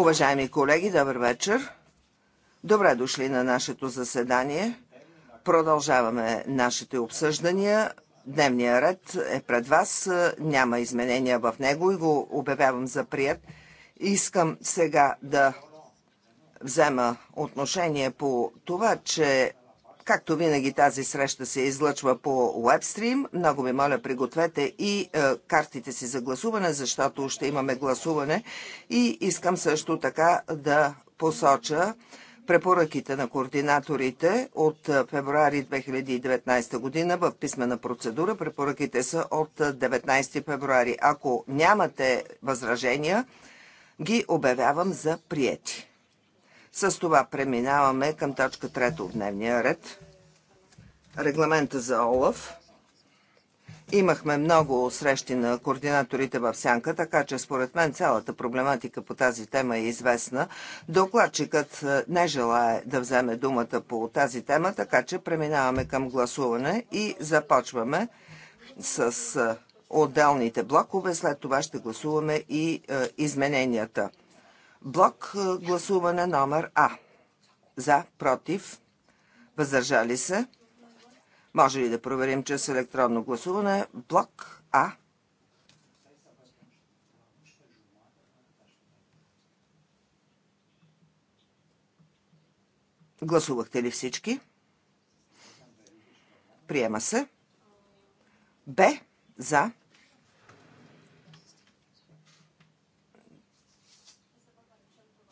Уважаеми колеги, добър вечер! Добре дошли на нашето заседание. Продължаваме нашите обсъждания. Дневният ред е пред вас. Няма изменения в него и го обявявам за прият. Искам сега да взема отношение по това, че Както винаги тази среща се излъчва по вебстрим. Много ви моля, пригответе и е, картите си за гласуване, защото ще имаме гласуване. И искам също така да посоча препоръките на координаторите от е, февруари 2019 година в писмена процедура. Препоръките са от 19 е, февруари. Ако нямате възражения, ги обявявам за приети. С това преминаваме към точка 3 от дневния ред регламента за ОЛАФ. Имахме много срещи на координаторите в Сянка, така че според мен цялата проблематика по тази тема е известна. Докладчикът е, не желая да вземе думата по тази тема, така че преминаваме към гласуване и започваме с е, отделните блокове. След това ще гласуваме и е, измененията. Блок гласуване номер А. За, против, въздържали се, може ли да проверим чрез електронно гласуване блок А? Гласувахте ли всички? Приема се. Б. За.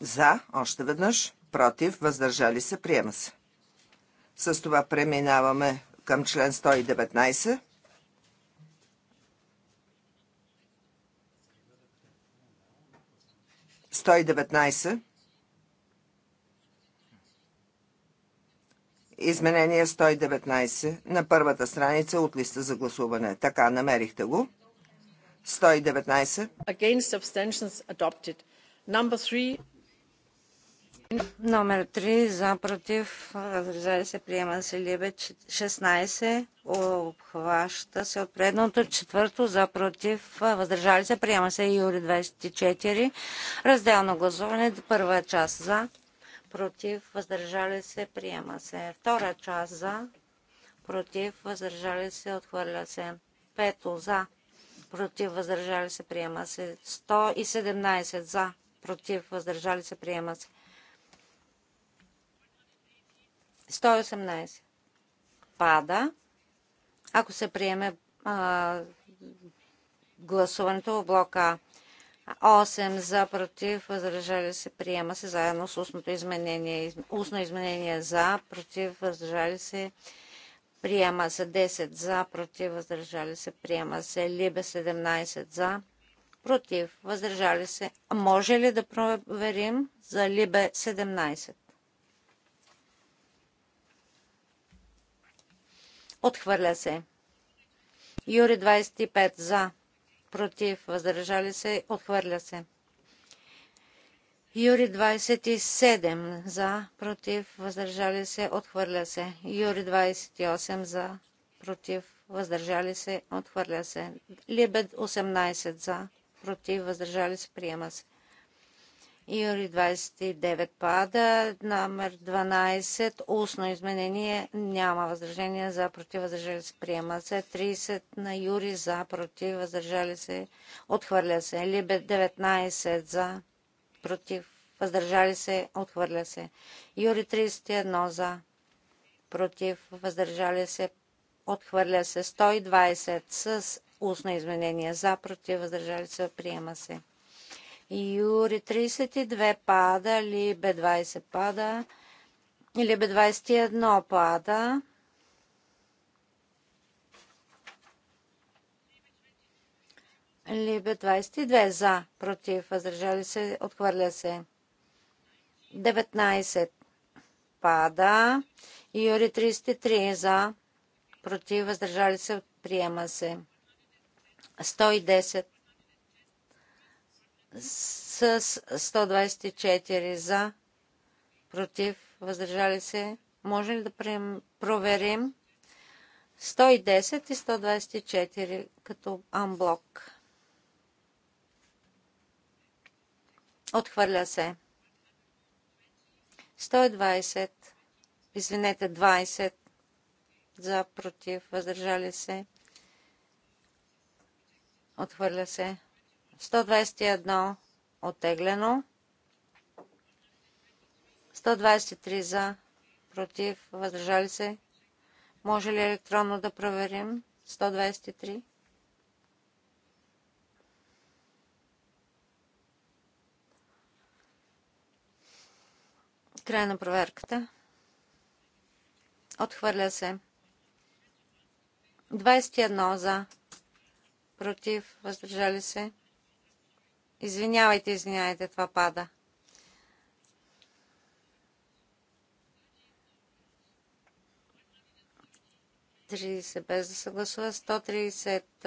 За. Още веднъж. Против. Въздържали се. Приема се. С това преминаваме към член 119. Изменение 119 на първата страница от листа за гласуване. Така, намерихте го. 119. Номер 3 за против, въздържали се, приема се Либе 16, обхваща се от предното, четвърто за против, въздържали се, приема се Юри 24, разделно гласуване, първа част за против, въздържали се, приема се втора част за против, въздържали се, отхвърля се пето за против, въздържали се, приема се 117 за против, въздържали се, приема се 118 пада, ако се приеме а, гласуването в блока 8 за против, възражали се, приема се заедно с устното изменение. Устно изменение за, против, възражали се, приема се 10 за, против, въздържали се, приема се либе 17 за, против, въздържали се. Може ли да проверим за либе 17? Отхвърля се. Юри 25 за. Против. Въздържали се. Отхвърля се. Юри 27 за. Против. Въздържали се. Отхвърля се. Юри 28 за. Против. Въздържали се. Отхвърля се. Либед 18 за. Против. Въздържали се. Приема се. Юри 29 пада. Номер 12. Устно изменение. Няма възражение за против. Въздържали се. Приема се. 30 на Юри за против. Въздържали се. Отхвърля се. Либе 19 за против. Въздържали се. Отхвърля се. Юри 31 за против. Въздържали се. Отхвърля се. 120 с устно изменение за против. Въздържали се. Приема се. Юри 32 пада, Либе 20 пада, б 21 пада. Либе 22 за, против, въздържали се, отхвърля се. 19 пада. Юри 33 за, против, въздържали се, приема се. 110 с 124 за, против, въздържали се. Може ли да проверим 110 и 124 като амблок? Отхвърля се. 120, извинете, 20 за, против, въздържали се. Отхвърля се. 121 оттеглено. 123 за, против, въздържали се. Може ли електронно да проверим? 123. Край на проверката. Отхвърля се. 21 за, против, въздържали се. Извинявайте, извинявайте, това пада. се без да се гласува 130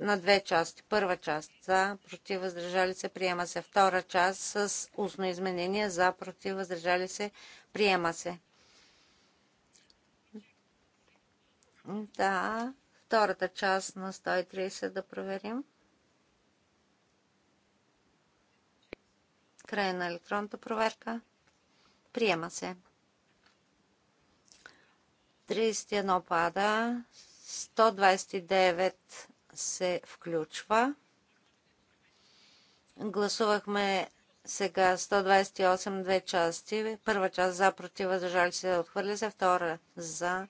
на две части. Първа част за, против, въздържали се, приема се. Втора част с устно изменение за, против, въздържали се, приема се. Да, втората част на 130 да проверим. Край на електронната проверка. Приема се. 31 пада. 129 се включва. Гласувахме сега 128 две части. Първа част за, против, въздържали се, отхвърля се. Втора за,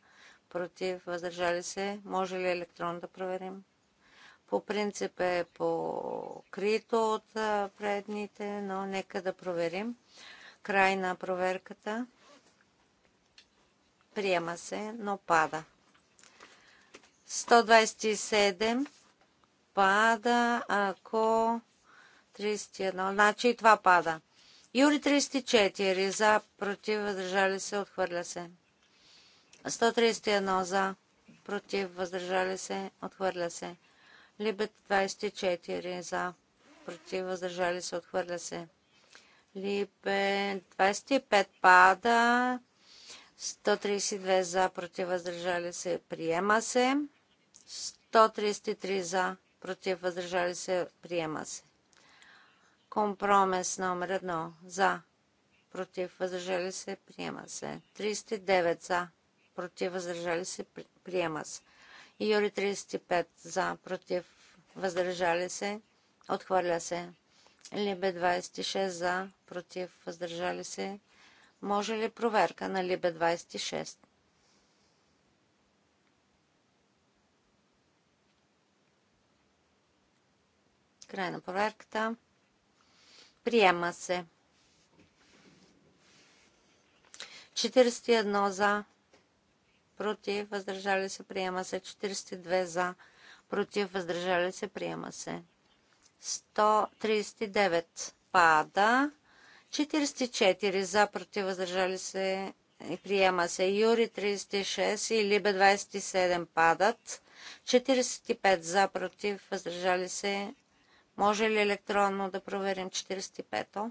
против, въздържали се. Може ли електрон да проверим? по принцип е покрито от предните, но нека да проверим. Край на проверката. Приема се, но пада. 127 пада, ако 31. Значи и това пада. Юри 34 за, против, въздържали се, отхвърля се. 131 за, против, въздържали се, отхвърля се. Либе 24 за, против, въздържали се, отхвърля се. Либе 25 пада. 132 за, против, въздържали се, приема се. 133 за, против, въздържали се, приема се. Компромес номер 1 за, против, въздържали се, приема се. 39 за, против, въздържали се, приема се. Юри 35 за, против, въздържали се, отхвърля се. Либе 26 за, против, въздържали се. Може ли проверка на Либе 26? Край на проверката. Приема се. 41 за, против, въздържали се, приема се. 42 за, против, въздържали се, приема се. 139 пада. 44 за, против, въздържали се, приема се. Юри 36 и Либе 27 падат. 45 за, против, въздържали се. Може ли електронно да проверим 45-то?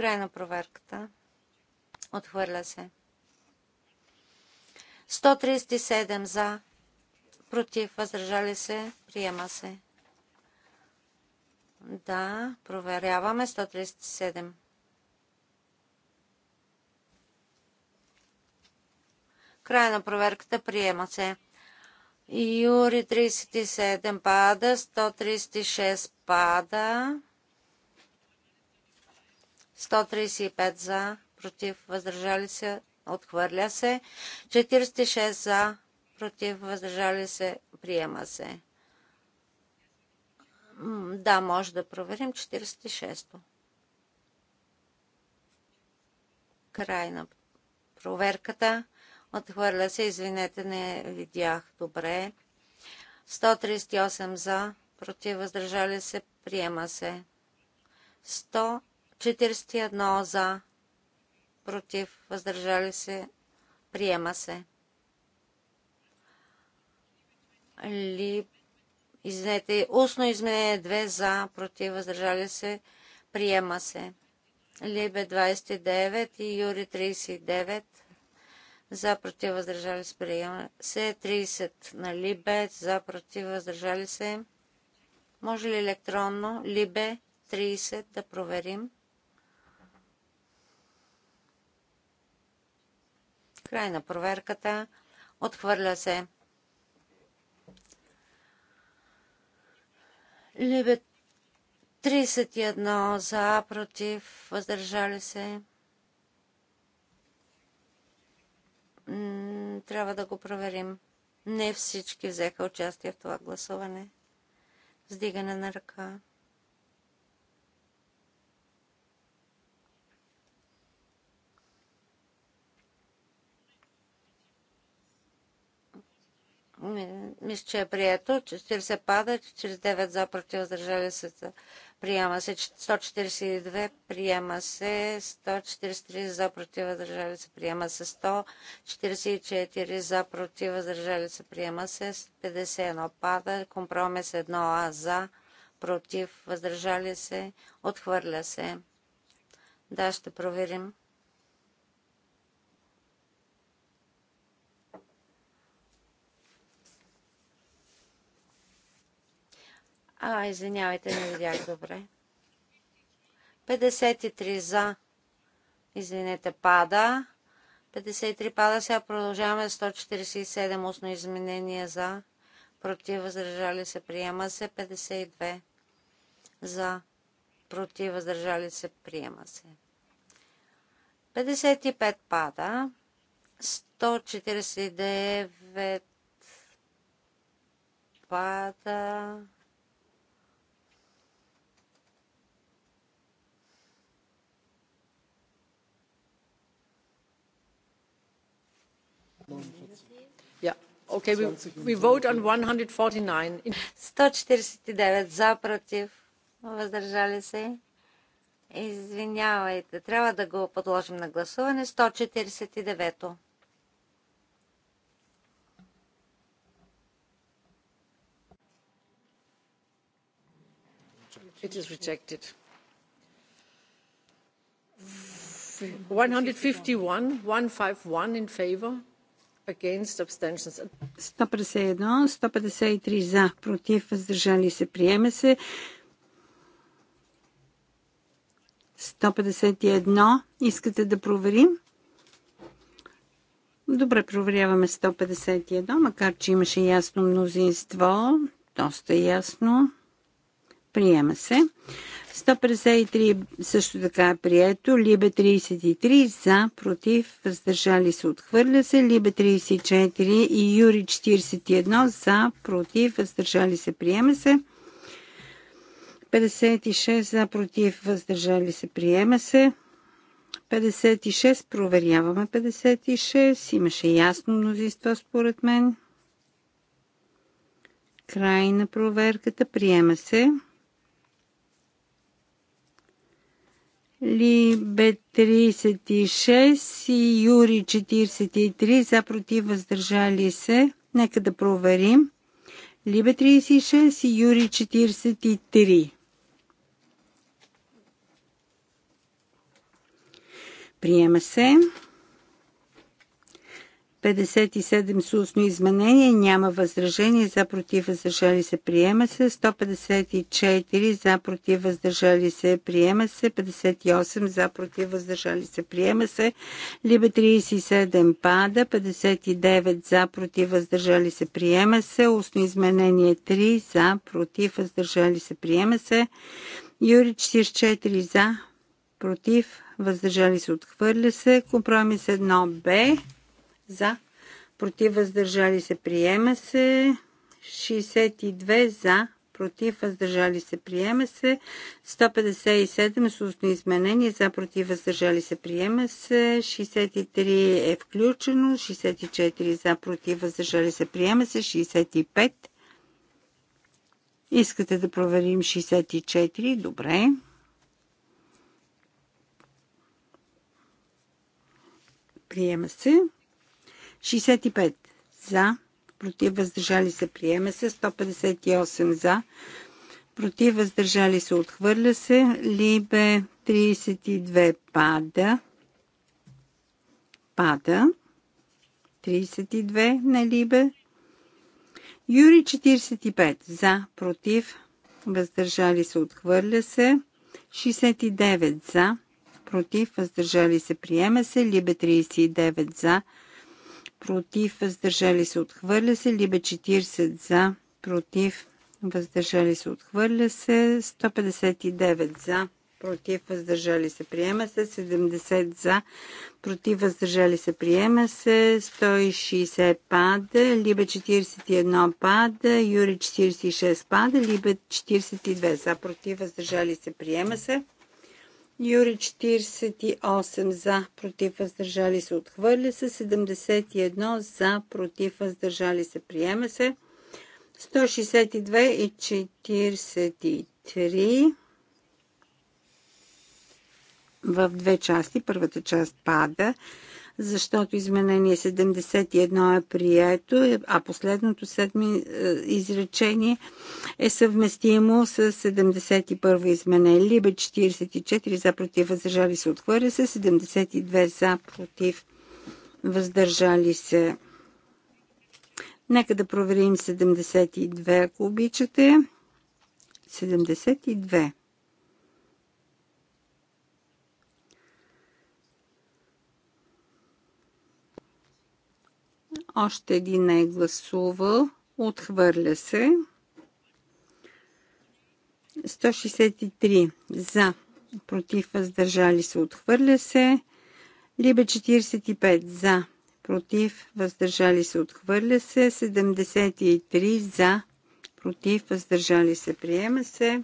Край на проверката. Отхвърля се. 137 за. Против. Въздържали се. Приема се. Да, проверяваме 137. Край на проверката приема се. Юри 37 пада, 136 пада. 135 за, против, въздържали се, отхвърля се. 46 за, против, въздържали се, приема се. Да, може да проверим 46-то. Край на проверката. Отхвърля се, извинете, не видях добре. 138 за, против, въздържали се, приема се. 100 41 за, против, въздържали се, приема се. Ли, извинете, устно изменение 2 за, против, въздържали се, приема се. Либе 29 и Юри 39 за, против, въздържали се, приема се. 30 на Либе за, против, въздържали се. Може ли електронно Либе 30 да проверим? Край на проверката. Отхвърля се. Либе 31 за, против, въздържали се. Трябва да го проверим. Не всички взеха участие в това гласуване. Сдигане на ръка. Мисля, че е прието. 40 пада, 49 за, против, въздържали се. Приема се 142, приема се 143 за, против, въздържали се. Приема се 144 за, против, въздържали се. Приема се 51 пада, компромис 1а за, против, въздържали се. Отхвърля се. Да, ще проверим. А, извинявайте, не видях добре. 53 за. Извинете, пада. 53 пада. Сега продължаваме 147 устно изменение за. Против, въздържали се, приема се. 52 за. Против, въздържали се, приема се. 55 пада. 149 пада. 149. 149 за, против, въздържали се. Извинявайте, трябва да го подложим на гласуване. 149-то. It is rejected. 151, 151 in favor 151, 153 за, против, въздържали се, приема се. 151. Искате да проверим? Добре, проверяваме 151, макар че имаше ясно мнозинство. Доста ясно. Приема се. 153 също така е прието. Либе 33 за, против, въздържали се, отхвърля се. Либе 34 и Юри 41 за, против, въздържали се, приема се. 56 за, против, въздържали се, приема се. 56, проверяваме 56. Имаше ясно мнозинство според мен. Край на проверката, приема се. Либе 36 и Юри 43 за против въздържали се. Нека да проверим. Либе 36 и Юри 43. Приема се. 57 сусно устно изменение, няма възражение, за против въздържали се, приема се. 154 за против въздържали се, приема се. 58 за против въздържали се, приема се. Либе 37 пада, 59 за против въздържали се, приема се. Устно изменение 3 за против въздържали се, приема се. Юри 44 за против въздържали се, отхвърля се. Компромис 1 Б за, против, въздържали се, приема се. 62 за, против, въздържали се, приема се. 157 с устно изменение, за, против, въздържали се, приема се. 63 е включено, 64 за, против, въздържали се, приема се. 65. Искате да проверим 64, добре. Приема се. 65 за, против въздържали се, приема се. 158 за, против въздържали се, отхвърля се. Либе 32 пада. Пада. 32 на Либе. Юри 45 за, против, въздържали се, отхвърля се. 69 за, против, въздържали се, приема се. Либе 39 за, против, въздържали се, отхвърля се. Либе 40 за, против, въздържали се, отхвърля се. 159 за, против, въздържали се, приема се. 70 за, против, въздържали се, приема се. 160 пада, либе 41 пада, Юри 46 пада, либе 42 за, против, въздържали се, приема се. Юри 48 за, против, въздържали се, отхвърля се. 71 за, против, въздържали се, приема се. 162 и 43 в две части. Първата част пада защото изменение 71 е прието, е, а последното седми е, изречение е съвместимо с 71 изменение. Либе 44 за против, въздържали се, отхвърля се, 72 за против, въздържали се. Нека да проверим 72, ако обичате. 72. Още един не е гласувал. Отхвърля се. 163 за. Против въздържали се. Отхвърля се. Либе 45 за. Против въздържали се. Отхвърля се. 73 за. Против въздържали се. Приема се.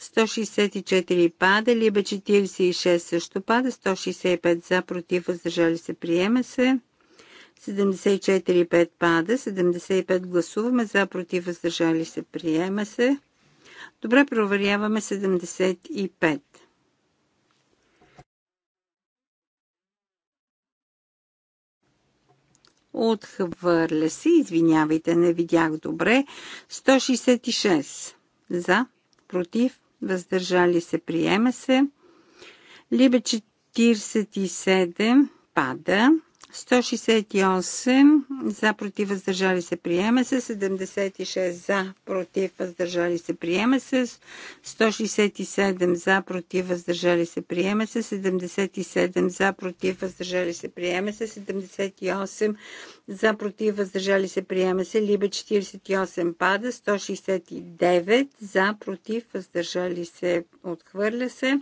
164 пада, либе 46 също пада, 165 за, против, въздържали се, приема се. 74,5 пада, 75 гласуваме, за, против, въздържали се, приема се. Добре, проверяваме 75. Отхвърля се, извинявайте, не видях добре. 166 за, против, въздържали се, приема се. Либе 47 пада. 168 за против въздържали се приема се, 76 за против въздържали се приема се, 167 за против въздържали се приема се, 77 за против въздържали се приема се, 78 за против въздържали се приема се, либе 48 пада, 169 за против въздържали се отхвърля се.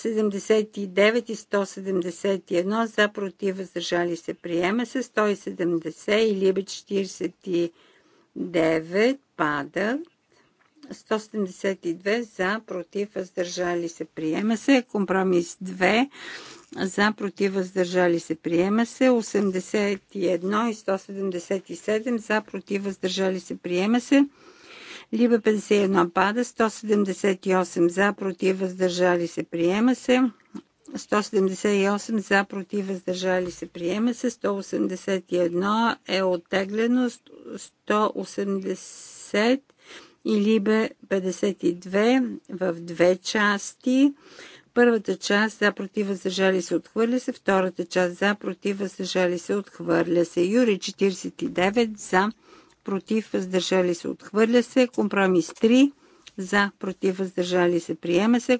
79 и 171 за против въздържали се приема се 170 или 49 пада 172 за против въздържали се приема се компромис 2 за против въздържали се приема се 81 и 177 за против въздържали се приема се Либе 51 пада, 178 за, против, въздържали се, приема се. 178 за, против, въздържали се, приема се. 181 е оттеглено. 180 или бе 52 в две части. Първата част за против въздържали се отхвърля се, втората част за против въздържали се отхвърля се. Юри 49 за против, въздържали се, отхвърля се. Компромис 3 за, против, въздържали се, приема се.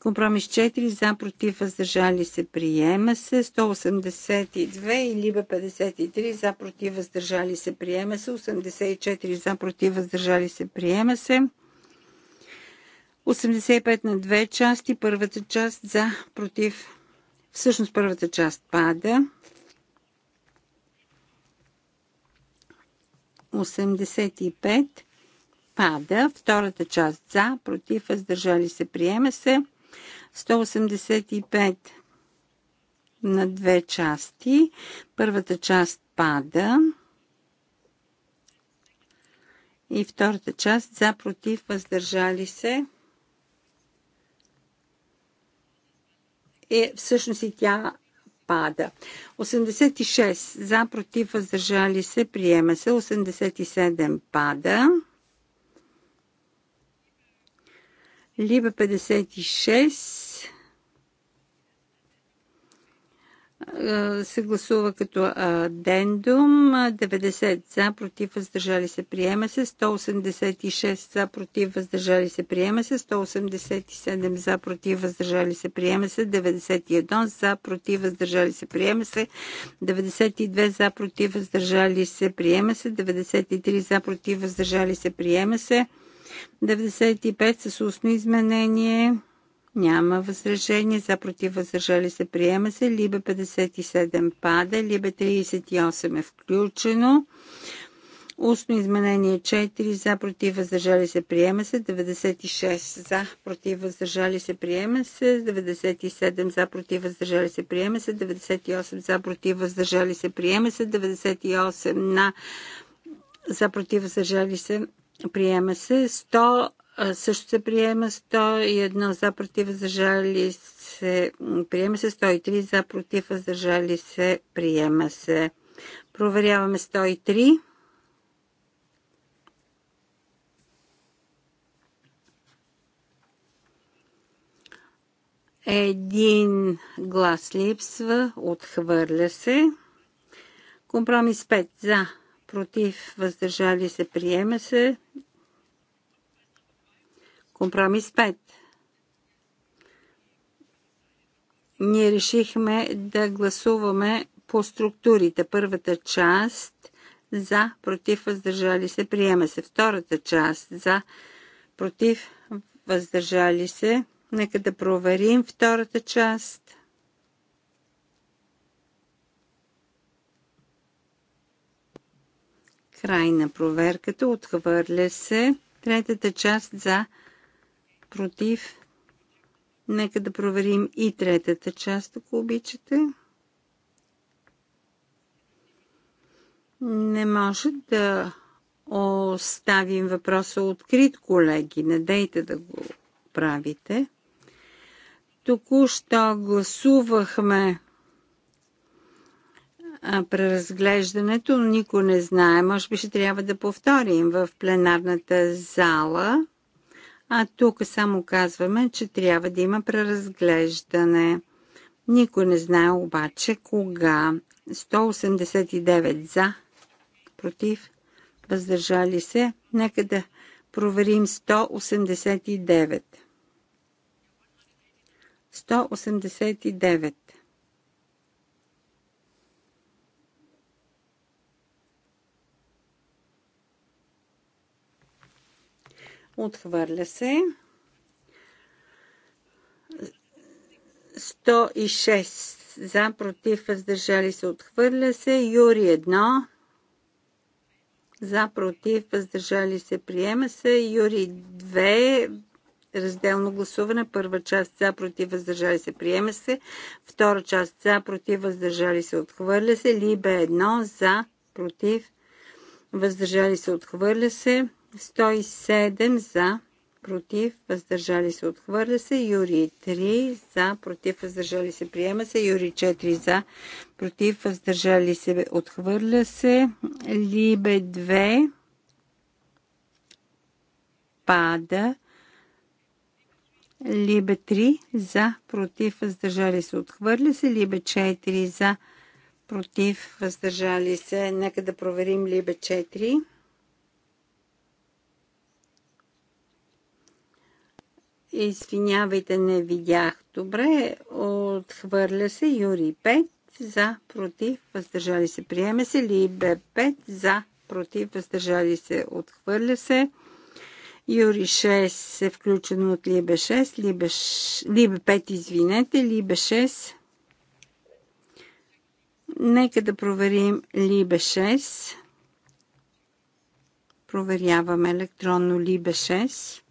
Компромис 4 за, против, въздържали се, приема се. 182 или 53 за, против, въздържали се, приема се. 84 за, против, въздържали се, приема се. 85 на две части. Първата част за, против. Всъщност първата част пада. 85 пада. Втората част за, против, въздържали се, приема се. 185 на две части. Първата част пада. И втората част за, против, въздържали се. Е, всъщност и тя отпада. 86 за, против, въздържали се, приема се. 87 пада. Либа 56 се гласува като адендум. 90 за, против, въздържали се, приема се. 186 за, против, въздържали се, приема се. 187 за, против, въздържали се, приема се. 91 за, против, въздържали се, приема се. 92 за, против, въздържали се, приема се. 93 за, против, въздържали се, приема се. 95 с устно изменение. Няма възражение. За против възражали се приема се. Либе 57 пада. Либе 38 е включено. Устно изменение 4 за против въздържали се приема се. 96 е за против въздържали се приема се. 97 за против въздържали се приема се. 98 за против въздържали се приема се. 98 на за против въздържали се приема се. 100 също се приема 101 за против въздържали се приема се 103 за против въздържали се приема се проверяваме 103 Един глас липсва, отхвърля се. Компромис 5 за, против, въздържали се, приема се. Компромис 5. Ние решихме да гласуваме по структурите. Първата част за, против, въздържали се, приема се. Втората част за, против, въздържали се. Нека да проверим втората част. Край на проверката. Отхвърля се. Третата част за против. Нека да проверим и третата част, ако обичате. Не може да оставим въпроса открит, колеги. Не дейте да го правите. Току-що гласувахме преразглеждането, никой не знае. Може би ще трябва да повторим в пленарната зала а тук само казваме, че трябва да има преразглеждане. Никой не знае обаче кога. 189 за, против, въздържали се. Нека да проверим 189. 189. Отхвърля се. 106 за, против, въздържали се, отхвърля се. Юри 1 за, против, въздържали се, приема се. Юри 2 разделно гласуване. Първа част за, против, въздържали се, приема се. Втора част за, против, въздържали се, отхвърля се. Либе 1 за, против, въздържали се, отхвърля се. 107 за, против, въздържали се, отхвърля се. Юри 3 за, против, въздържали се, приема се. Юри 4 за, против, въздържали се, отхвърля се. Либе 2 пада. Либе 3 за, против, въздържали се, отхвърля се. Либе 4 за, против, въздържали се. Нека да проверим Либе 4. Извинявайте, не видях. Добре, отхвърля се Юри 5 за, против, въздържали се. Приеме се Либе 5 за, против, въздържали се. Отхвърля се. Юри 6 е включено от Либе 6, Либе, Либе 5, извинете, Либе 6. Нека да проверим Либе 6. Проверяваме електронно Либе 6.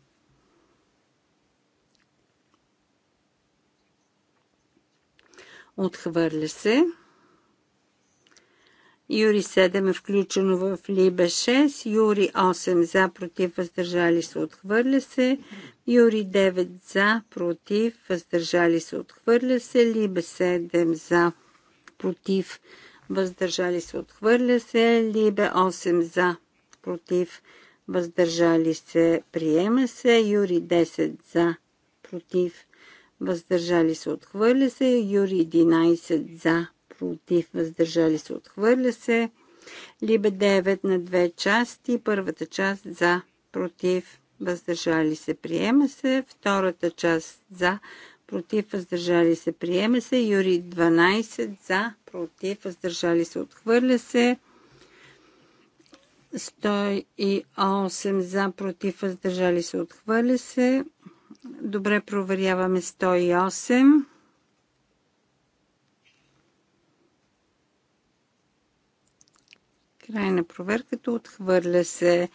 Отхвърля се. Юри 7 е включено в Либе 6, Юри 8 за, против, въздържали се, отхвърля се, Юри 9 за, против, въздържали се, отхвърля се, Либе 7 за, против, въздържали се, отхвърля се, Либе 8 за, против, въздържали се, приема се, Юри 10 за, против, въздържали се, отхвърля се. Юри 11 за, против, въздържали се, отхвърля се. Либе 9 на две части. Първата част за, против, въздържали се, приема се. Втората част за, против, въздържали се, приема се. Юри 12 за, против, въздържали се, отхвърля се. 108 за, против, въздържали се, отхвърля се. Добре, проверяваме 108. Край на проверката отхвърля се.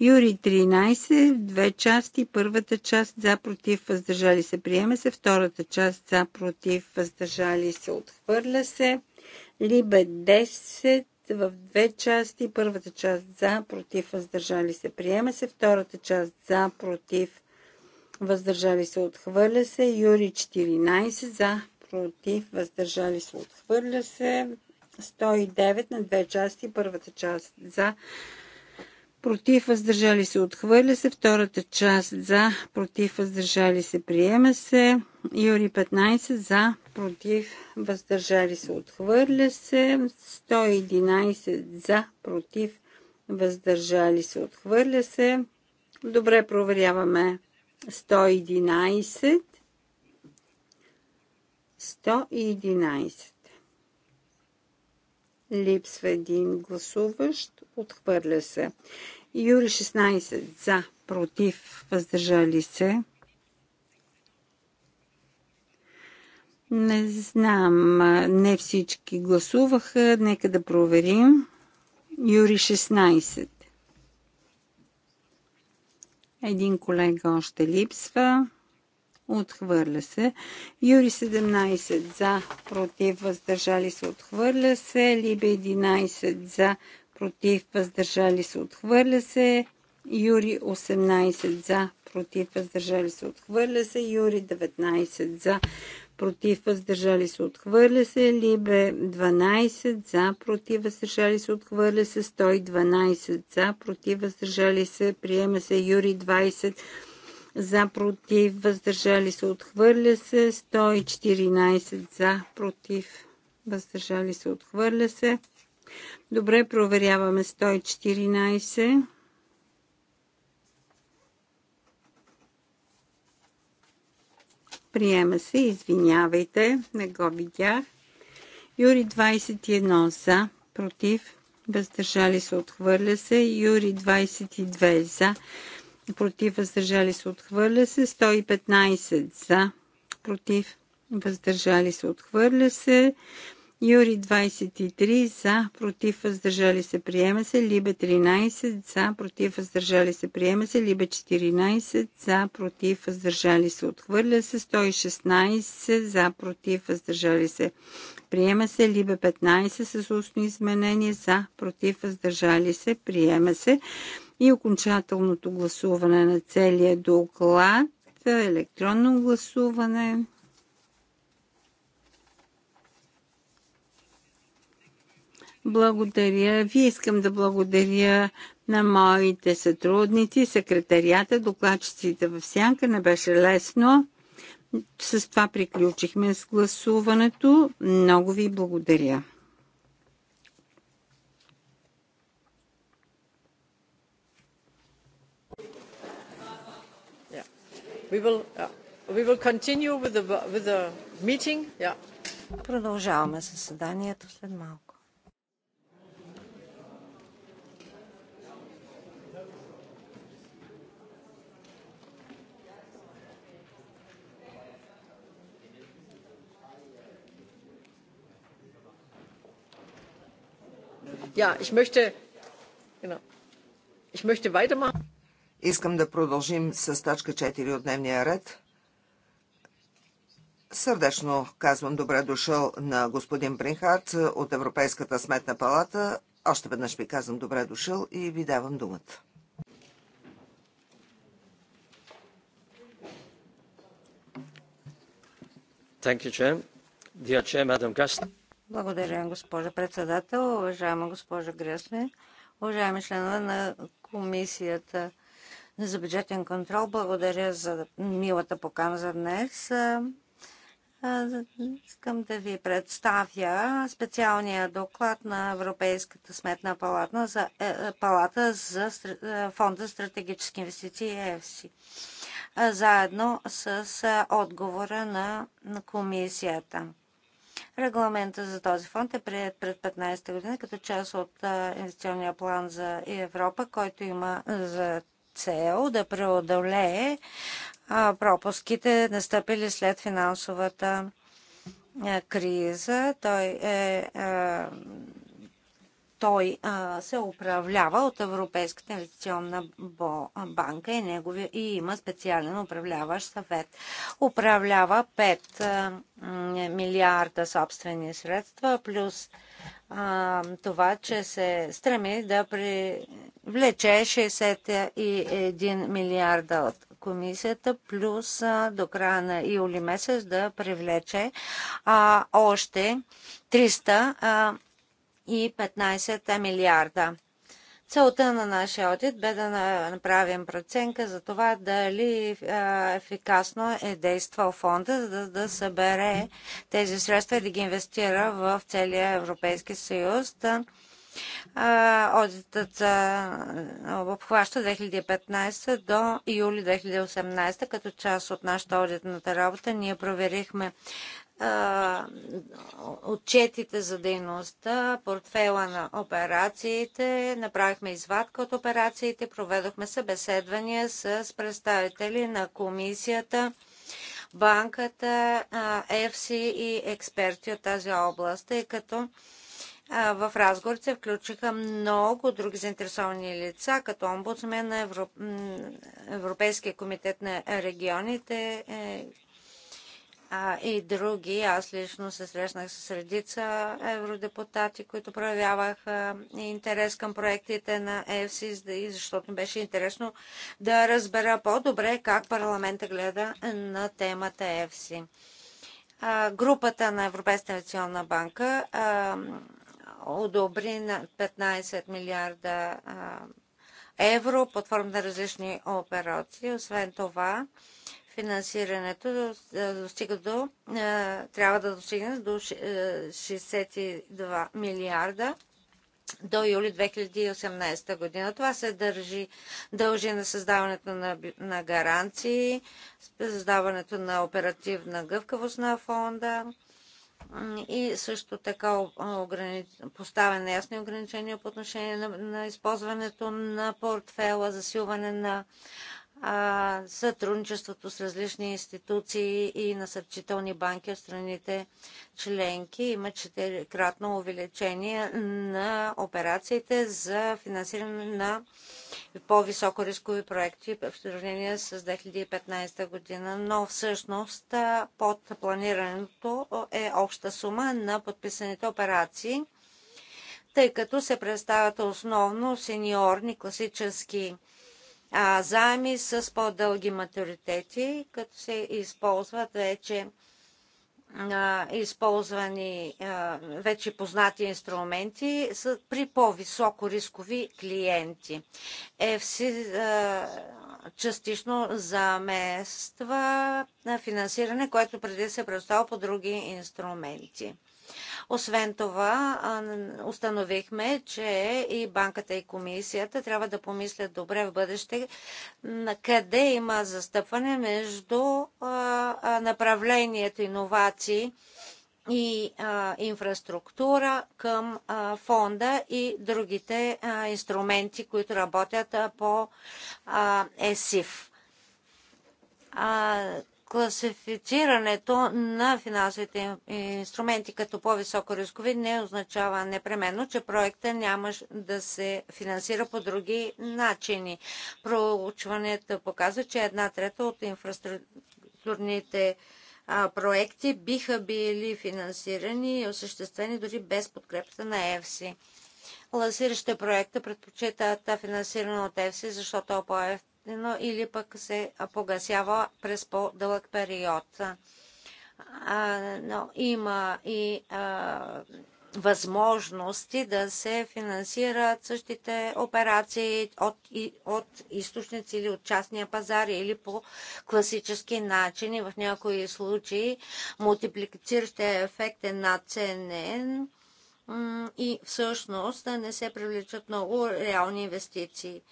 Юри 13, две части. Първата част за против въздържали се приема се. Втората част за против въздържали се отхвърля се. Либе 10 в две части. Първата част за против въздържали се приема се. Втората част за против въздържали се въздържали се, отхвърля се. Юри 14 за, против, въздържали се, отхвърля се. 109 на две части, първата част за, против, въздържали се, отхвърля се. Втората част за, против, въздържали се, приема се. Юри 15 за, против, въздържали се, отхвърля се. 111 за, против, въздържали се, отхвърля се. Добре, проверяваме. 111. 111. Липсва един гласуващ. Отхвърля се. Юри 16. За. Против. Въздържали се. Не знам. Не всички гласуваха. Нека да проверим. Юри 16. Един колега още липсва. Отхвърля се. Юри 17 за, против, въздържали се, отхвърля се. Либе 11 за, против, въздържали се, отхвърля се. Юри 18 за, против, въздържали се, отхвърля се. Юри 19 за, против, въздържали се, отхвърля се. Либе 12 за, против, въздържали се, отхвърля се. 112 за, против, въздържали се, приема се. Юри 20 за, против, въздържали се, отхвърля се. 114 за, против, въздържали се, отхвърля се. Добре, проверяваме 114. Приема се, извинявайте, не го видях. Юри 21 за, против, въздържали се, отхвърля се. Юри 22 за, против, въздържали се, отхвърля се. 115 за, против, въздържали се, отхвърля се. Юри 23 за, против, въздържали се, приема се. Либе 13 за, против, въздържали се, приема се. Либе 14 за, против, въздържали се, отхвърля се. 116 за, против, въздържали се, приема се. Либе 15 с устно изменение за, против, въздържали се, приема се. И окончателното гласуване на целия доклад, електронно гласуване. Благодаря ви. Искам да благодаря на моите сътрудници, секретарията, докладчиците в сянка. Не беше лесно. С това приключихме с гласуването. Много ви благодаря. We will, uh, we will continue with the, with the meeting. Yeah. Продължаваме съседанието след малко. Искам да продължим с точка 4 от дневния ред. Сърдечно казвам добре дошъл на господин Бринхарт от Европейската сметна палата. Още веднъж ви казвам добре дошъл и ви давам думата. Thank you, Chair. Dear Chair, Madam благодаря, госпожа председател, уважаема госпожа Гресле, уважаеми членове на комисията за бюджетен контрол. Благодаря за милата покана за днес. Искам да ви представя специалния доклад на Европейската сметна палата за, е, е, палата за е, фонда стратегически инвестиции ЕФСИ, заедно с отговора на комисията. Регламента за този фонд е прият пред 15-та година като част от инвестиционния план за Европа, който има за цел да преодолее пропуските, настъпили след финансовата криза. Той е той а, се управлява от Европейската инвестиционна банка и, негови, и има специален управляващ съвет. Управлява 5 а, милиарда собствени средства, плюс а, това, че се стреми да привлече 61 милиарда от комисията, плюс а, до края на юли месец да привлече а, още 300 а, 15 милиарда. Целта на нашия одит бе да направим преценка за това дали ефикасно е действал фонда, за да, да събере тези средства и да ги инвестира в целия Европейски съюз. Да, Одитът обхваща 2015 до юли 2018, като част от нашата одитната работа. Ние проверихме отчетите за дейността, портфела на операциите, направихме извадка от операциите, проведохме събеседвания с представители на комисията, банката, ЕФСИ и експерти от тази област, тъй като в разговор се включиха много други заинтересовани лица, като омбудсмен на Европейския комитет на регионите, е, а, и други. Аз лично се срещнах с редица евродепутати, които проявяваха интерес към проектите на ЕФСИС, защото беше интересно да разбера по-добре как парламента гледа на темата ЕФСИ. А, групата на Европейската инвестиционна банка а, одобри на 15 милиарда евро под форма на различни операции. Освен това, финансирането достига до, трябва да достигне до 62 милиарда до юли 2018 година. Това се държи, дължи на създаването на, на гаранции, създаването на оперативна гъвкавост на фонда и също така ограни... поставяне ясни ограничения по отношение на, на използването на портфела, засилване на сътрудничеството с различни институции и насърчителни банки от страните членки. Има четирикратно увеличение на операциите за финансиране на по-високо рискови проекти в сравнение с 2015 година, но всъщност под планирането е обща сума на подписаните операции, тъй като се представят основно сениорни класически а, заеми с по-дълги матуритети, като се използват вече а, използвани а, вече познати инструменти са при по-високо рискови клиенти. EFC а, частично замества финансиране, което преди се предоставя по други инструменти. Освен това, установихме, че и банката и комисията трябва да помислят добре в бъдеще къде има застъпване между направлението иновации и а, инфраструктура към а, фонда и другите а, инструменти, които работят а, по а, ЕСИФ. А, Класифицирането на финансовите инструменти като по-високо рискови не означава непременно, че проекта няма да се финансира по други начини. Проучването показва, че една трета от инфраструктурните проекти биха били финансирани и осъществени дори без подкрепата на ЕФСИ лансиращите проекта предпочитат финансиране от ЕФСИ, защото по е но или пък се погасява през по-дълъг период. Но има и възможности да се финансират същите операции от, и, от източници или от частния пазар или по класически начини. В някои случаи мултипликациращия ефект е надценен и всъщност не се привличат много реални инвестиции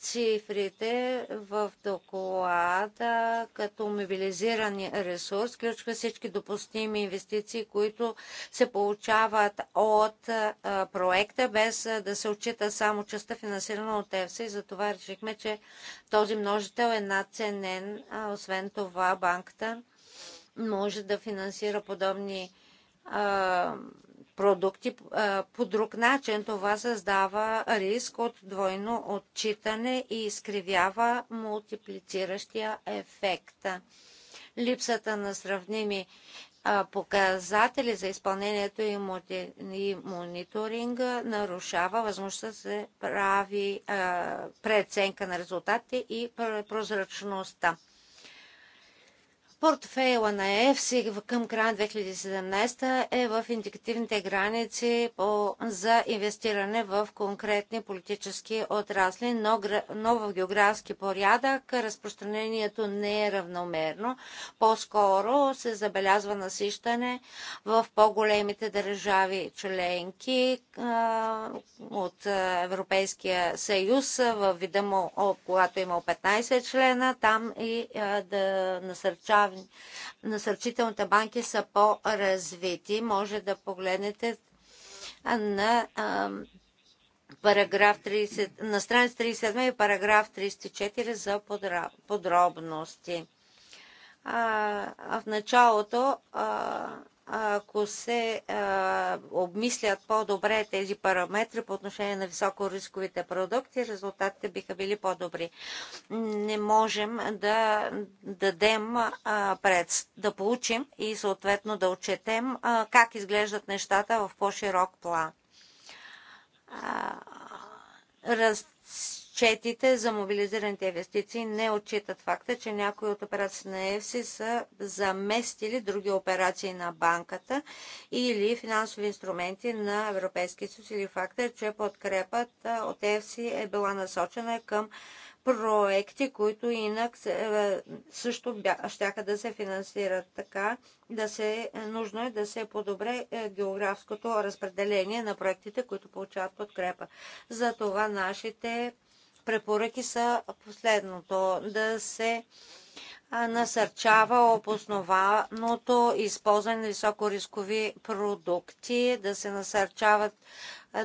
цифрите в доклада като мобилизиран ресурс, включва всички допустими инвестиции, които се получават от проекта, без да се отчита само частта финансирана от ЕФСА и затова решихме, че този множител е надценен. освен това, банката може да финансира подобни продукти по друг начин. Това създава риск от двойно отчитане и изкривява мултиплициращия ефект. Липсата на сравними показатели за изпълнението и мониторинга нарушава възможността да се прави преценка на резултатите и прозрачността. Портфейла на ЕФСИ към края на 2017 е в индикативните граници по, за инвестиране в конкретни политически отрасли, но, но в географски порядък разпространението не е равномерно. По-скоро се забелязва насищане в по-големите държави членки от Европейския съюз в вида му, когато имал 15 члена, там и да насърчава правни. Насърчителните банки са по-развити. Може да погледнете на параграф 30, на страница 37 и параграф 34 за подробности. А, в началото а, ако се а, обмислят по-добре тези параметри по отношение на високорисковите продукти, резултатите биха били по-добри. Не можем да дадем а, пред, да получим и съответно да отчетем а, как изглеждат нещата в по-широк план. А, раз, Отчетите за мобилизираните инвестиции не отчитат факта, че някои от операции на ЕФСИ са заместили други операции на банката или финансови инструменти на Европейския съюз или факта, е, че подкрепата от ЕФСИ е била насочена към проекти, които инак е, също щяха да се финансират така, да се, е, нужно е да се подобре географското разпределение на проектите, които получават подкрепа. За това нашите препоръки са последното. Да се насърчава обоснованото използване на високорискови продукти, да се насърчават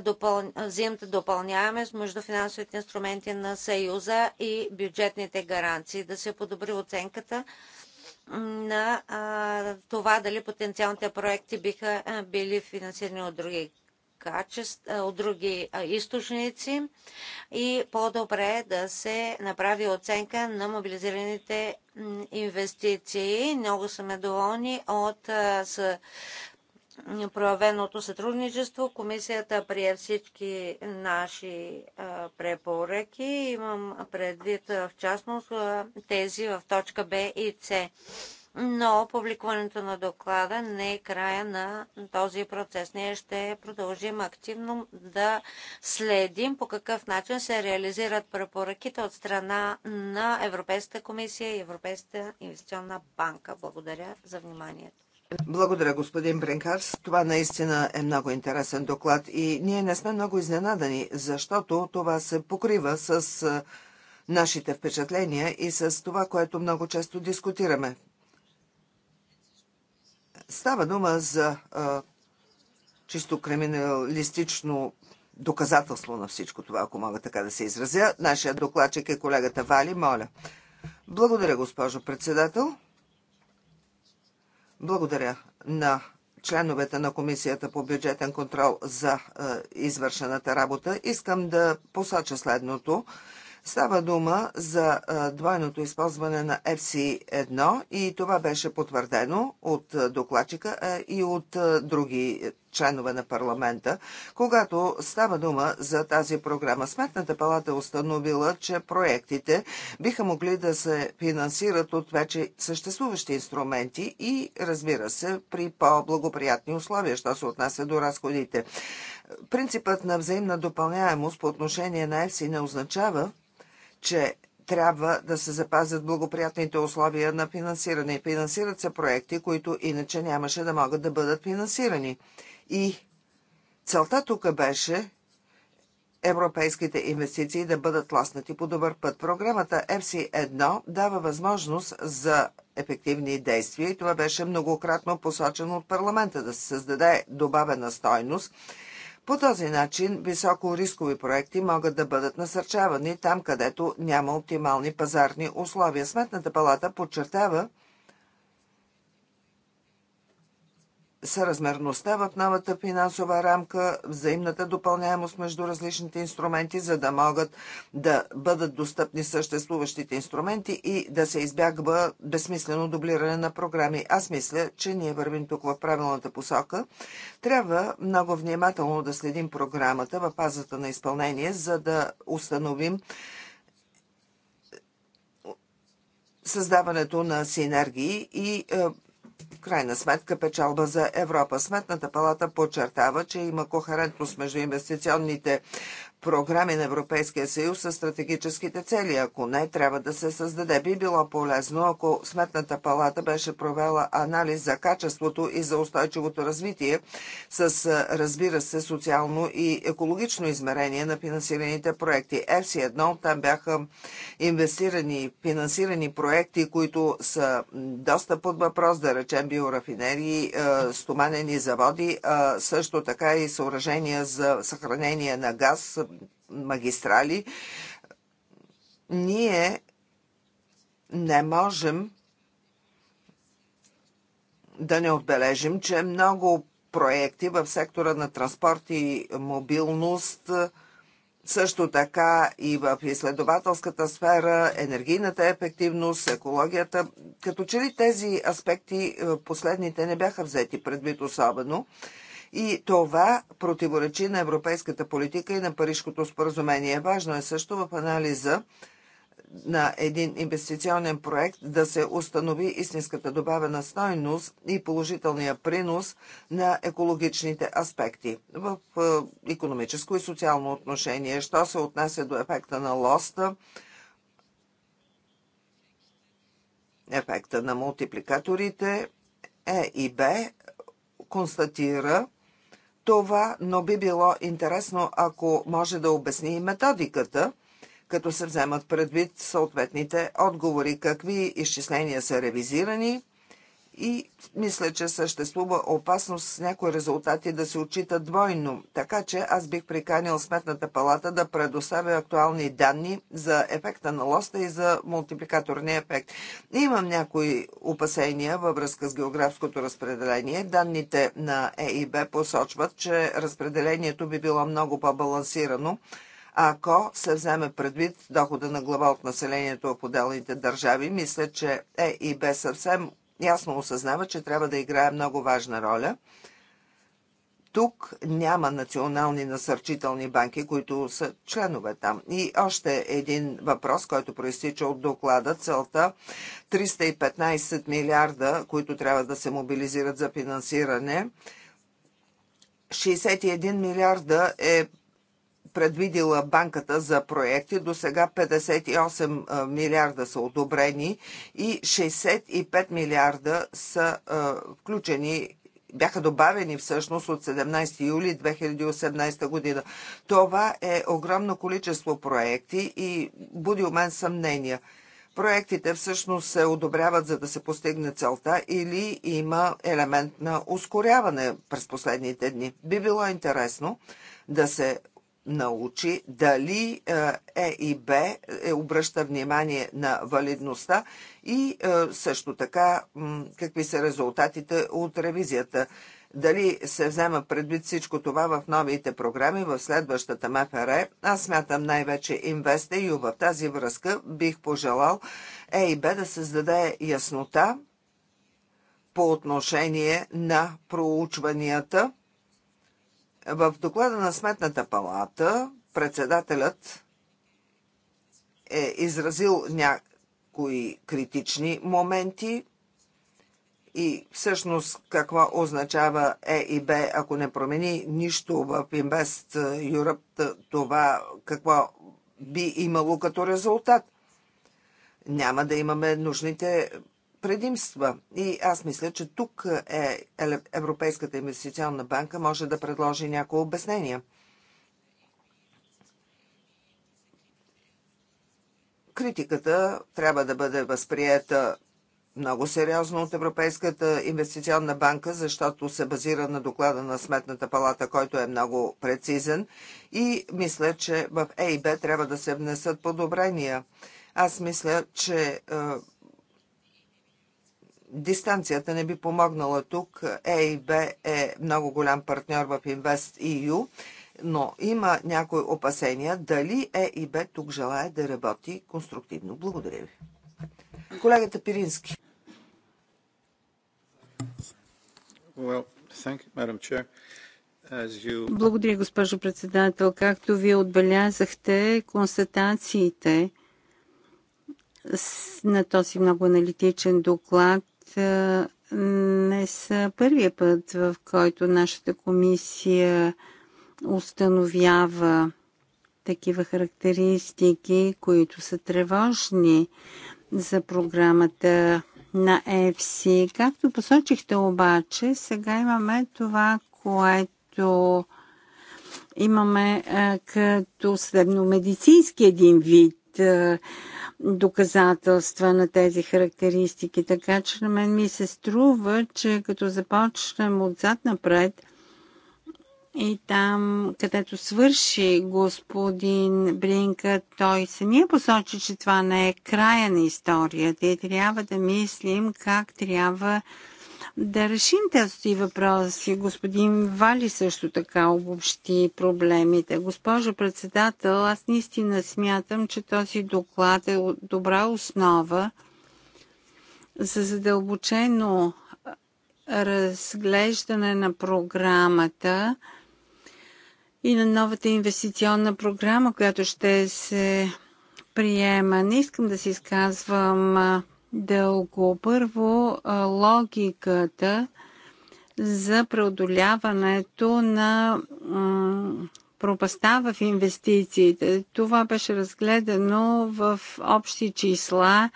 допъл... взаимната допълняемост между финансовите инструменти на Съюза и бюджетните гаранции, да се подобри оценката на а, това дали потенциалните проекти биха а, били финансирани от други качеств, от други източници и по-добре да се направи оценка на мобилизираните инвестиции. Много сме доволни от с проявеното сътрудничество. Комисията прие всички наши препоръки. Имам предвид в частност тези в точка Б и С но публикуването на доклада не е края на този процес. Ние ще продължим активно да следим по какъв начин се реализират препоръките от страна на Европейската комисия и Европейската инвестиционна банка. Благодаря за вниманието. Благодаря, господин Бренкарс. Това наистина е много интересен доклад и ние не сме много изненадани, защото това се покрива с нашите впечатления и с това, което много често дискутираме. Става дума за а, чисто криминалистично доказателство на всичко това, ако мога така да се изразя. Нашия докладчик е колегата Вали, моля. Благодаря, госпожо председател. Благодаря на членовете на Комисията по бюджетен контрол за е, извършената работа. Искам да посоча следното. Става дума за двойното използване на FC1 и това беше потвърдено от докладчика и от други членове на парламента, когато става дума за тази програма. Сметната палата е установила, че проектите биха могли да се финансират от вече съществуващи инструменти и, разбира се, при по-благоприятни условия, що се отнася до разходите. Принципът на взаимна допълняемост по отношение на ЕФСИ не означава, че трябва да се запазят благоприятните условия на финансиране. Финансират се проекти, които иначе нямаше да могат да бъдат финансирани. И целта тук беше европейските инвестиции да бъдат ласнати по добър път. Програмата FC1 дава възможност за ефективни действия и това беше многократно посочено от парламента да се създаде добавена стойност по този начин високо рискови проекти могат да бъдат насърчавани там, където няма оптимални пазарни условия. Сметната палата подчертава, съразмерността в новата финансова рамка, взаимната допълняемост между различните инструменти, за да могат да бъдат достъпни съществуващите инструменти и да се избягва безсмислено дублиране на програми. Аз мисля, че ние вървим тук в правилната посока. Трябва много внимателно да следим програмата в фазата на изпълнение, за да установим създаването на синергии и е, в крайна сметка печалба за Европа. Сметната палата подчертава, че има кохерентност между инвестиционните програми на Европейския съюз с стратегическите цели. Ако не, трябва да се създаде. Би било полезно, ако Сметната палата беше провела анализ за качеството и за устойчивото развитие с, разбира се, социално и екологично измерение на финансираните проекти. FC1, там бяха инвестирани, финансирани проекти, които са доста под въпрос, да речем биорафинерии, стоманени заводи, също така и съоръжения за съхранение на газ, магистрали, ние не можем да не отбележим, че много проекти в сектора на транспорт и мобилност също така и в изследователската сфера, енергийната ефективност, екологията. Като че ли тези аспекти е, последните не бяха взети предвид особено, и това противоречи на европейската политика и на Парижкото споразумение. Важно е също в анализа на един инвестиционен проект да се установи истинската добавена стойност и положителния принос на екологичните аспекти в економическо и социално отношение. Що се отнася до ефекта на лоста, ефекта на мултипликаторите, Е и Б констатира, това, но би било интересно, ако може да обясни и методиката, като се вземат предвид съответните отговори, какви изчисления са ревизирани, и мисля, че съществува опасност с някои резултати да се отчитат двойно, така че аз бих приканил Сметната палата да предоставя актуални данни за ефекта на лоста и за мултипликаторния ефект. Имам някои опасения във връзка с географското разпределение. Данните на ЕИБ посочват, че разпределението би било много по-балансирано, ако се вземе предвид дохода на глава от населението в отделните държави, мисля, че Е и Б съвсем ясно осъзнава, че трябва да играе много важна роля. Тук няма национални насърчителни банки, които са членове там. И още един въпрос, който проистича от доклада. Целта 315 милиарда, които трябва да се мобилизират за финансиране. 61 милиарда е предвидила банката за проекти. До сега 58 милиарда са одобрени и 65 милиарда са включени бяха добавени всъщност от 17 юли 2018 година. Това е огромно количество проекти и буди у мен съмнения. Проектите всъщност се одобряват за да се постигне целта или има елемент на ускоряване през последните дни. Би било интересно да се научи дали ЕИБ е, е обръща внимание на валидността и е, също така какви са резултатите от ревизията. Дали се взема предвид всичко това в новите програми в следващата МФР, е? аз смятам най-вече InvestEU. В тази връзка бих пожелал Е и Б да създаде яснота по отношение на проучванията, в доклада на Сметната палата председателят е изразил някои критични моменти и всъщност какво означава Е и Б, ако не промени нищо в Invest Europe, това какво би имало като резултат. Няма да имаме нужните предимства. И аз мисля, че тук е, Европейската инвестиционна банка може да предложи някои обяснения. Критиката трябва да бъде възприета много сериозно от Европейската инвестиционна банка, защото се базира на доклада на Сметната палата, който е много прецизен и мисля, че в ЕИБ трябва да се внесат подобрения. Аз мисля, че е, дистанцията не би помогнала тук. ЕИБ е много голям партньор в Invest EU, но има някои опасения дали ЕИБ тук желая да работи конструктивно. Благодаря ви. Колегата Пирински. Well, thank you, Madam Chair. Благодаря, госпожо председател. Както вие отбелязахте, констатациите на този много аналитичен доклад не са първия път, в който нашата комисия установява такива характеристики, които са тревожни за програмата на FC. Както посочихте обаче, сега имаме това, което имаме а, като съдебно-медицински един вид а, доказателства на тези характеристики. Така че на мен ми се струва, че като започнем отзад напред и там, където свърши господин Бринка, той самия посочи, че това не е края на историята и трябва да мислим как трябва да решим тези въпроси. Господин Вали също така обобщи проблемите. Госпожо председател, аз наистина смятам, че този доклад е добра основа за задълбочено разглеждане на програмата и на новата инвестиционна програма, която ще се приема. Не искам да се изказвам дълго. Първо, логиката за преодоляването на пропаста в инвестициите. Това беше разгледано в общи числа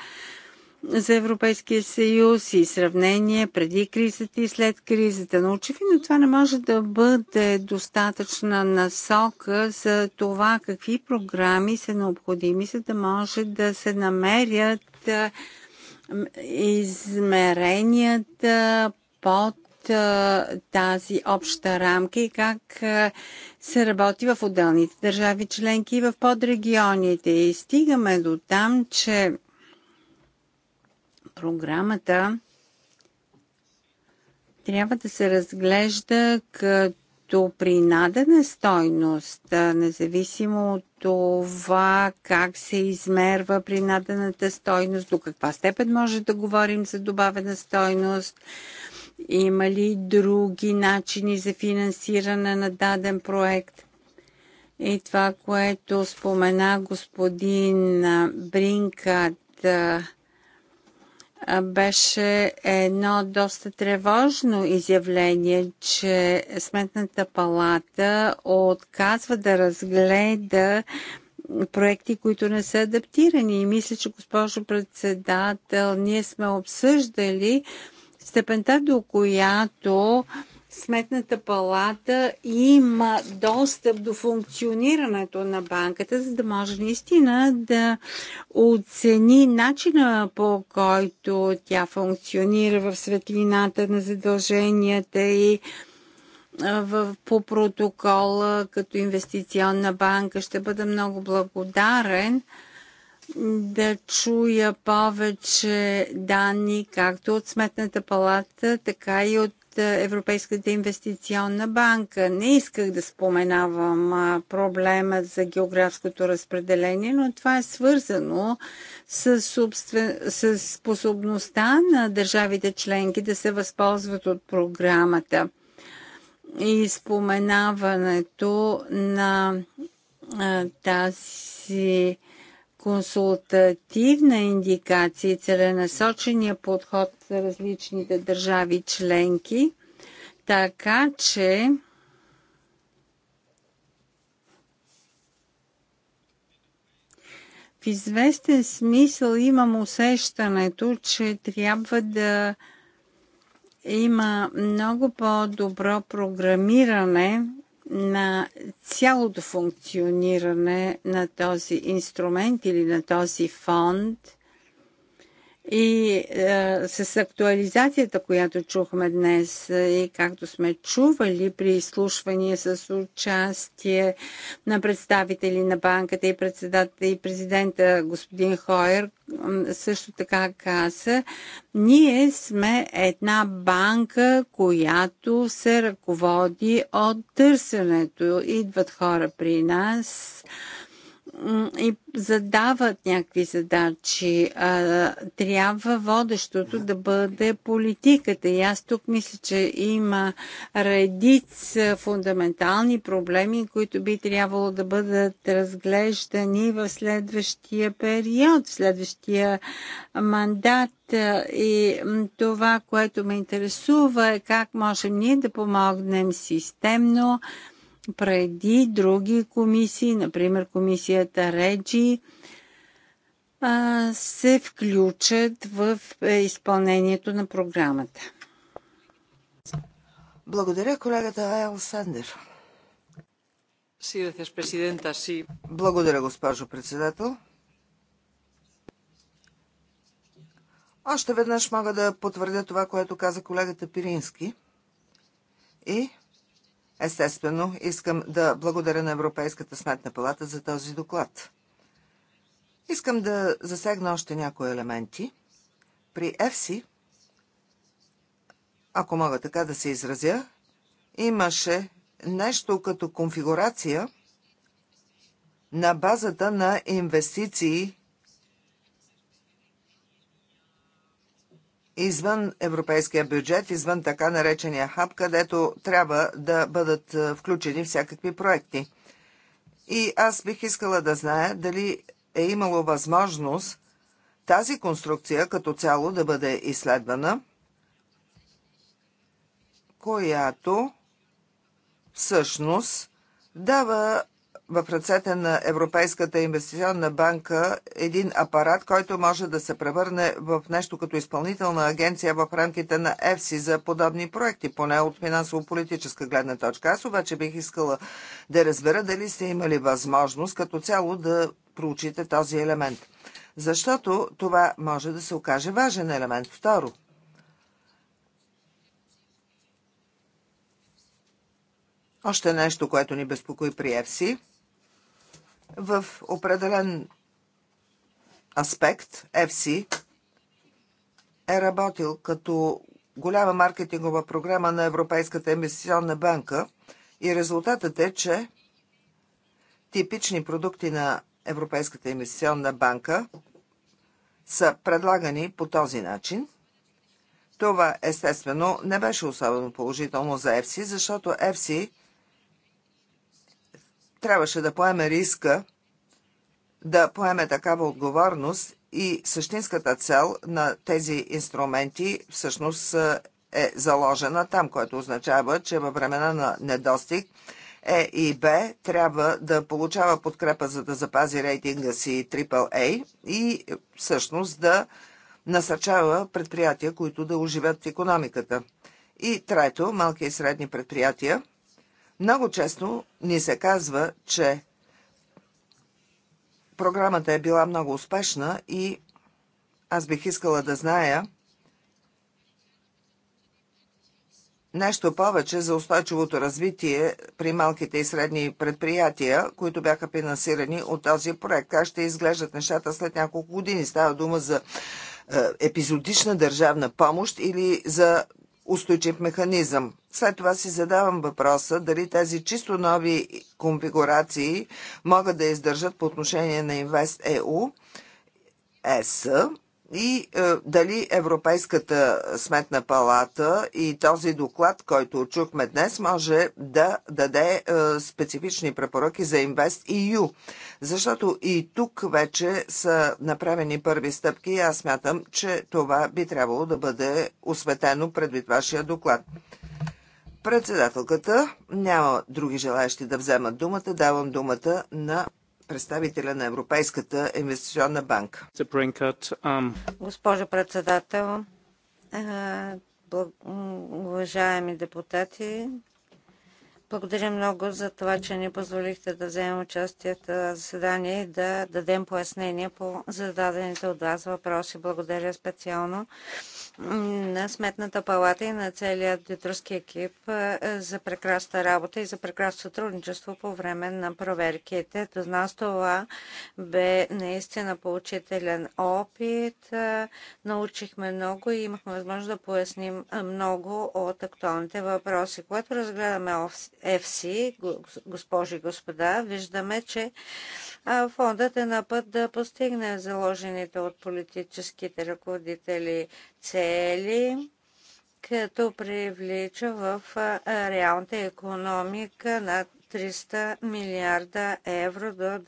за Европейския съюз и сравнение преди кризата и след кризата. Но очевидно това не може да бъде достатъчна насока за това какви програми са необходими, за да може да се намерят измеренията под тази обща рамка и как се работи в отделните държави членки и в подрегионите. И стигаме до там, че програмата трябва да се разглежда като като принадена стойност, независимо от това как се измерва принадената стойност, до каква степен може да говорим за добавена стойност, има ли други начини за финансиране на даден проект. И това, което спомена господин Бринкът, беше едно доста тревожно изявление, че Сметната палата отказва да разгледа проекти, които не са адаптирани. И мисля, че госпожо председател, ние сме обсъждали степента, до която Сметната палата има достъп до функционирането на банката, за да може наистина да оцени начина по който тя функционира в светлината на задълженията и в, по протокола като инвестиционна банка. Ще бъда много благодарен да чуя повече данни както от Сметната палата, така и от Европейската инвестиционна банка. Не исках да споменавам проблема за географското разпределение, но това е свързано с, собствен... с способността на държавите членки да се възползват от програмата и споменаването на тази консултативна индикация и целенасочения подход за различните държави членки, така че в известен смисъл имам усещането, че трябва да има много по-добро програмиране на цялото функциониране на този инструмент или на този фонд – и а, е, с актуализацията, която чухме днес е, и както сме чували при изслушвания с участие на представители на банката и, и президента господин Хойер, също така каза, ние сме една банка, която се ръководи от търсенето. Идват хора при нас, и задават някакви задачи. А, трябва водещото да бъде политиката. И аз тук мисля, че има редица фундаментални проблеми, които би трябвало да бъдат разглеждани в следващия период, в следващия мандат. И това, което ме интересува е как можем ние да помогнем системно преди други комисии, например комисията Реджи, се включат в е, изпълнението на програмата. Благодаря колегата Айл Сандер. Благодаря, госпожо председател. Още веднъж мога да потвърдя това, което каза колегата Пирински. И Естествено, искам да благодаря на Европейската сметна палата за този доклад. Искам да засегна още някои елементи. При ЕФСИ, ако мога така да се изразя, имаше нещо като конфигурация на базата на инвестиции извън европейския бюджет, извън така наречения хаб, където трябва да бъдат е, включени всякакви проекти. И аз бих искала да зная дали е имало възможност тази конструкция като цяло да бъде изследвана, която всъщност дава в ръцете на Европейската инвестиционна банка един апарат, който може да се превърне в нещо като изпълнителна агенция в рамките на ЕФСИ за подобни проекти, поне от финансово-политическа гледна точка. Аз обаче бих искала да разбера дали сте имали възможност като цяло да проучите този елемент. Защото това може да се окаже важен елемент. Второ, Още нещо, което ни безпокои при ЕФСИ – в определен аспект FC е работил като голяма маркетингова програма на Европейската инвестиционна банка и резултатът е, че типични продукти на Европейската инвестиционна банка са предлагани по този начин. Това естествено не беше особено положително за EFSI, защото EFSI – трябваше да поеме риска да поеме такава отговорност и същинската цел на тези инструменти всъщност е заложена там, което означава, че във времена на недостиг Е и Б трябва да получава подкрепа, за да запази рейтинга си AAA и всъщност да насърчава предприятия, които да оживят економиката. И трето, малки и средни предприятия – много често ни се казва, че програмата е била много успешна и аз бих искала да зная нещо повече за устойчивото развитие при малките и средни предприятия, които бяха финансирани от този проект. Как ще изглеждат нещата след няколко години? Става дума за е, епизодична държавна помощ или за устойчив механизъм. След това си задавам въпроса дали тези чисто нови конфигурации могат да издържат по отношение на InvestEU, ЕС, и е, дали Европейската сметна палата и този доклад, който чухме днес, може да даде е, специфични препоръки за Invest EU. Защото и тук вече са направени първи стъпки и аз смятам, че това би трябвало да бъде осветено предвид вашия доклад. Председателката няма други желаящи да вземат думата. Давам думата на представителя на Европейската инвестиционна банка. Um, Госпожо председател, е, уважаеми депутати, благодаря много за това, че ни позволихте да вземем участие в това заседание и да дадем пояснение по зададените от вас въпроси. Благодаря специално на Сметната палата и на целия аудиторски екип е, е, за прекрасна работа и за прекрасно сътрудничество по време на проверките. До нас това бе наистина поучителен опит. Е, научихме много и имахме възможност да поясним много от актуалните въпроси. Когато разгледаме FC, госпожи и господа, виждаме, че фондът е на път да постигне заложените от политическите ръководители цели, като привлича в реалната економика на 300 милиарда евро до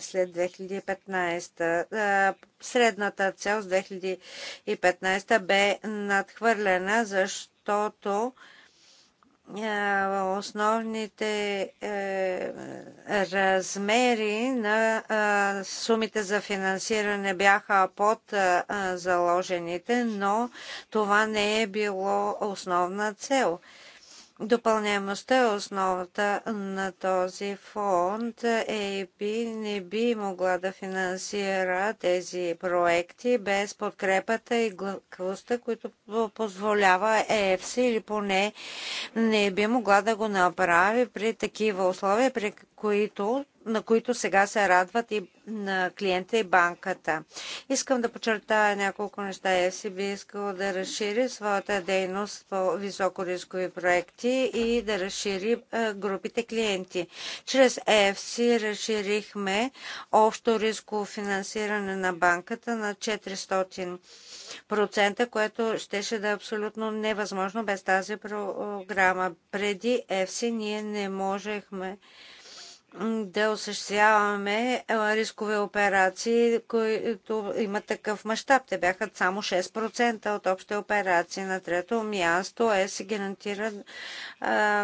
след 2015. Средната цел с 2015 бе надхвърлена, защото основните е, е, размери на сумите за финансиране бяха под заложените, но това не е било основна цел. Допълняемостта е основата на този фонд. ЕИП не би могла да финансира тези проекти без подкрепата и гъвкавостта, които позволява Ефси или поне не би могла да го направи при такива условия, при които на които сега се радват и на клиента и банката. Искам да подчертая няколко неща. ЕФСИ би искал да разшири своята дейност по високорискови проекти и да разшири е, групите клиенти. Чрез ЕФСИ разширихме общо рисково финансиране на банката на 400%, което щеше да е абсолютно невъзможно без тази програма. Преди ЕФСИ ние не можехме да осъществяваме рискови операции, които имат такъв мащаб. Те бяха само 6% от общите операции. На трето място е се гарантира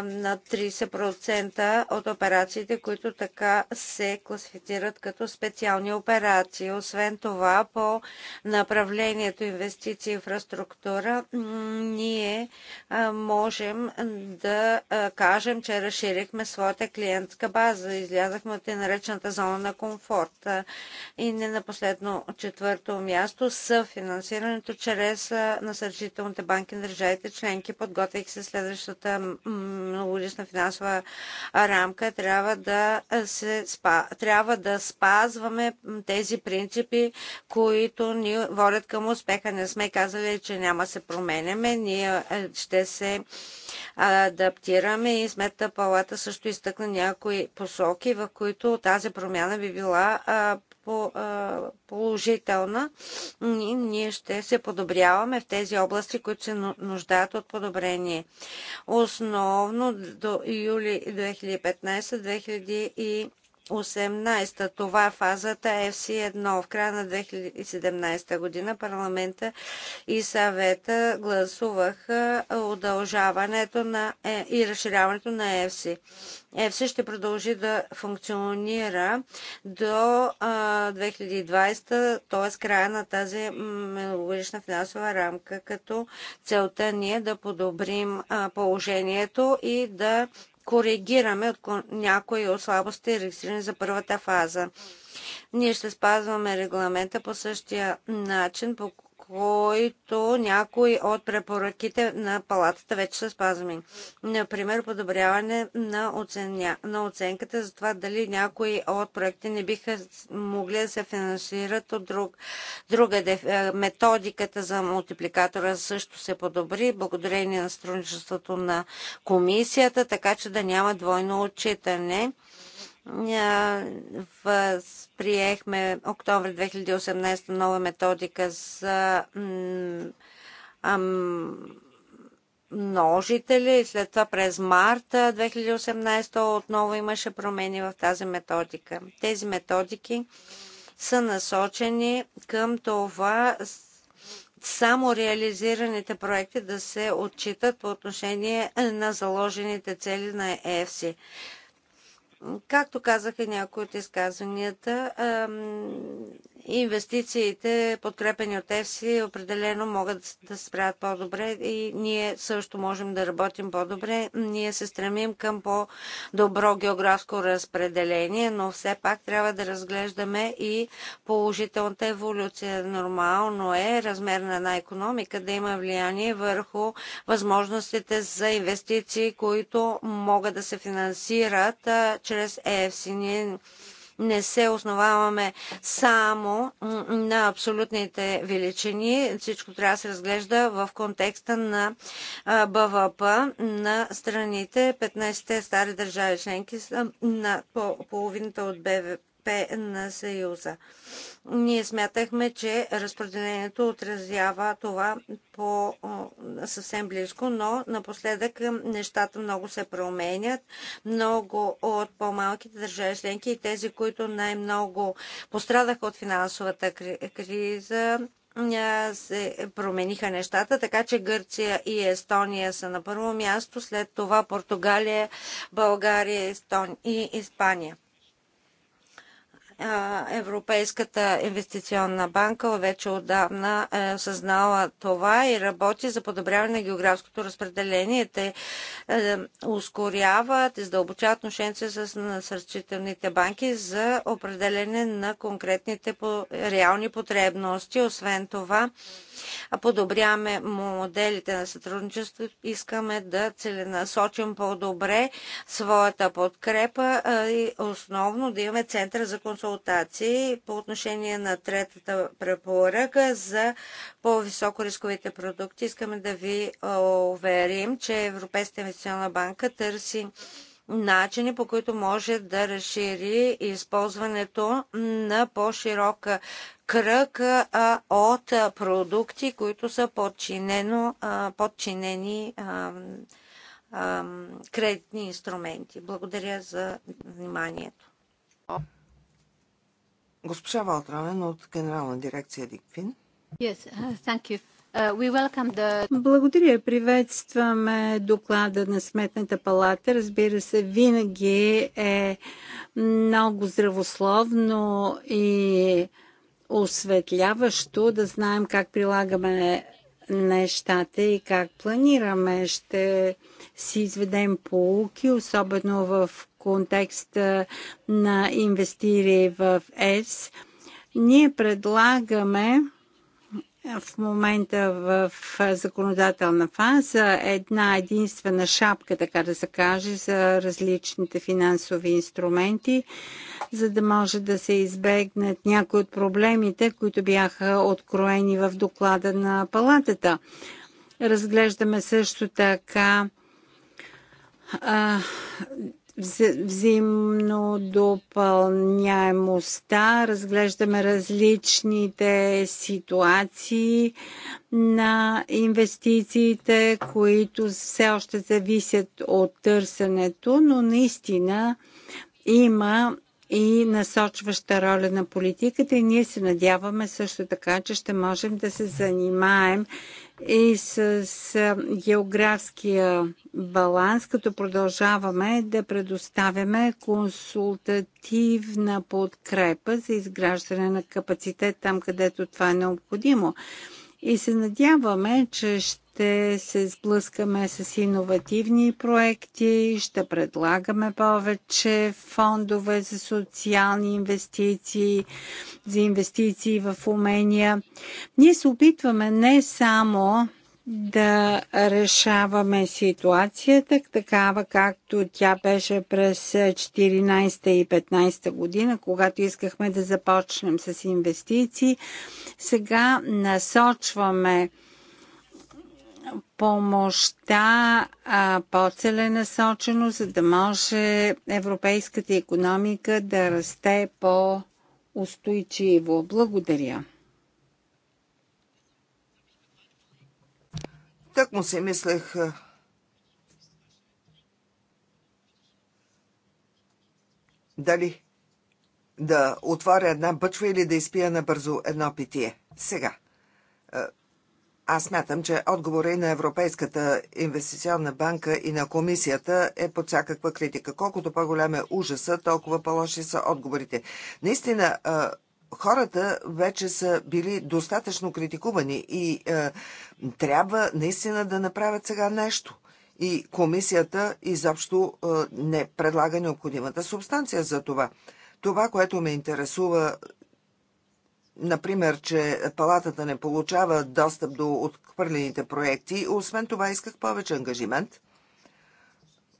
на 30% от операциите, които така се класифицират като специални операции. Освен това, по направлението инвестиции в инфраструктура, ние можем да кажем, че разширихме своята клиентска база излязахме от наречената зона на комфорт. И не на последно четвърто място с финансирането чрез насърчителните банки на държавите членки. Подготвяйки се следващата многогодишна финансова рамка, трябва да, се спа, трябва да спазваме тези принципи, които ни водят към успеха. Не сме казали, че няма се променяме. Ние ще се адаптираме и сметната палата също изтъкна някои посоки насоки, в които тази промяна би била положителна. Ние ще се подобряваме в тези области, които се нуждаят от подобрение. Основно до юли 2015 2015 2018. Това е фазата FC1. В края на 2017 година парламента и съвета гласуваха удължаването на, е, и разширяването на FC. FC ще продължи да функционира до а, 2020, т.е. края на тази многогодишна финансова рамка, като целта ни е да подобрим а, положението и да коригираме от някои от слабости, регистрирани за първата фаза. Ние ще спазваме регламента по същия начин, по който някои от препоръките на палатата вече са спазвани. Например, подобряване на, оценя, на оценката за това дали някои от проекти не биха могли да се финансират от друг, друга. Е, методиката за мултипликатора също се подобри благодарение на сътрудничеството на комисията, така че да няма двойно отчитане Възприехме октомври 2018 нова методика за множители. и след това през март 2018 отново имаше промени в тази методика. Тези методики са насочени към това само реализираните проекти да се отчитат по отношение на заложените цели на ЕФСИ. Както казаха някои от изказванията, Инвестициите, подкрепени от ЕФСИ, определено могат да се справят по-добре и ние също можем да работим по-добре. Ние се стремим към по-добро географско разпределение, но все пак трябва да разглеждаме и положителната еволюция. Нормално е размер на една економика да има влияние върху възможностите за инвестиции, които могат да се финансират а, чрез ЕФСИ. Ние не се основаваме само на абсолютните величини. Всичко трябва да се разглежда в контекста на БВП на страните. 15-те стари държави членки са на половината от БВП на Съюза. Ние смятахме, че разпределението отразява това по съвсем близко, но напоследък нещата много се променят. Много от по-малките държави членки и тези, които най-много пострадаха от финансовата криза, се промениха нещата, така че Гърция и Естония са на първо място, след това Португалия, България и Испания. Европейската инвестиционна банка вече отдавна е осъзнала това и работи за подобряване на географското разпределение. Те е, ускоряват и задълбочават отношенията с насърчителните банки за определене на конкретните по, реални потребности. Освен това, подобряваме моделите на сътрудничество. Искаме да целенасочим по-добре своята подкрепа е, и основно да имаме център за консултация консултации по отношение на третата препоръка за по-високо рисковите продукти. Искаме да ви уверим, че Европейската инвестиционна банка търси начини, по които може да разшири използването на по-широк кръг от продукти, които са подчинени кредитни инструменти. Благодаря за вниманието. Госпожа Валтранен от Генерална дирекция Дикфин. Yes, uh, thank you. Uh, the... Благодаря. Приветстваме доклада на Сметната палата. Разбира се, винаги е много здравословно и осветляващо да знаем как прилагаме нещата и как планираме. Ще си изведем поуки, особено в контекста на инвестири в ЕС. Ние предлагаме в момента в законодателна фаза една единствена шапка, така да се каже, за различните финансови инструменти, за да може да се избегнат някои от проблемите, които бяха откроени в доклада на палатата. Разглеждаме също така а, взаимно допълняемостта, разглеждаме различните ситуации на инвестициите, които все още зависят от търсенето, но наистина има и насочваща роля на политиката и ние се надяваме също така, че ще можем да се занимаем и с географския баланс, като продължаваме да предоставяме консултативна подкрепа за изграждане на капацитет там, където това е необходимо. И се надяваме, че ще ще се сблъскаме с иновативни проекти, ще предлагаме повече фондове за социални инвестиции, за инвестиции в умения. Ние се опитваме не само да решаваме ситуацията такава, както тя беше през 14 и 15 година, когато искахме да започнем с инвестиции. Сега насочваме помощта по-целенасочено, за да може европейската економика да расте по-устойчиво. Благодаря. Так му си мислех. Дали да отворя една бъчва или да изпия набързо едно питие. Сега. Аз смятам, че отговора и на Европейската инвестиционна банка и на комисията е под всякаква критика. Колкото по-голям е ужаса, толкова по-лоши са отговорите. Наистина, хората вече са били достатъчно критикувани и е, трябва наистина да направят сега нещо. И комисията изобщо е, не предлага необходимата субстанция за това. Това, което ме интересува например, че палатата не получава достъп до отхвърлените проекти. Освен това, исках повече ангажимент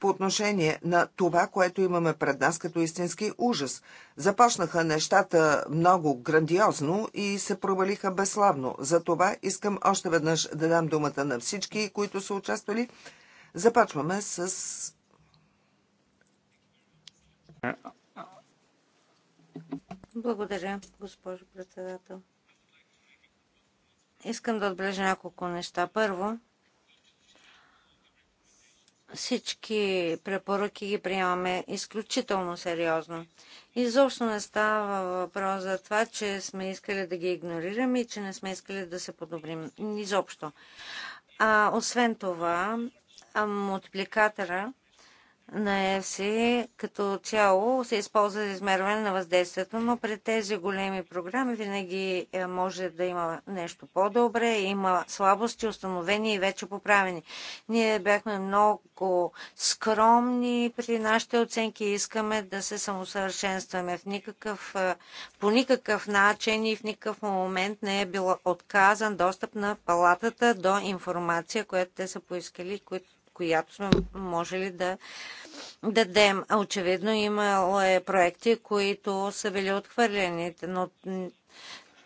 по отношение на това, което имаме пред нас като истински ужас. Започнаха нещата много грандиозно и се провалиха безславно. За това искам още веднъж да дам думата на всички, които са участвали. Започваме с... Благодаря, госпожо председател. Искам да отбележа няколко неща. Първо, всички препоръки ги приемаме изключително сериозно. Изобщо не става въпрос за това, че сме искали да ги игнорираме и че не сме искали да се подобрим. Изобщо. А, освен това, мултипликатора на еси като цяло се използва за измерване на въздействието, но при тези големи програми винаги е, може да има нещо по-добре, има слабости установени и вече поправени. Ние бяхме много скромни при нашите оценки и искаме да се самосъвършенстваме. В никакъв, е, по никакъв начин и в никакъв момент не е бил отказан достъп на палатата до информация, която те са поискали, които която сме можели да дадем. Очевидно имало е проекти, които са били отхвърлени, но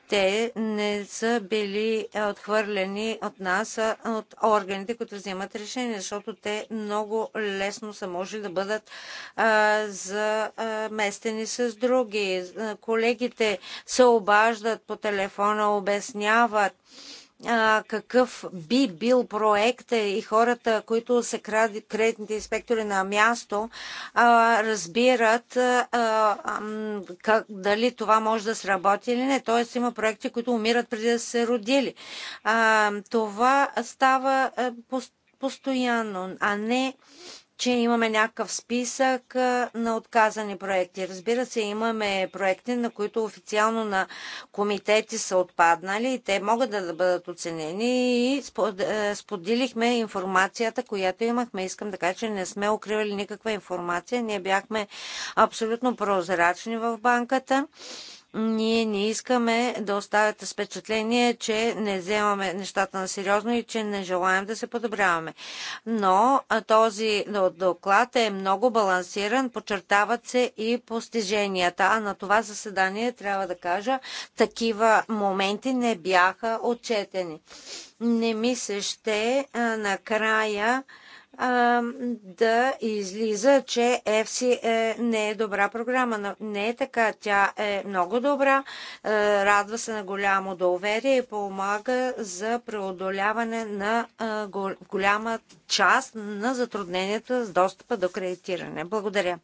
те не са били е, отхвърлени от нас, а от органите, които взимат решение, защото те много лесно са можели да бъдат а, заместени с други. Е, колегите се обаждат по телефона, обясняват какъв би бил проекта е, и хората, които са кредитните инспектори на място, разбират как, дали това може да сработи или не. Тоест има проекти, които умират преди да се родили. Това става постоянно, а не че имаме някакъв списък на отказани проекти. Разбира се, имаме проекти, на които официално на комитети са отпаднали и те могат да бъдат оценени и е, споделихме информацията, която имахме. Искам да кажа, че не сме укривали никаква информация. Ние бяхме абсолютно прозрачни в банката ние не искаме да оставяте впечатление, че не вземаме нещата на сериозно и че не желаем да се подобряваме. Но този доклад е много балансиран, подчертават се и постиженията. А на това заседание, трябва да кажа, такива моменти не бяха отчетени. Не ми се ще накрая да излиза, че FC е, не е добра програма. Не е така. Тя е много добра, е, радва се на голямо доверие и помага за преодоляване на е, голяма част на затрудненията с достъпа до кредитиране. Благодаря.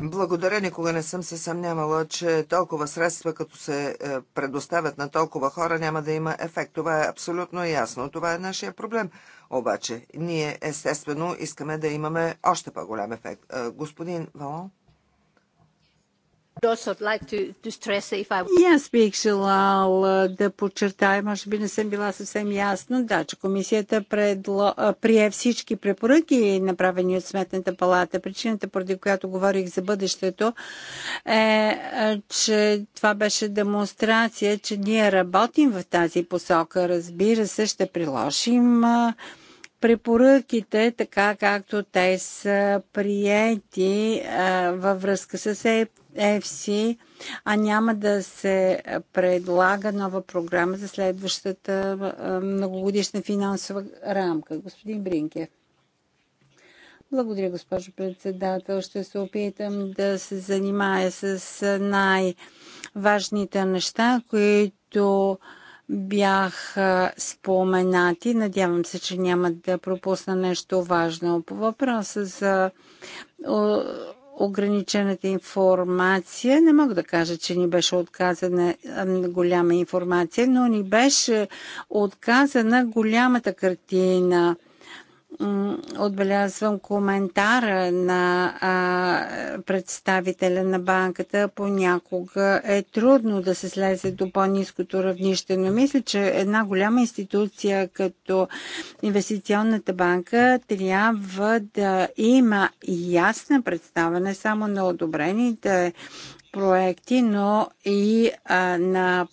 Благодаря, никога не съм се съмнявала, че толкова средства, като се е, предоставят на толкова хора, няма да има ефект. Това е абсолютно ясно. Това е нашия проблем. Обаче, ние естествено искаме да имаме още по-голям ефект. Е, господин Валон? И аз бих желал е, да подчертая, може би не съм била съвсем ясна, да, че комисията предло... Е, прие всички препоръки, направени от Сметната палата. Причината, поради която говорих за бъдещето, е, че това беше демонстрация, че ние работим в тази посока. Разбира се, ще приложим препоръките, така както те са приети във връзка с ЕФС, а няма да се предлага нова програма за следващата многогодишна финансова рамка. Господин Бринкев. Благодаря, госпожо председател. Ще се опитам да се занимая с най- важните неща, които бяха споменати. Надявам се, че няма да пропусна нещо важно. По въпроса за ограничената информация. Не мога да кажа, че ни беше отказана голяма информация, но ни беше отказана голямата картина отбелязвам коментара на а, представителя на банката. Понякога е трудно да се слезе до по-низкото равнище, но мисля, че една голяма институция като инвестиционната банка трябва да има ясна представа не само на одобрените проекти, но и а, на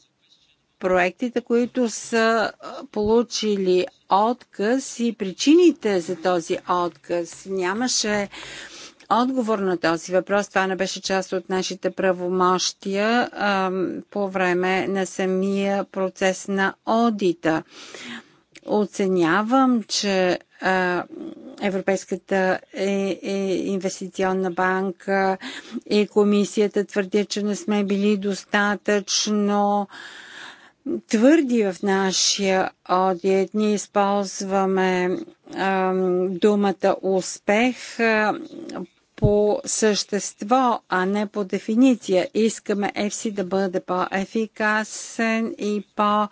проектите, които са получили отказ и причините за този отказ. Нямаше отговор на този въпрос. Това не беше част от нашите правомощия а, по време на самия процес на одита. Оценявам, че а, Европейската е, е, инвестиционна банка и комисията твърдят, че не сме били достатъчно а, твърди в нашия одит. Ние използваме думата успех а, по същество, а не по дефиниция. Искаме FC да бъде по-ефикасен и по-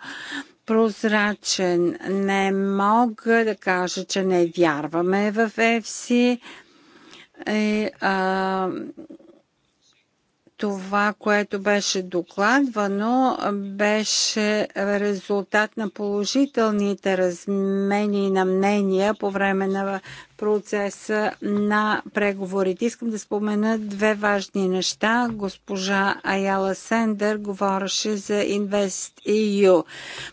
прозрачен. Не мога да кажа, че не вярваме в FC. И, а, това, което беше докладвано, беше резултат на положителните размени на мнения по време на процеса на преговорите. Искам да спомена две важни неща. Госпожа Аяла Сендер говореше за Invest EU.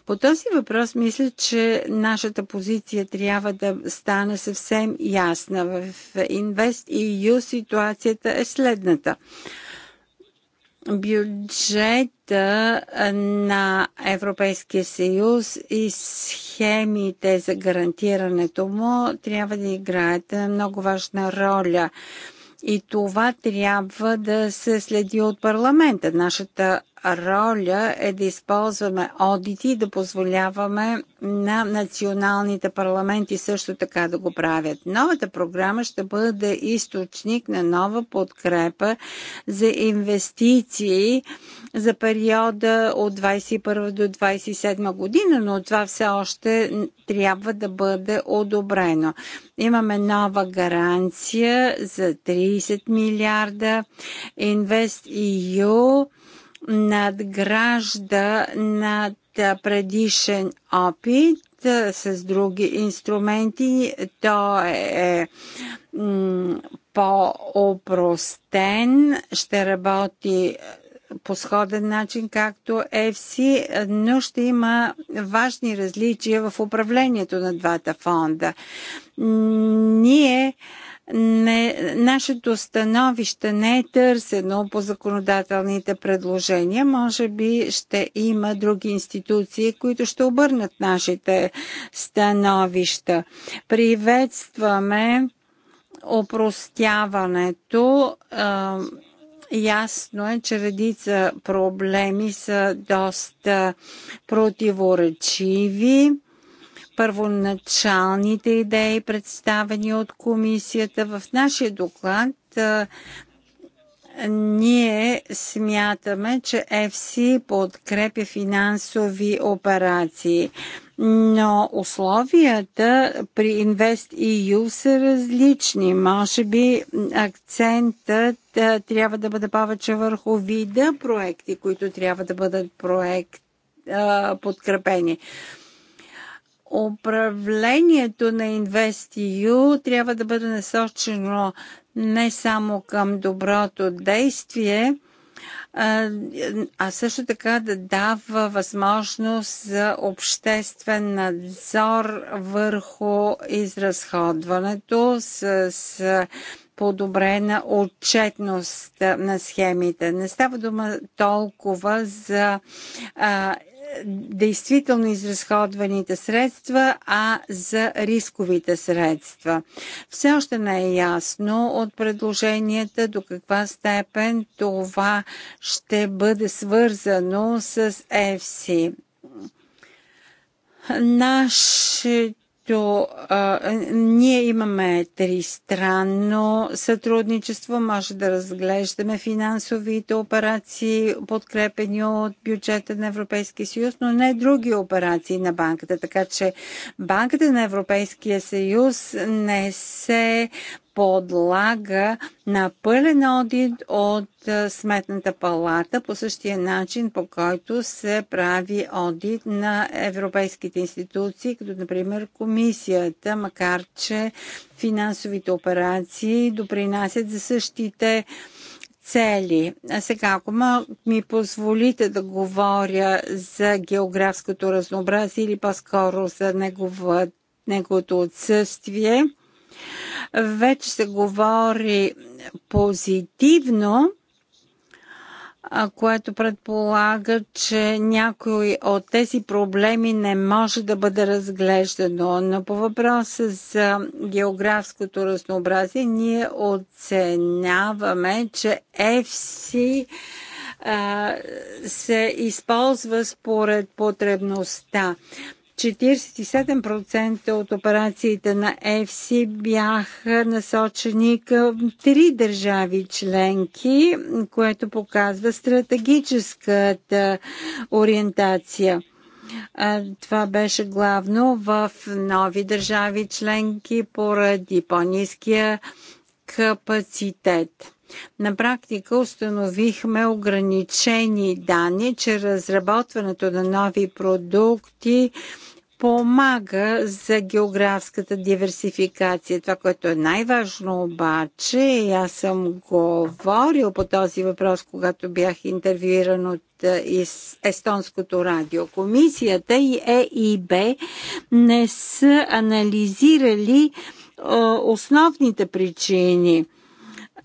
По този въпрос мисля, че нашата позиция трябва да стане съвсем ясна. В Invest EU ситуацията е следната бюджета на Европейския съюз и схемите за гарантирането му трябва да играят много важна роля. И това трябва да се следи от парламента. Нашата роля е да използваме одити и да позволяваме на националните парламенти също така да го правят. Новата програма ще бъде източник на нова подкрепа за инвестиции за периода от 21 до 27 година, но това все още трябва да бъде одобрено. Имаме нова гаранция за 30 милиарда. Invest EU надгражда над предишен опит с други инструменти. То е, е по-опростен, ще работи по сходен начин, както FC, но ще има важни различия в управлението на двата фонда. Ние не, нашето становище не е търсено по законодателните предложения. Може би ще има други институции, които ще обърнат нашите становища. Приветстваме опростяването. Ясно е, че редица проблеми са доста противоречиви първоначалните идеи, представени от комисията. В нашия доклад ние смятаме, че FC подкрепя финансови операции, но условията при InvestEU са различни. Може би акцентът трябва да бъде повече върху вида проекти, които трябва да бъдат проект, подкрепени управлението на InvestEU трябва да бъде насочено не само към доброто действие, а също така да дава възможност за обществен надзор върху изразходването с, подобрена отчетност на схемите. Не става дума толкова за а, действително изразходваните средства, а за рисковите средства. Все още не е ясно от предложенията до каква степен това ще бъде свързано с ЕФСИ. Нашите който а, ние имаме тристранно сътрудничество, може да разглеждаме финансовите операции, подкрепени от бюджета на Европейския съюз, но не други операции на банката. Така че банката на Европейския съюз не се подлага на пълен одит от Сметната палата по същия начин, по който се прави одит на европейските институции, като например комисията, макар че финансовите операции допринасят за същите цели. А сега, ако ми позволите да говоря за географското разнообразие или по-скоро за неговото отсъствие, вече се говори позитивно, което предполага, че някой от тези проблеми не може да бъде разглеждано. Но по въпроса за географското разнообразие, ние оценяваме, че ЕФСИ се използва според потребността. 47% от операциите на ЕФСИ бяха насочени към три държави членки, което показва стратегическата ориентация. Това беше главно в нови държави членки поради по-низкия капацитет. На практика установихме ограничени данни, че разработването на нови продукти помага за географската диверсификация. Това, което е най-важно обаче, и аз съм говорил по този въпрос, когато бях интервюиран от е, Естонското радио. Комисията и ЕИБ не са анализирали е, основните причини –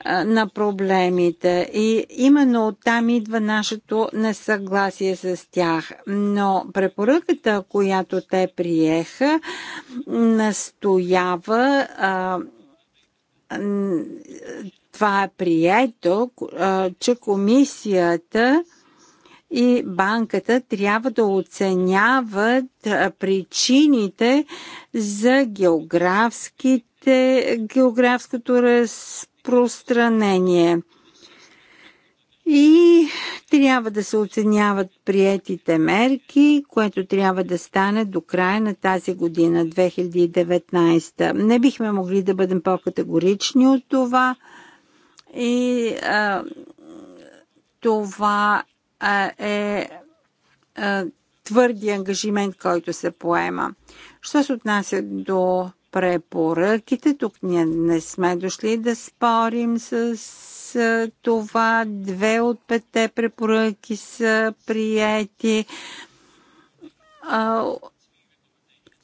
на проблемите и именно оттам идва нашето несъгласие с тях. Но препоръката, която те приеха, настоява а, това е прието, че комисията и банката трябва да оценяват причините за географските, географското разпределение разпространение. И трябва да се оценяват приетите мерки, което трябва да стане до края на тази година, 2019. Не бихме могли да бъдем по-категорични от това. И а, това а, е а, твърди ангажимент, който се поема. Що се отнася до препоръките. Тук ние не сме дошли да спорим с, с това. Две от петте препоръки са приети. А,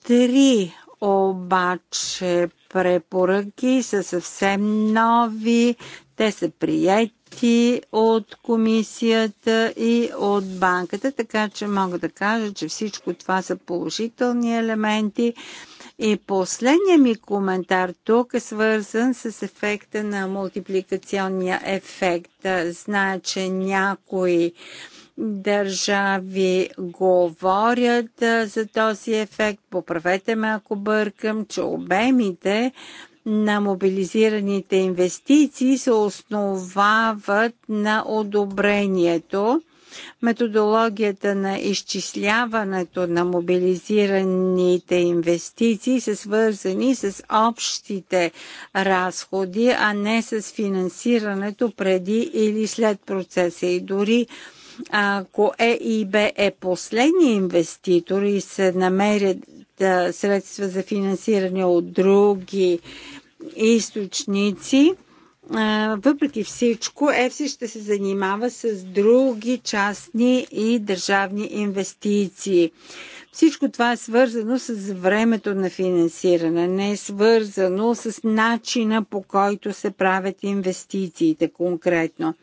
три обаче препоръки са съвсем нови. Те са приети от комисията и от банката, така че мога да кажа, че всичко това са положителни елементи. И последният ми коментар тук е свързан с ефекта на мултипликационния ефект. Знае, че някои държави говорят за този ефект. Поправете ме, ако бъркам, че обемите на мобилизираните инвестиции се основават на одобрението Методологията на изчисляването на мобилизираните инвестиции са свързани с общите разходи, а не с финансирането преди или след процеса. И дори ако ЕИБ е, е последния инвеститор и се намерят средства за финансиране от други източници, въпреки всичко, ЕФСИ ще се занимава с други частни и държавни инвестиции. Всичко това е свързано с времето на финансиране, не е свързано с начина по който се правят инвестициите конкретно.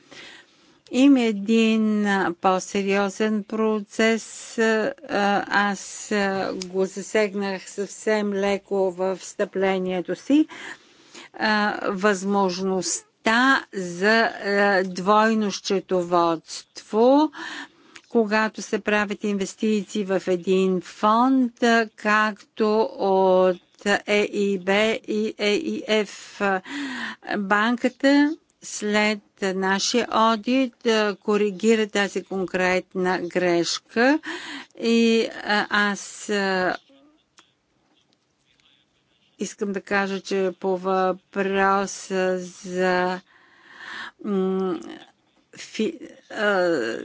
Има един по-сериозен процес. Аз го засегнах съвсем леко в встъплението си възможността за двойно счетоводство когато се правят инвестиции в един фонд, както от ЕИБ и ЕИФ. Банката след нашия одит коригира тази конкретна грешка и аз искам да кажа, че по въпроса за фи, а,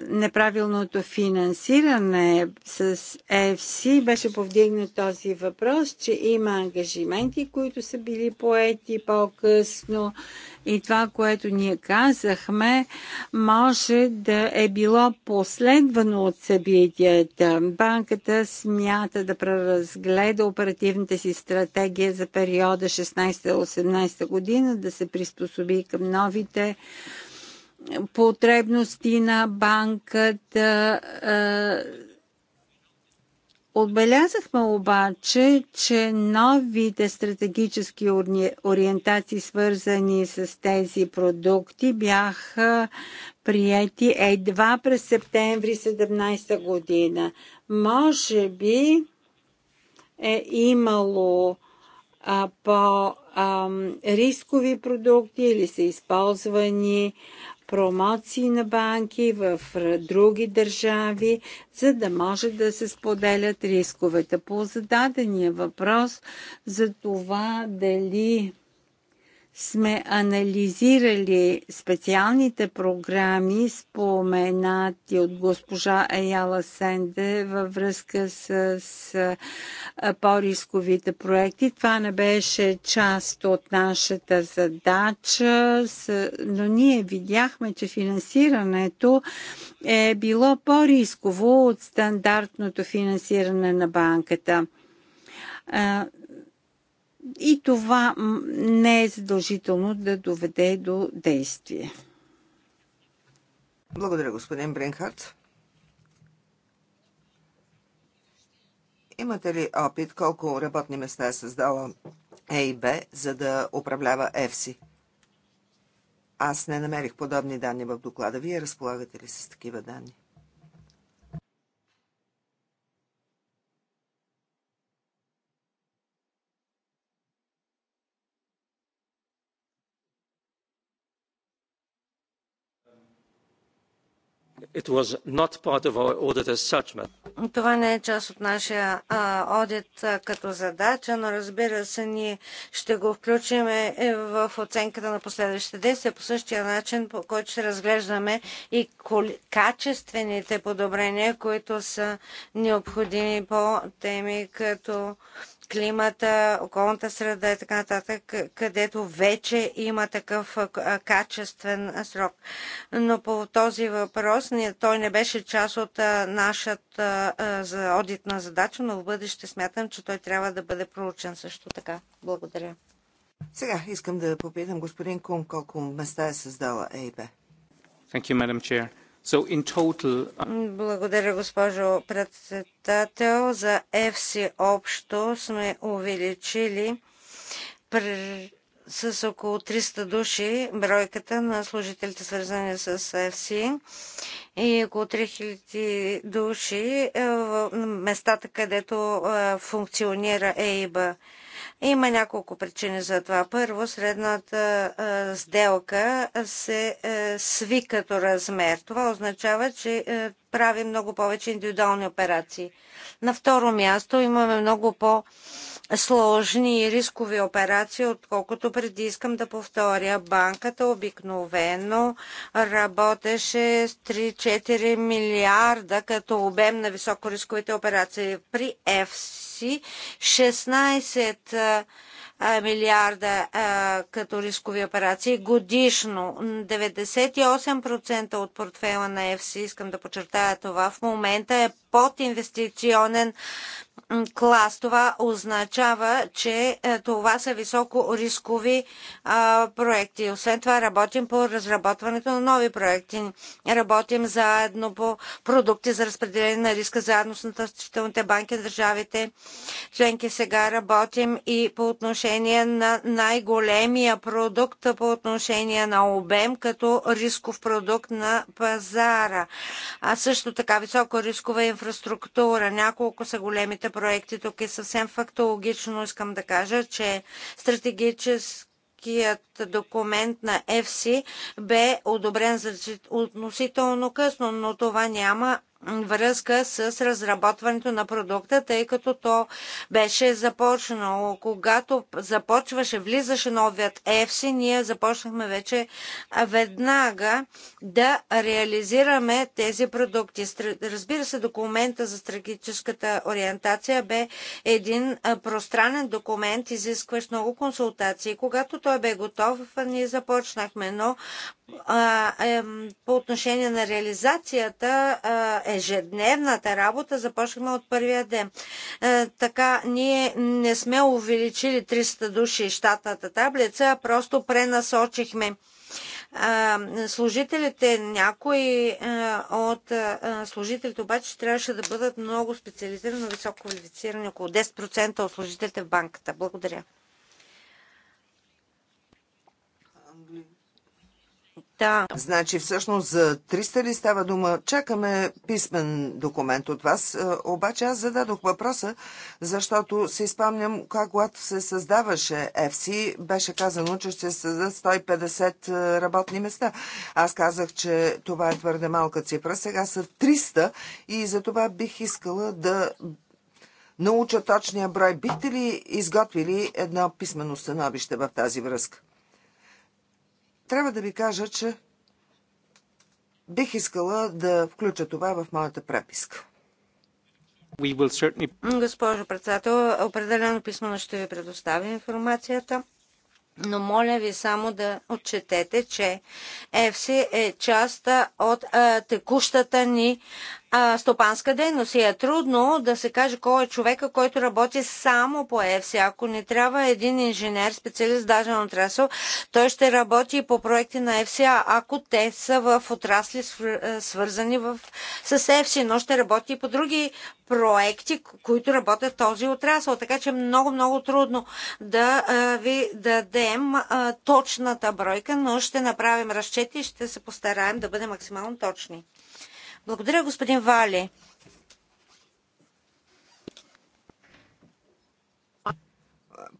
неправилното финансиране с EFC е беше повдигнат този въпрос, че има ангажименти, които са били поети по-късно и това, което ние казахме, може да е било последвано от събитията. Банката смята да преразгледа оперативната си стратегия за периода 16-18 година, да се приспособи към новите потребности на банката. Отбелязахме обаче, че новите стратегически ориентации, свързани с тези продукти, бяха прияти едва през септември 2017 година. Може би е имало по-рискови продукти или са използвани промоции на банки в други държави, за да може да се споделят рисковете. По зададения въпрос за това дали сме анализирали специалните програми, споменати от госпожа Аяла Сенде във връзка с, с по-рисковите проекти. Това не беше част от нашата задача, с, но ние видяхме, че финансирането е било по-рисково от стандартното финансиране на банката и това не е задължително да доведе до действие. Благодаря, господин Бренхарт. Имате ли опит колко работни места е създала Б за да управлява ЕФСИ? Аз не намерих подобни данни в доклада. Вие разполагате ли с такива данни? It was not part of our audit as such, Това не е част от нашия а, одит а, като задача, но разбира се, ние ще го включим е, е, в оценката на последващите действия по същия начин, по който ще разглеждаме и качествените подобрения, които са необходими по теми като климата, околната среда и така нататък, където вече има такъв качествен срок. Но по този въпрос той не беше част от нашата за одитна задача, но в бъдеще смятам, че той трябва да бъде проучен също така. Благодаря. Сега искам да попитам господин Кум колко места е създала ЕИБ. Thank you, Madam Chair. Uh, Благодаря, госпожо председател. За ЕФСИ общо сме увеличили с около 300 души бройката на служителите свързани с ЕФСИ и около 3000 души е, в местата, където е, функционира ЕИБА. Има няколко причини за това. Първо, средната а, сделка се а, сви като размер. Това означава, че а, прави много повече индивидуални операции. На второ място имаме много по- сложни и рискови операции, отколкото преди искам да повторя. Банката обикновено работеше с 3-4 милиарда като обем на високорисковите операции. При FC си, 16 милиарда като рискови операции годишно. 98% от портфела на ЕФСИ, искам да подчертая това, в момента е под инвестиционен клас. Това означава, че е, това са високо рискови проекти. Освен това работим по разработването на нови проекти. Работим заедно по продукти за разпределение на риска заедно с насъщителните банки на държавите. Членки сега работим и по отношение на най-големия продукт, по отношение на обем, като рисков продукт на пазара. А също така високо рискова инфраструктура. Няколко са големите проекти. Тук е съвсем фактологично, искам да кажа, че стратегически документ на ЕФСИ бе одобрен относително късно, но това няма връзка с разработването на продукта, тъй като то беше започнало. Когато започваше, влизаше новият EFC, ние започнахме вече веднага да реализираме тези продукти. Разбира се, документа за стратегическата ориентация бе един пространен документ, изискващ много консултации. Когато той бе готов, ние започнахме, но а, е, по отношение на реализацията а, ежедневната работа започнахме от първия ден. Е, така ние не сме увеличили 300 души щатната таблица, а просто пренасочихме е, служителите, някои е, от служителите обаче трябваше да бъдат много специализирани, високо квалифицирани, около 10% от служителите в банката. Благодаря. Значи всъщност за 300 ли става дума? Чакаме писмен документ от вас. Е, обаче аз зададох въпроса, защото си спомням как когато се създаваше FC, беше казано, че ще се създадат 150 е, работни места. Аз казах, че това е твърде малка цифра. Сега са 300 и за това бих искала да науча точния брой. Бихте ли изготвили едно писмено становище в тази връзка? Трябва да ви кажа, че бих искала да включа това в моята преписка. Certainly... Госпожо председател, определено писмено ще ви предоставя информацията. Но моля ви само да отчетете, че ЕФСИ е част от а, текущата ни а, стопанска дейност и е трудно да се каже кой е човека, който работи само по ЕФСИ. Ако не трябва един инженер, специалист в даден отрасъл, той ще работи и по проекти на ЕФСИ, ако те са в отрасли е, свързани в, с ЕФСИ, но ще работи и по други проекти, които работят този отрасъл. Така че е много, много трудно да а, е, ви дадем а, е, точната бройка, но ще направим разчети и ще се постараем да бъдем максимално точни. Благодаря, господин Вали.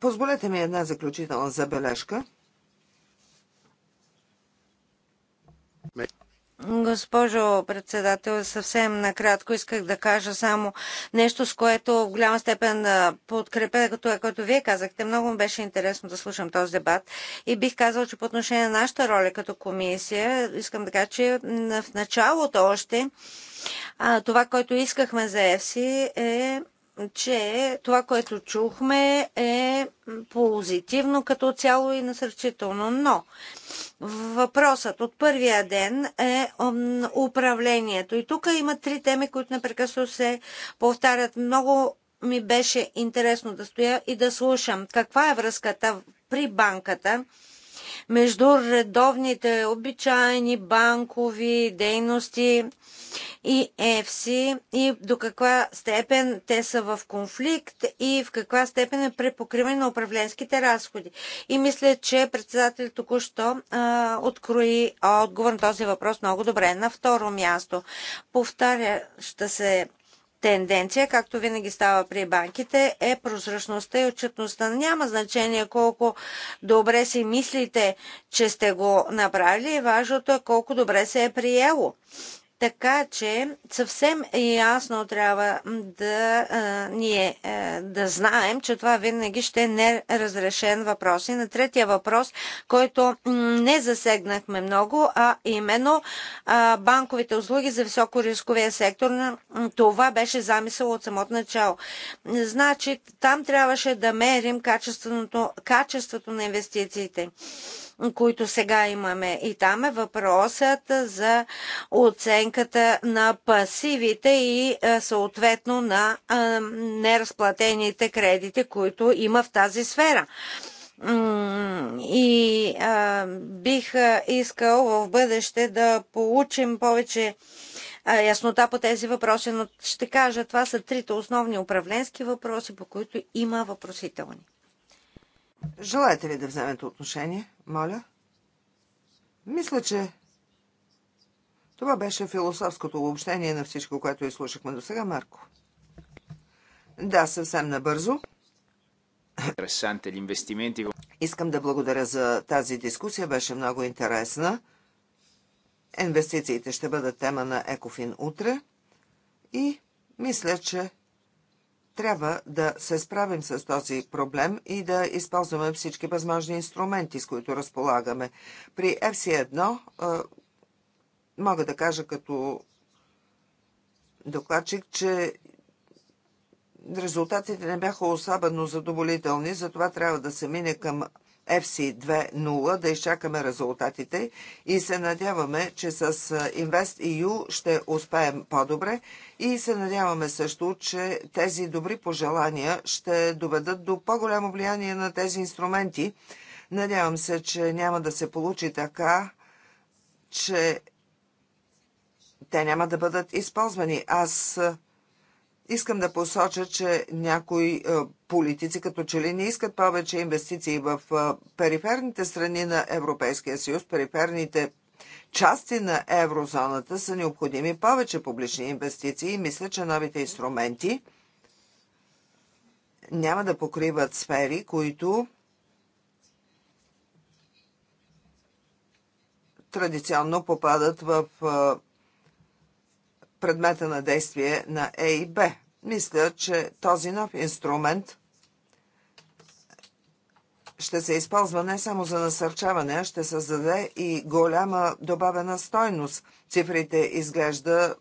Позволете ми една заключителна забележка. Госпожо председател, съвсем накратко исках да кажа само нещо, с което в голяма степен подкрепя като, е, което вие казахте. Много ми беше интересно да слушам този дебат и бих казал, че по отношение на нашата роля като комисия, искам да кажа, че в началото още това, което искахме за ЕФСИ е че това, което чухме е позитивно като цяло и насърчително. Но въпросът от първия ден е управлението. И тук има три теми, които непрекъсно се повтарят. Много ми беше интересно да стоя и да слушам каква е връзката при банката между редовните обичайни банкови дейности и ЕФСИ и до каква степен те са в конфликт и в каква степен е препокриване на управленските разходи. И мисля, че председателят току-що открои отговор на този въпрос много добре. На второ място, повтаряща се тенденция, както винаги става при банките, е прозрачността и отчетността. Няма значение колко добре си мислите, че сте го направили. Важното е колко добре се е приело така че съвсем ясно трябва да а, ние а, да знаем, че това винаги ще е неразрешен въпрос. И на третия въпрос, който не засегнахме много, а именно а, банковите услуги за високорисковия сектор. Това беше замисъл от самото начало. Значи, там трябваше да мерим качеството на инвестициите които сега имаме. И там е въпросът за оценката на пасивите и е, съответно на е, неразплатените кредити, които има в тази сфера и а, е, бих искал в бъдеще да получим повече а, яснота по тези въпроси, но ще кажа, това са трите основни управленски въпроси, по които има въпросителни. Желаете ли да вземете отношение? Моля. Мисля, че това беше философското обобщение на всичко, което изслушахме до сега, Марко. Да, съвсем набързо. Искам да благодаря за тази дискусия, беше много интересна. Инвестициите ще бъдат тема на Екофин утре и мисля, че трябва да се справим с този проблем и да използваме всички възможни инструменти, с които разполагаме. При FC1 мога да кажа като докладчик, че резултатите не бяха особено задоволителни, затова трябва да се мине към FC 2.0, да изчакаме резултатите и се надяваме, че с InvestEU ще успеем по-добре и се надяваме също, че тези добри пожелания ще доведат до по-голямо влияние на тези инструменти. Надявам се, че няма да се получи така, че те няма да бъдат използвани. Аз Искам да посоча, че някои е, политици като че ли не искат повече инвестиции в е, периферните страни на Европейския съюз, периферните части на еврозоната са необходими повече публични инвестиции и мисля, че новите инструменти няма да покриват сфери, които традиционно попадат в е, предмета на действие на Е и Б. Мисля, че този нов инструмент ще се използва не само за насърчаване, а ще създаде и голяма добавена стойност. Цифрите изглежда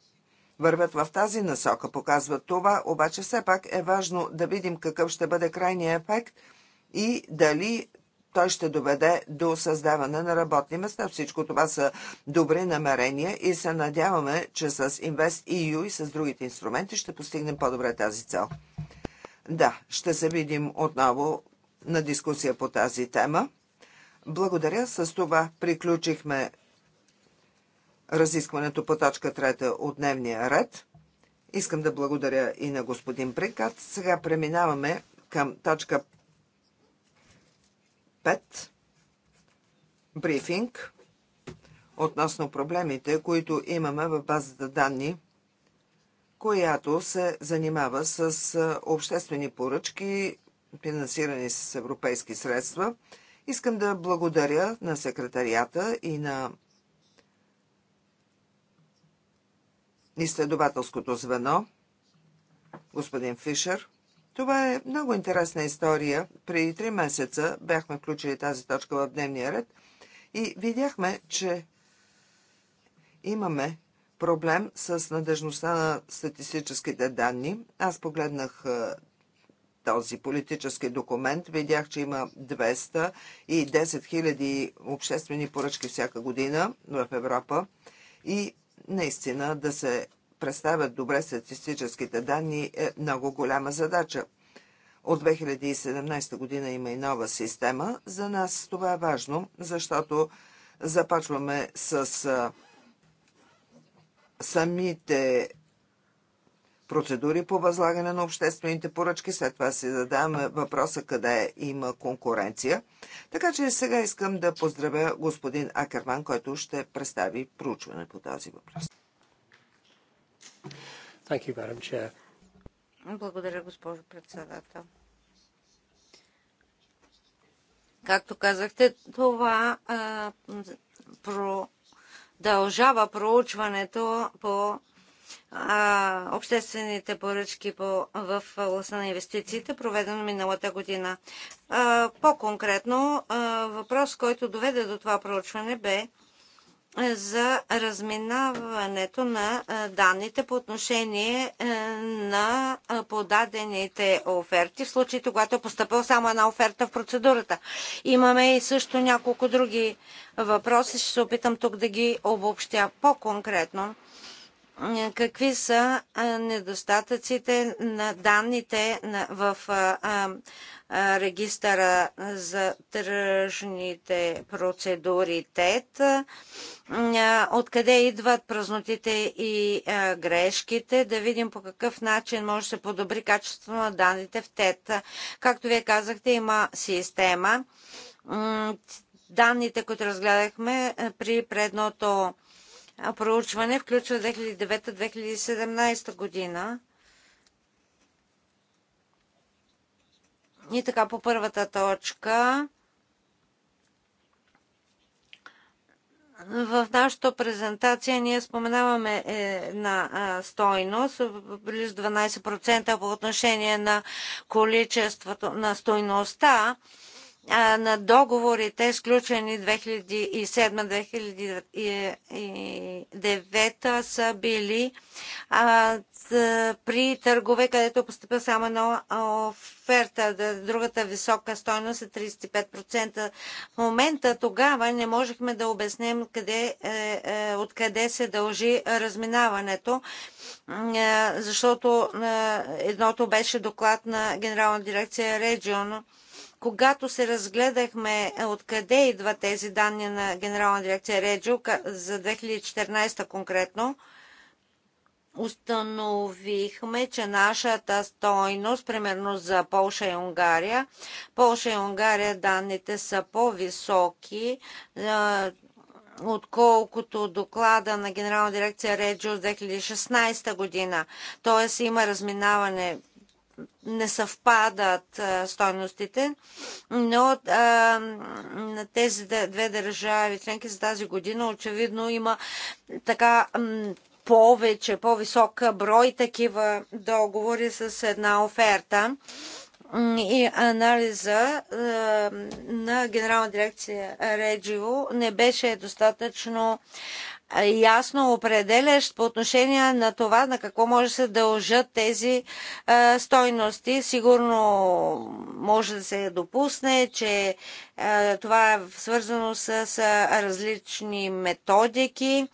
вървят в тази насока, показват това, обаче все пак е важно да видим какъв ще бъде крайния ефект и дали той ще доведе до създаване на работни места. Всичко това са добри намерения и се надяваме, че с Invest EU и с другите инструменти ще постигнем по-добре тази цел. Да, ще се видим отново на дискусия по тази тема. Благодаря. С това приключихме разискването по точка трета от дневния ред. Искам да благодаря и на господин Прикат. Сега преминаваме към точка 5 брифинг относно проблемите, които имаме в базата данни, която се занимава с обществени поръчки, финансирани с европейски средства. Искам да благодаря на секретарията и на изследователското звено, господин Фишер, това е много интересна история. Преди три месеца бяхме включили тази точка в дневния ред и видяхме, че имаме проблем с надежността на статистическите данни. Аз погледнах този политически документ. Видях, че има 200 и 10 хиляди обществени поръчки всяка година в Европа. И наистина да се представят добре статистическите данни е много голяма задача. От 2017 година има и нова система. За нас това е важно, защото започваме с самите процедури по възлагане на обществените поръчки. След това си задаваме въпроса къде има конкуренция. Така че сега искам да поздравя господин Акерман, който ще представи проучване по този въпрос. Thank you, Madam Chair. Благодаря, госпожо председател. Както казахте, това а, продължава проучването по а, обществените поръчки по, в областта на инвестициите, проведено миналата година. по-конкретно, въпрос, който доведе до това проучване бе за разминаването на данните по отношение е, на подадените оферти, в случаите, когато е поступила само една оферта в процедурата. Имаме и също няколко други въпроси. Ще се опитам тук да ги обобщя по-конкретно какви са недостатъците на данните в регистъра за тръжните процедури ТЕТ, откъде идват празнотите и грешките, да видим по какъв начин може да се подобри качеството на данните в ТЕТ. Както вие казахте, има система. Данните, които разгледахме е, при предното проучване включва 2009-2017 година. И така по първата точка. В нашата презентация ние споменаваме е, на стойност, близо 12% по отношение на количеството на стойността на договорите, сключени 2007-2009 са били а, при търгове, където е поступя само една оферта. Другата висока стойност е 35%. В момента тогава не можехме да обясним къде, е, е, откъде се дължи разминаването, е, защото е, едното беше доклад на Генерална дирекция Регион когато се разгледахме е, откъде идват тези данни на Генерална дирекция Реджо за 2014 конкретно, установихме, че нашата стойност, примерно за Полша и Унгария, Полша и Унгария данните са по-високи, е, отколкото доклада на Генерална дирекция Реджо от 2016 година. Тоест има разминаване не съвпадат стойностите, но а, на тези две държави членки за тази година очевидно има така повече, по-висок брой такива договори с една оферта и анализа а, на Генерална дирекция Реджио не беше достатъчно ясно определящ по отношение на това на какво може да се дължат тези а, стойности. Сигурно може да се допусне, че а, това е свързано с, с различни методики.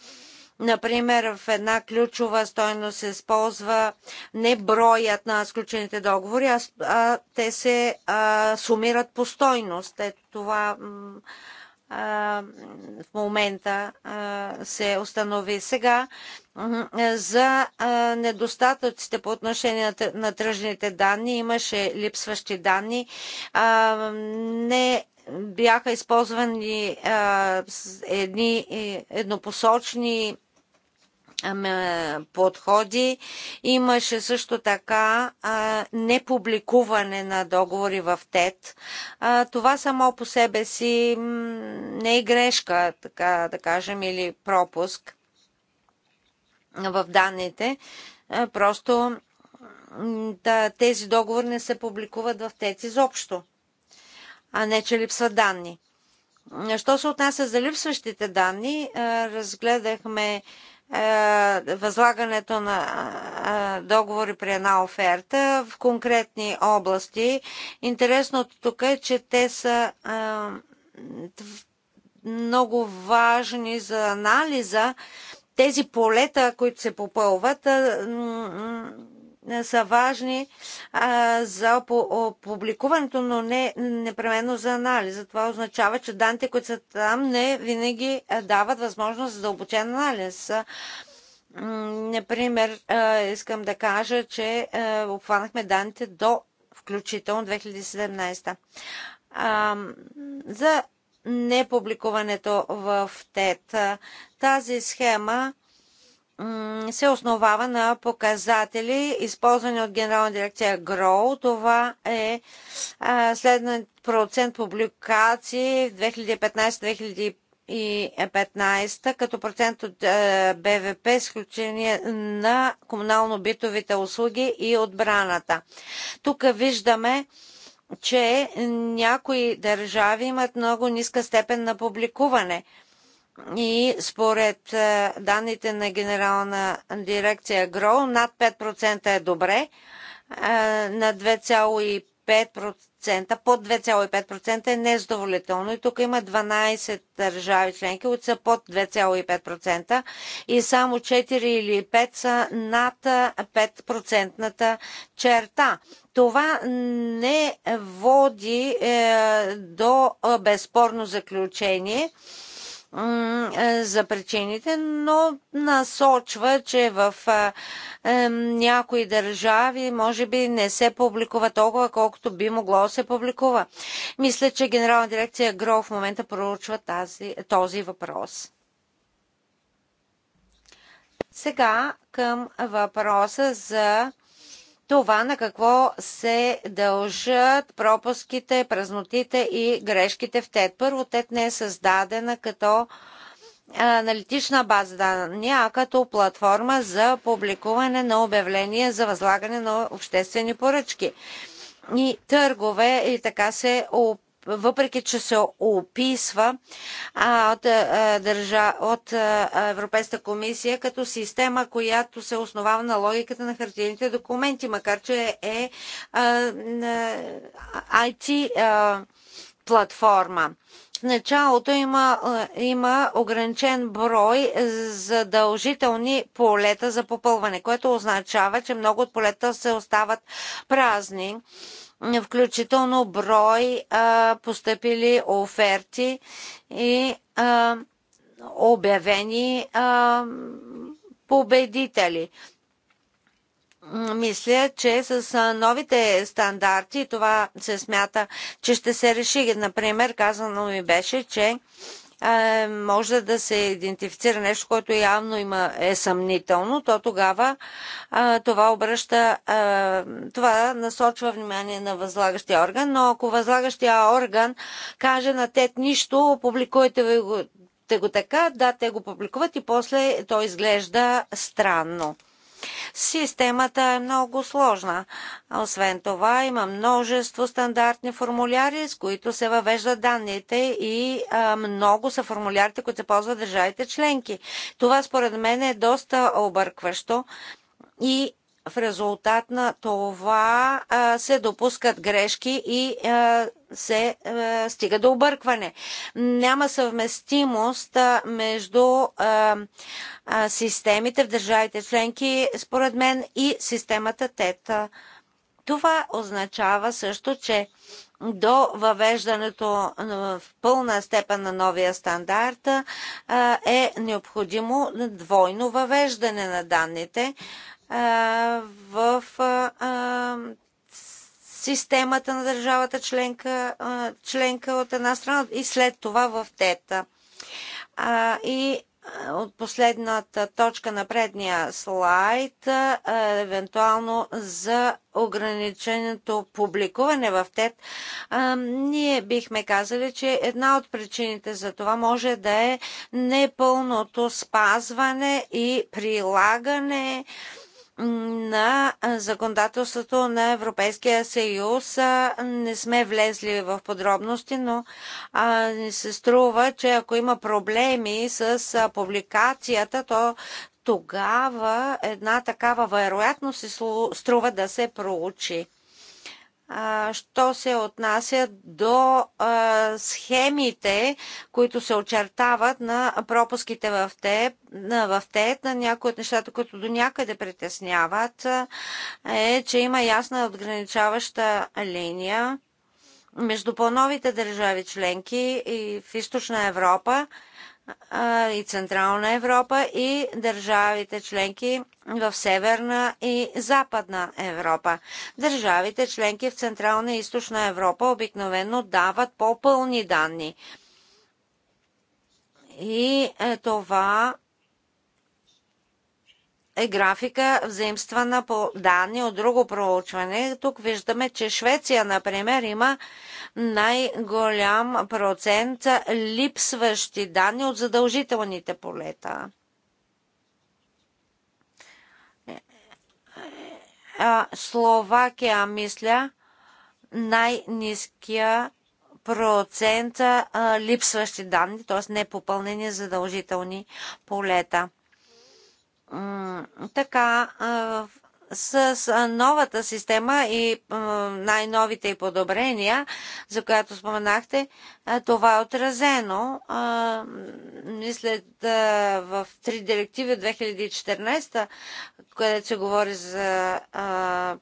Например, в една ключова стойност се използва не броят на сключените договори, а, а те се а, сумират по стойност. Ето това в момента се установи. Сега за недостатъците по отношение на тръжните данни имаше липсващи данни. Не бяха използвани едни еднопосочни Ами, е, подходи. Имаше също така непубликуване на договори в ТЕД. Това само по себе си не е грешка, така да кажем, или пропуск в данните. Е, просто да, тези договори не се публикуват в ТЕЦ изобщо, а не че липсват данни. Е, що се отнася за липсващите данни, разгледахме е, възлагането на е, договори при една оферта в конкретни области. Интересното тук е, че те са е, много важни за анализа. Тези полета, които се попълват, е, са важни а, е, за публикуването, но не непременно за анализа. Това означава, че данните, които са там, не винаги е, дават възможност за дълбочен анализ. Например, а, искам да кажа, че а, обхванахме данните до включително 2017. А, за непубликуването в ТЕТ. Тази схема се основава на показатели, използвани от Генерална дирекция ГРОУ. Това е следният процент публикации в 2015-2015 2015, като процент от БВП, изключение на комунално-битовите услуги и отбраната. Тук виждаме, че някои държави имат много ниска степен на публикуване – и според е, данните на генерална дирекция ГРО, над 5% е добре, е, на 2,5%, под 2,5% е незадоволително. И тук има 12 държави членки, които са под 2,5% и само 4 или 5 са над 5 е, черта. Това не води е, до безспорно заключение. Е, за причините, но насочва, че в е, е, някои държави може би не се публикува толкова, колкото би могло да се публикува. Мисля, че Генерална дирекция ГРО в момента проучва тази, този въпрос. Сега към въпроса за това на какво се дължат пропуските, празнотите и грешките в ТЕД. Първо, ТЕД не е създадена като аналитична база данни, а като платформа за публикуване на обявления за възлагане на обществени поръчки и търгове и така се въпреки че се описва а, от, а, е, държа, от а, е, Европейската комисия като система, която се основава на логиката на хартиените документи, макар че е а, а, IT а, платформа. В началото има, е, има ограничен брой задължителни полета за попълване, което означава, че много от полета се остават празни включително брой а, поступили оферти и а, обявени а, победители. Мисля, че с новите стандарти това се смята, че ще се реши. Например, казано ми беше, че може да се идентифицира нещо, което явно има, е съмнително, то тогава а, това обръща, а, това насочва внимание на възлагащия орган, но ако възлагащия орган каже на тет нищо, публикуйте ви го, те го така, да, те го публикуват и после то изглежда странно. Системата е много сложна. Освен това, има множество стандартни формуляри, с които се въвеждат данните и а, много са формулярите, които се ползват държавите членки. Това според мен е доста объркващо и в резултат на това се допускат грешки и се стига до объркване. Няма съвместимост между системите в държавите членки, според мен, и системата ТЕТ. Това означава също, че до въвеждането в пълна степен на новия стандарт е необходимо двойно въвеждане на данните в системата на държавата членка, членка от една страна и след това в тета. И от последната точка на предния слайд, евентуално за ограниченото публикуване в ТЕД, ние бихме казали, че една от причините за това може да е непълното спазване и прилагане на законодателството на Европейския съюз. Не сме влезли в подробности, но се струва, че ако има проблеми с публикацията, то тогава една такава вероятност се струва да се проучи що се отнася до схемите, които се очертават на пропуските в ТЕП, в ТЕТ, на някои от нещата, които до някъде притесняват, е, че има ясна отграничаваща линия между по-новите държави членки и в източна Европа, и Централна Европа и държавите членки в Северна и Западна Европа. Държавите членки в Централна и Източна Европа обикновено дават по-пълни данни. И е, това е графика взаимствана по данни от друго проучване. Тук виждаме, че Швеция, например, има най-голям процент липсващи данни от задължителните полета. Словакия, мисля, най-низкия процент липсващи данни, т.е. непопълнени задължителни полета така с новата система и най-новите и подобрения, за която споменахте, това е отразено. Мисля, в три директиви от 2014, където се говори за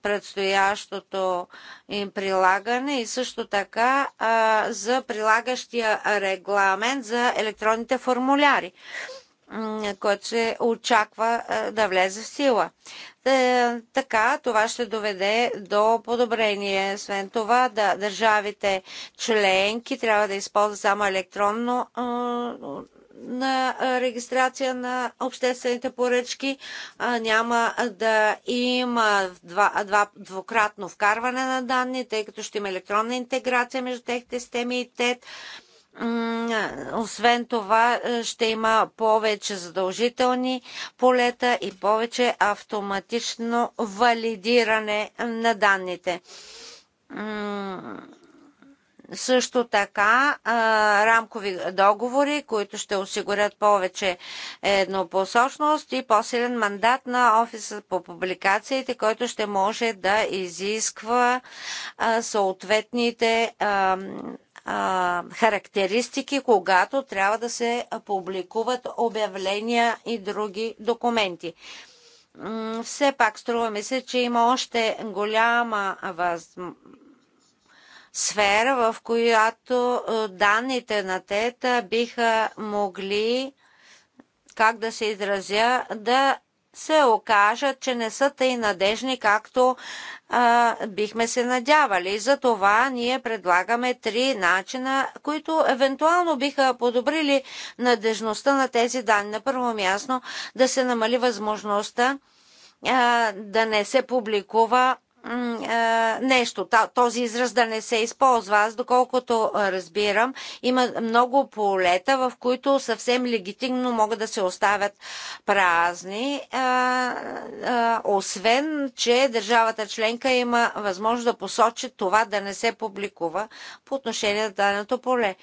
предстоящото им прилагане и също така за прилагащия регламент за електронните формуляри който се очаква е, да влезе в сила. Е, така, това ще доведе до подобрение. Освен това, да, държавите членки трябва да използват само електронно е, на регистрация на обществените поръчки няма да има два, два, двукратно вкарване на данни, тъй като ще има електронна интеграция между техните системи и ТЕД. Освен това е, ще има повече задължителни полета и повече автоматично валидиране на данните. Също така рамкови договори, които ще осигурят повече еднопосочност и по-силен мандат на офиса по публикациите, който ще може да изисква съответните а, характеристики, когато трябва да се публикуват обявления и други документи. Все пак струва ми се, че има още голяма въз... сфера, в която данните на тета биха могли, как да се изразя, да се окажат, че не са тъй надежни, както а, бихме се надявали. За това ние предлагаме три начина, които евентуално биха подобрили надежността на тези данни. На първо място да се намали възможността а, да не се публикува нещо. Този израз да не се използва. Аз, доколкото разбирам, има много полета, в които съвсем легитимно могат да се оставят празни, освен, че държавата членка има възможност да посочи това да не се публикува по отношение на даденото поле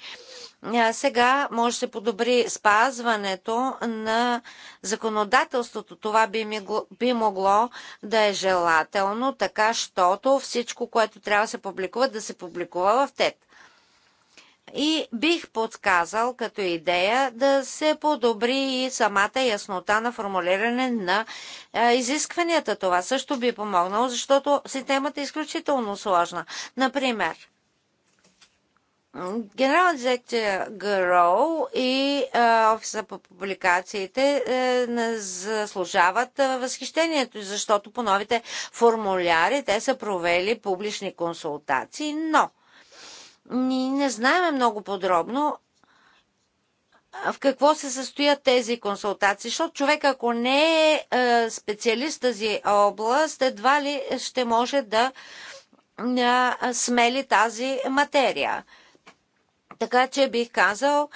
сега може да се подобри спазването на законодателството. Това би, мигло, би могло да е желателно, така щото всичко, което трябва да се публикува, да се публикува в ТЕД. И бих подсказал като идея да се подобри и самата яснота на формулиране на е, изискванията. Това също би помогнало, защото системата е изключително сложна. Например, Генерал дирекция ГРО и а, офиса по публикациите а, е, заслужават а, възхищението, защото по новите формуляри те са провели публични консултации, но ние не знаем много подробно в какво се състоят тези консултации, защото човек, ако не е, е специалист в тази област, едва ли ще може да е, смели тази материя. Така че бих казал,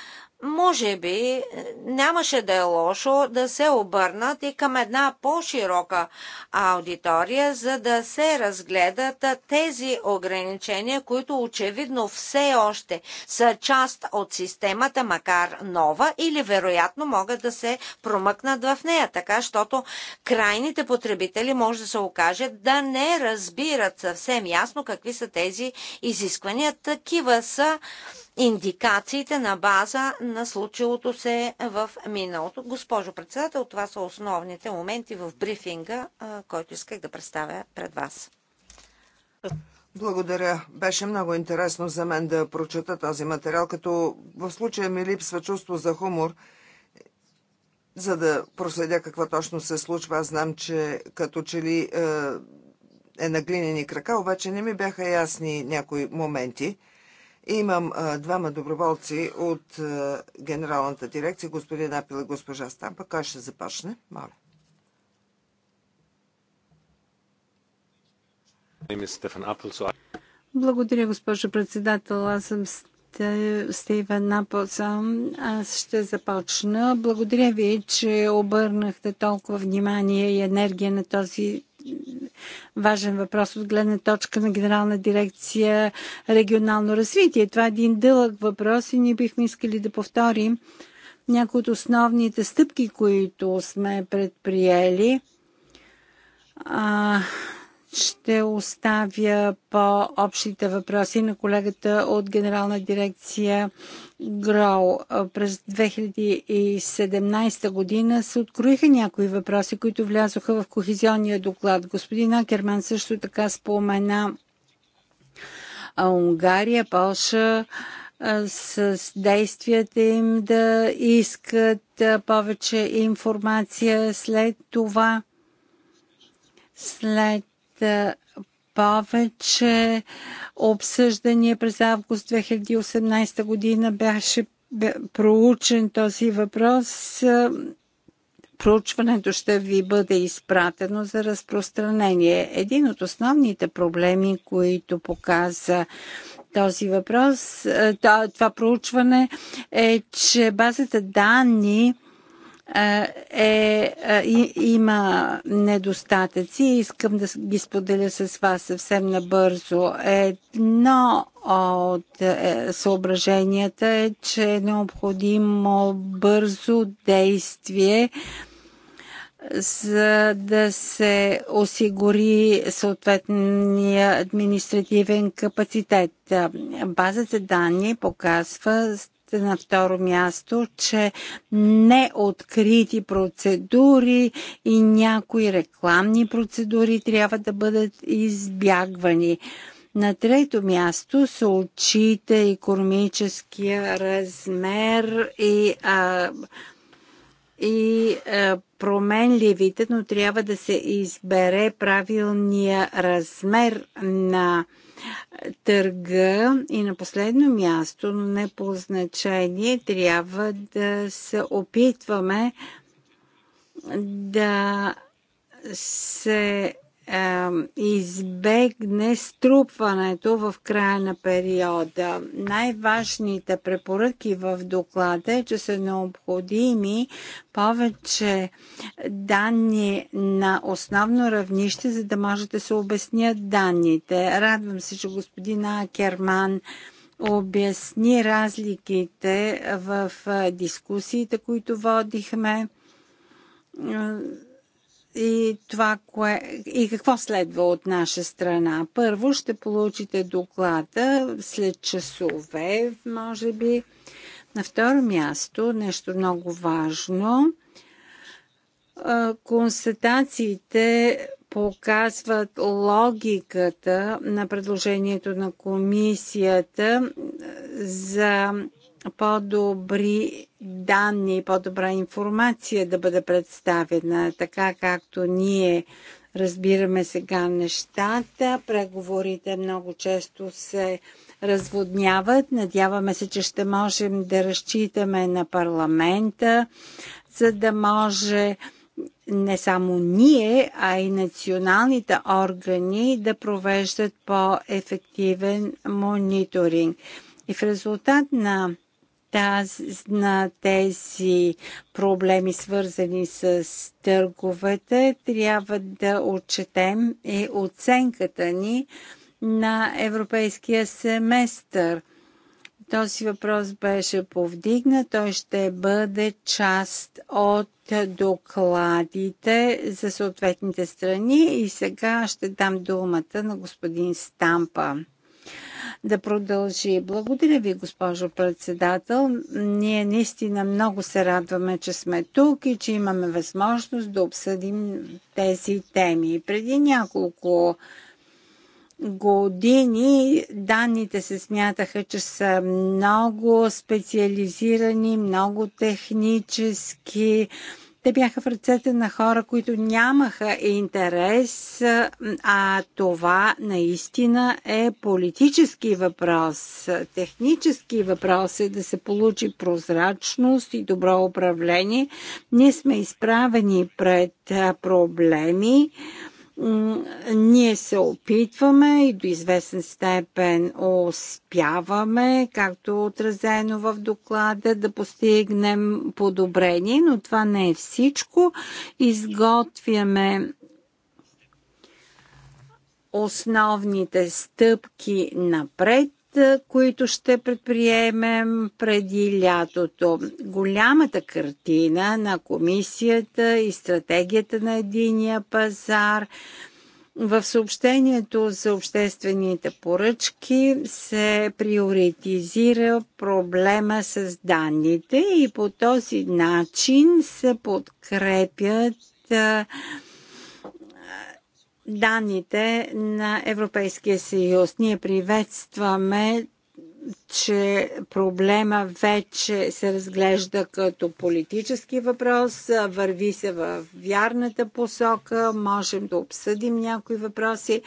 може би е, нямаше да е лошо да се обърнат и към една по-широка аудитория, за да се разгледат тези ограничения, които очевидно все още са част от системата, макар нова, или вероятно могат да се промъкнат в нея, така защото крайните потребители може да се окажат да не разбират съвсем ясно какви са тези изисквания. Такива са индикациите на база на случилото се в миналото. Госпожо председател, това са основните моменти в брифинга, който исках да представя пред вас. Благодаря. Беше много интересно за мен да прочета този материал, като в случая ми липсва чувство за хумор, за да проследя какво точно се случва. Аз знам, че като че ли е, е на глинени крака, обаче не ми бяха ясни някои моменти. Имам а, двама доброволци от а, генералната дирекция, господин Апил и госпожа Стампа. Кой ще започне? Моля. Благодаря, госпожо председател. Аз съм Стивен Наполсън. Аз ще започна. Благодаря ви, че обърнахте толкова внимание и енергия на този важен въпрос от гледна точка на Генерална дирекция регионално развитие. Това е един дълъг въпрос и ние бихме искали да повторим някои от основните стъпки, които сме предприели. А, ще оставя по-общите въпроси на колегата от Генерална дирекция Грол през 2017 година се откроиха някои въпроси, които влязоха в кохезионния доклад. Господин Акерман също така спомена Унгария, Полша, с действията им да искат повече информация след това, след повече обсъждания през август 2018 година беше проучен този въпрос. Проучването ще ви бъде изпратено за разпространение. Един от основните проблеми, които показа този въпрос, е, това проучване е, че базата данни е, е има недостатъци и искам да ги споделя с вас съвсем набързо. Едно от е, съображенията е, че е необходимо бързо действие за да се осигури съответния административен капацитет. Базата данни показва на второ място, че неоткрити процедури и някои рекламни процедури трябва да бъдат избягвани. На трето място се отчита економическия размер и, а, и а, променливите, но трябва да се избере правилния размер на търга и на последно място, но не по значение, трябва да се опитваме да се избегне струпването в края на периода. Най-важните препоръки в доклада е, че са необходими повече данни на основно равнище, за да може да се обяснят данните. Радвам се, че господин Акерман обясни разликите в дискусиите, които водихме и това, кое, и какво следва от наша страна. Първо ще получите доклада след часове, може би. На второ място, нещо много важно, констатациите показват логиката на предложението на комисията за по-добри данни по-добра информация да бъде представена, така както ние разбираме сега нещата. Преговорите много често се разводняват. Надяваме се, че ще можем да разчитаме на парламента, за да може не само ние, а и националните органи да провеждат по-ефективен мониторинг. И в резултат на таз, на тези проблеми, свързани с търговете, трябва да отчетем и оценката ни на европейския семестър. Този въпрос беше повдигнат. Той ще бъде част от докладите за съответните страни. И сега ще дам думата на господин Стампа да продължи. Благодаря ви, госпожо председател. Ние наистина много се радваме, че сме тук и че имаме възможност да обсъдим тези теми. Преди няколко години данните се смятаха, че са много специализирани, много технически, те бяха в ръцете на хора, които нямаха интерес, а това наистина е политически въпрос. Технически въпрос е да се получи прозрачност и добро управление. Ние сме изправени пред проблеми ние се опитваме и до известен степен успяваме, както е отразено в доклада, да постигнем подобрение, но това не е всичко. Изготвяме основните стъпки напред които ще предприемем преди лятото. Голямата картина на комисията и стратегията на единия пазар в съобщението за обществените поръчки се приоритизира проблема с данните и по този начин се подкрепят данните на Европейския съюз. Ние приветстваме че проблема вече се разглежда като политически въпрос, върви се в вярната посока, можем да обсъдим някои въпроси,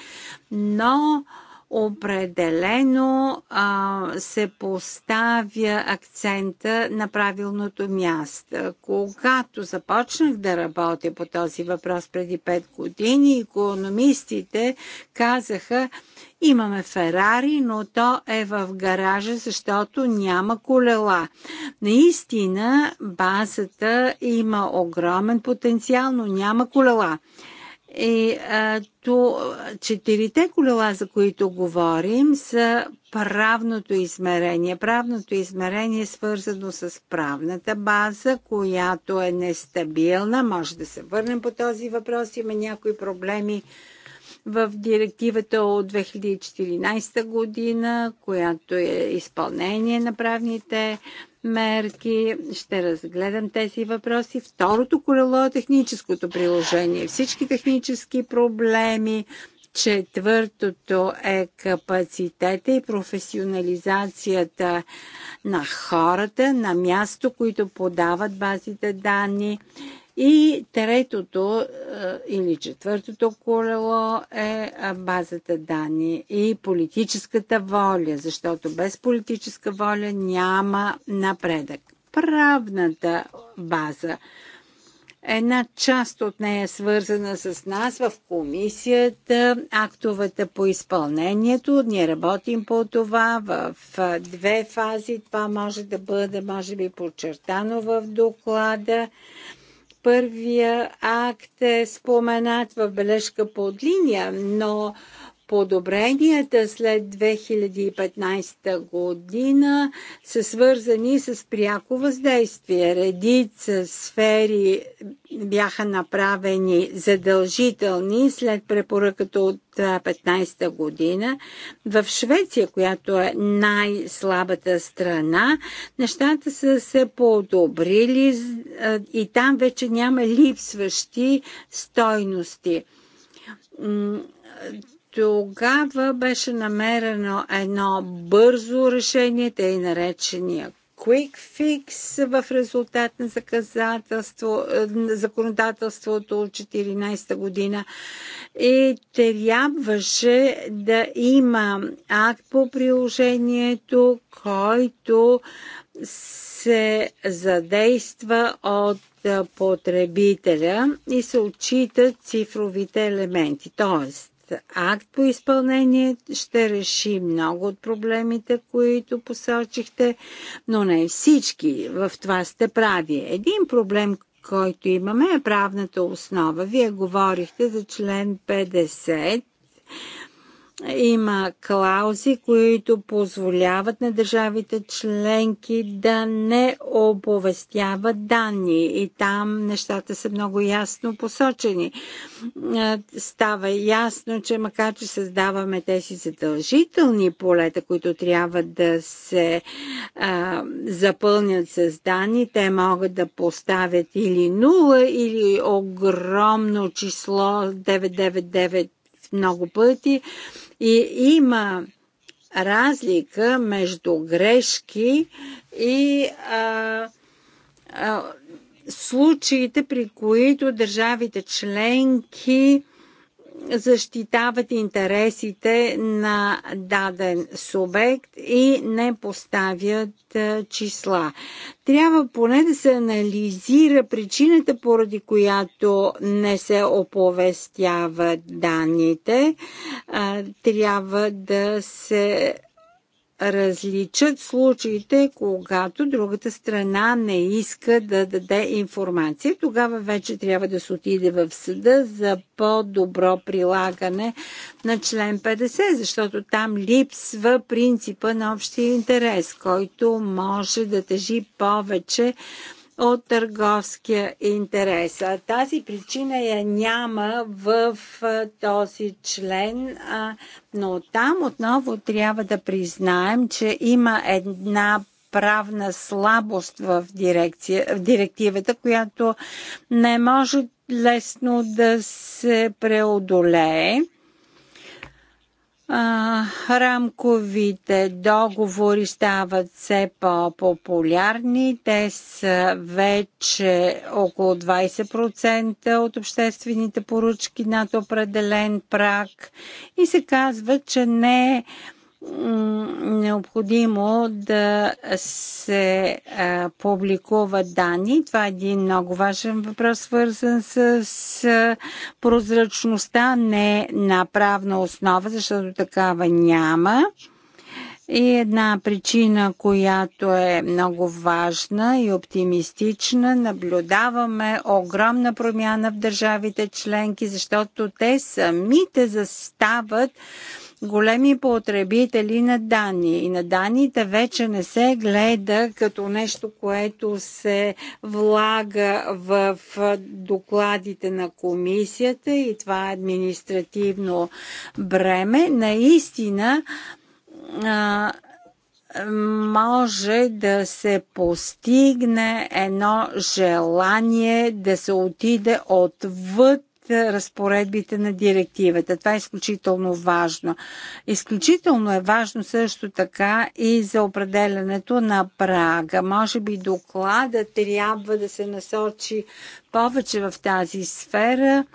но определено а, се поставя акцента на правилното място. Когато започнах да работя по този въпрос преди 5 години, економистите казаха, Имаме Ферари, но то е в гаража, защото няма колела. Наистина базата има огромен потенциал, но няма колела. И а, то, четирите колела, за които говорим, са правното измерение. Правното измерение е свързано с правната база, която е нестабилна. Може да се върнем по този въпрос. Има някои проблеми в директивата от 2014 година, която е изпълнение на правните мерки. Ще разгледам тези въпроси. Второто колело е техническото приложение. Всички технически проблеми, Четвъртото е капацитета и професионализацията на хората на място, които подават базите данни и третото е, или четвъртото колело е, е базата данни и политическата воля, защото без политическа воля няма напредък. Правната база. Една част от нея е свързана с нас в комисията, актовете по изпълнението. Ние работим по това в е, две фази. Това може да бъде, може би, подчертано в доклада. Първия акт е споменат в бележка под линия, но подобренията след 2015 година са свързани с пряко въздействие. Редица сфери бяха направени задължителни след препоръката от 2015 година. В Швеция, която е най-слабата страна, нещата са се подобрили и там вече няма липсващи стойности тогава беше намерено едно бързо решение, те и наречения quick fix в резултат на заказателство, е, законодателството от 14 година и трябваше да има акт по приложението, който се задейства от потребителя и се отчитат цифровите елементи. Тоест, акт по изпълнение ще реши много от проблемите, които посочихте, но не всички. В това сте прави. Един проблем, който имаме е правната основа. Вие говорихте за член 50 има клаузи, които позволяват на държавите членки да не оповестяват данни и там нещата са много ясно посочени. Става ясно, че макар, че създаваме тези задължителни полета, които трябва да се а, запълнят с данни, те могат да поставят или нула, или огромно число 999 много пъти и има разлика между грешки и а, а, случаите, при които държавите членки защитават интересите на даден субект и не поставят числа. Трябва поне да се анализира причината, поради която не се оповестяват данните, а, трябва да се различат случаите, когато другата страна не иска да даде информация. Тогава вече трябва да се отиде в съда за по-добро прилагане на член 50, защото там липсва принципа на общия интерес, който може да тежи повече от търговския интерес. А тази причина я няма в този член, но там отново трябва да признаем, че има една правна слабост в, дирекция, в директивата, която не може лесно да се преодолее рамковите договори стават все по-популярни. Те са вече около 20% от обществените поръчки над определен прак и се казва, че не е необходимо да се а, публикуват данни. Това е един много важен въпрос, свързан с, с прозрачността, не на правна основа, защото такава няма. И една причина, която е много важна и оптимистична, наблюдаваме огромна промяна в държавите членки, защото те самите застават големи потребители на данни. И на данните вече не се гледа като нещо, което се влага в докладите на комисията и това е административно бреме. Наистина може да се постигне едно желание да се отиде отвъд разпоредбите на директивата. Това е изключително важно. Изключително е важно също така и за определенето на прага. Може би доклада трябва да се насочи повече в тази сфера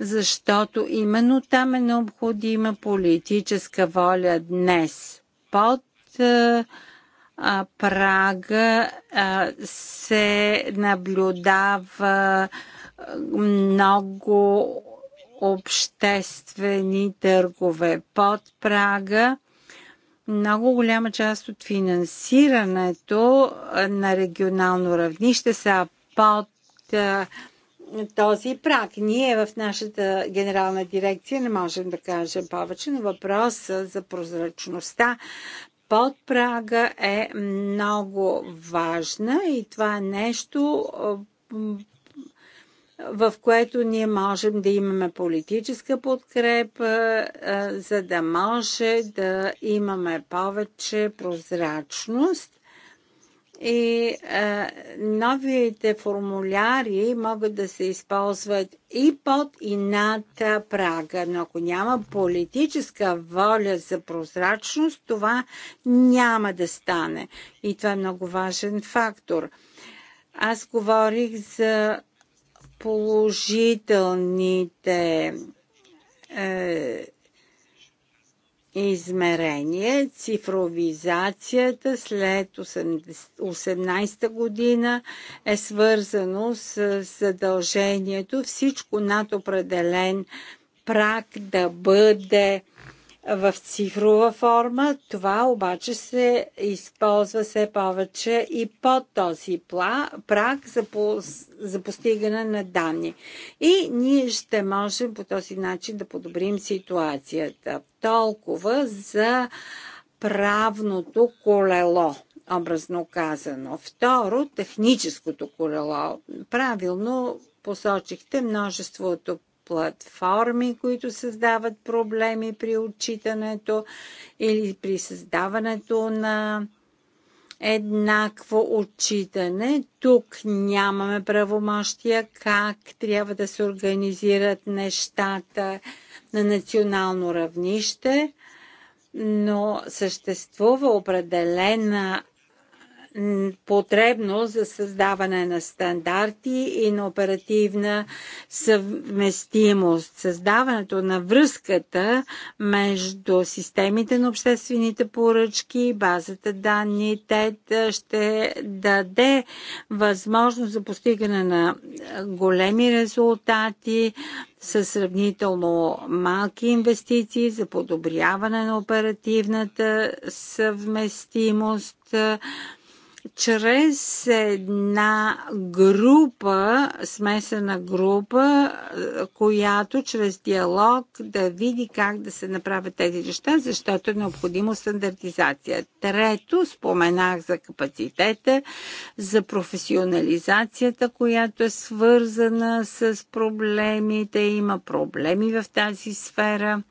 защото именно там е необходима политическа воля днес. Под а, прага а, се наблюдава а, много обществени търгове под прага. Много голяма част от финансирането на регионално равнище са под този прак. Ние в нашата генерална дирекция не можем да кажем повече, но въпрос за прозрачността под прага е много важна и това е нещо, в което ние можем да имаме политическа подкрепа, за да може да имаме повече прозрачност и новите формуляри могат да се използват и под и над прага. Но ако няма политическа воля за прозрачност, това няма да стане. И това е много важен фактор. Аз говорих за положителните е, измерения, цифровизацията след 18-та година е свързано с задължението всичко над определен прак да бъде в цифрова форма. Това обаче се използва все повече и под този прак за, по, за постигане на данни. И ние ще можем по този начин да подобрим ситуацията. Толкова за правното колело образно казано. Второ, техническото колело. Правилно посочихте множеството платформи, които създават проблеми при отчитането или при създаването на еднакво отчитане. Тук нямаме правомощия как трябва да се организират нещата на национално равнище, но съществува определена потребност за създаване на стандарти и на оперативна съвместимост. Създаването на връзката между системите на обществените поръчки, базата данни, ТЕД ще даде възможност за постигане на големи резултати, с сравнително малки инвестиции за подобряване на оперативната съвместимост чрез една група, смесена група, която чрез диалог да види как да се направят тези неща, защото е необходимо стандартизация. Трето, споменах за капацитета, за професионализацията, която е свързана с проблемите. Има проблеми в тази сфера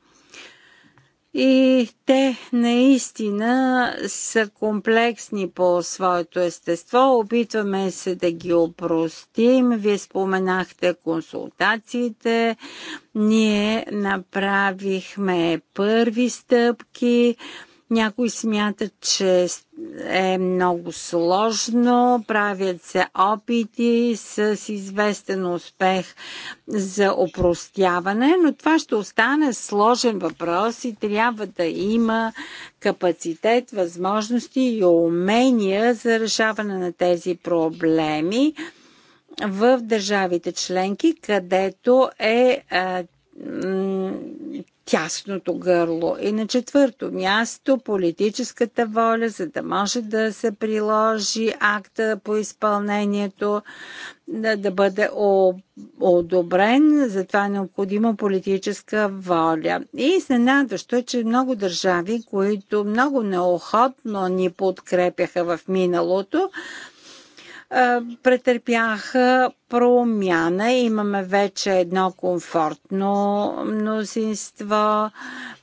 и те наистина са комплексни по своето естество. Опитваме се да ги опростим. Вие споменахте консултациите. Ние направихме първи стъпки някои смятат, че е много сложно, правят се опити с известен успех за опростяване, но това ще остане сложен въпрос и трябва да има капацитет, възможности и умения за решаване на тези проблеми в държавите членки, където е тясното гърло. И на четвърто място политическата воля, за да може да се приложи акта по изпълнението, да, да бъде одобрен, затова е необходима политическа воля. И изненадващо е, че много държави, които много неохотно ни подкрепяха в миналото, е, претърпяха промяна. Имаме вече едно комфортно мнозинство,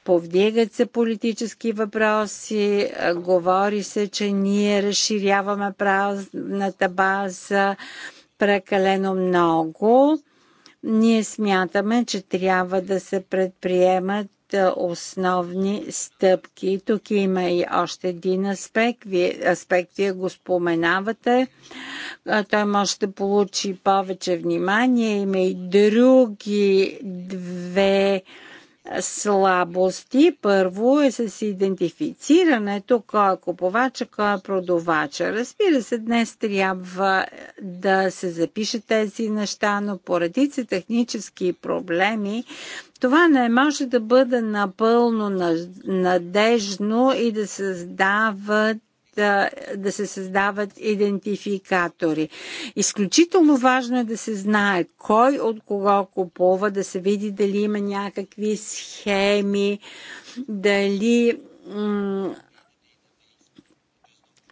повдигат се политически въпроси, е, говори се, че ние разширяваме правната база прекалено много. Ние смятаме, че трябва да се предприемат основни стъпки. Тук има и още един аспект. Вие, аспект, вие го споменавате. Той може да получи повече внимание. Има и други две слабости. Първо е с идентифицирането кой е купувача, кой е продавача. Разбира се, днес трябва да се запишат тези неща, но се технически проблеми това не може да бъде напълно надежно и да създават да се създават идентификатори. Изключително важно е да се знае кой от кого купува, да се види дали има някакви схеми, дали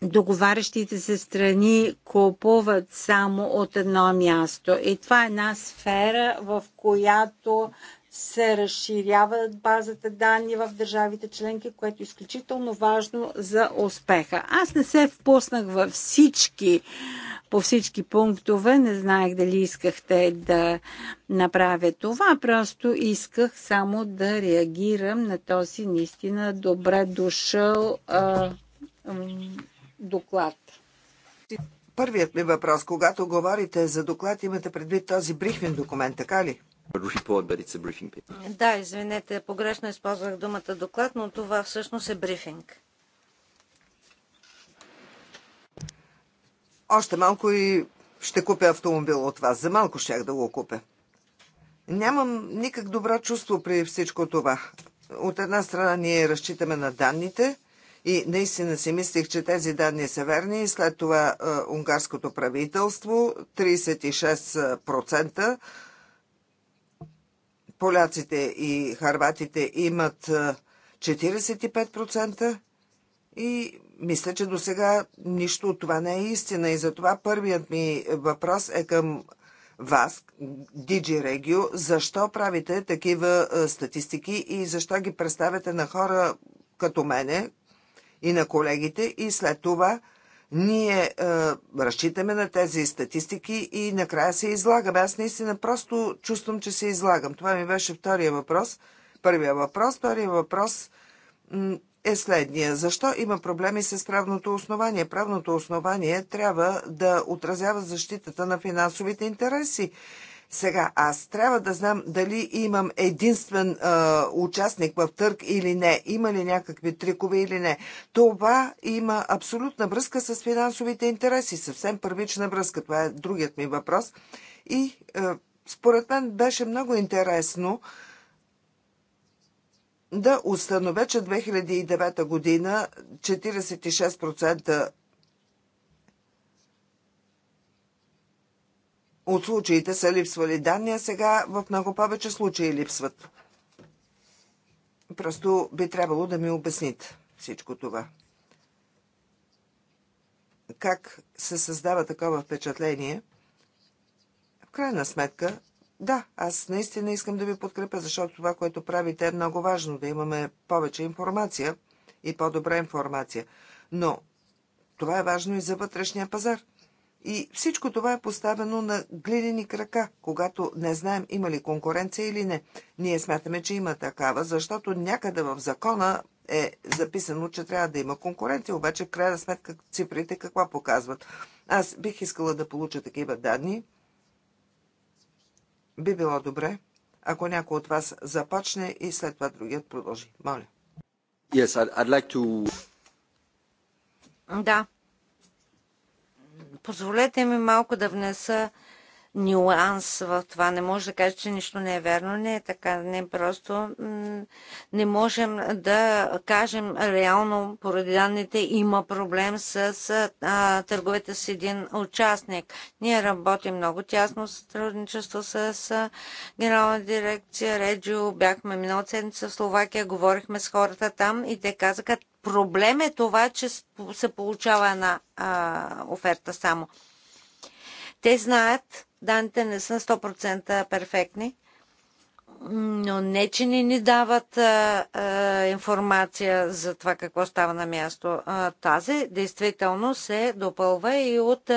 договарящите се страни купуват само от едно място. И това е една сфера, в която се разширяват базата данни в държавите членки, което е изключително важно за успеха. Аз не се впуснах във всички, по всички пунктове, не знаех дали искахте да направя това, просто исках само да реагирам на този наистина добре дошъл а, доклад. Първият ми въпрос, когато говорите за доклад, имате предвид този брифинг документ, така ли? да, извинете, погрешно използвах думата доклад, но това всъщност е брифинг. Още малко и ще купя автомобил от вас. За малко щях да го купя. Нямам никак добро чувство при всичко това. От една страна ние разчитаме на данните и наистина си мислих, че тези данни са верни. След това е, унгарското правителство 36% поляците и харватите имат 45% и мисля, че до сега нищо от това не е истина. И затова първият ми въпрос е към вас, Диджи Регио, защо правите такива статистики и защо ги представяте на хора като мене и на колегите и след това – ние е, разчитаме на тези статистики и накрая се излагаме. Аз наистина просто чувствам, че се излагам. Това ми беше втория въпрос. Първия въпрос. Втория въпрос е следния. Защо има проблеми с правното основание? Правното основание трябва да отразява защитата на финансовите интереси. Сега аз трябва да знам дали имам единствен а, участник в търг или не, има ли някакви трикове или не. Това има абсолютна връзка с финансовите интереси, съвсем първична връзка. Това е другият ми въпрос. И а, според мен беше много интересно да установя, че 2009 година 46% от случаите са липсвали данни, а сега в много повече случаи липсват. Просто би трябвало да ми обясните всичко това. Как се създава такова впечатление? В крайна сметка, да, аз наистина искам да ви подкрепя, защото това, което правите е много важно, да имаме повече информация и по-добра информация. Но това е важно и за вътрешния пазар. И всичко това е поставено на глинени крака, когато не знаем има ли конкуренция или не. Ние смятаме, че има такава, защото някъде в закона е записано, че трябва да има конкуренция, обаче в крайна сметка цифрите каква показват. Аз бих искала да получа такива данни. Би било добре, ако някой от вас започне и след това другият продължи. Моля. Yes, I'd like to... Да, Позволете ми малко да внеса нюанс в това. Не може да кажа, че нищо не е верно. Не е така. Не просто не можем да кажем реално поради данните има проблем с, а, търговете с един участник. Ние работим много тясно сътрудничество с, с генерална дирекция Реджио. Бяхме минал седмица в Словакия, говорихме с хората там и те казаха, Проблем е това, че се получава една а, оферта само. Те знаят, данните не са 100% перфектни, но не, че не ни дават а, а, информация за това какво става на място. А, тази действително се допълва и от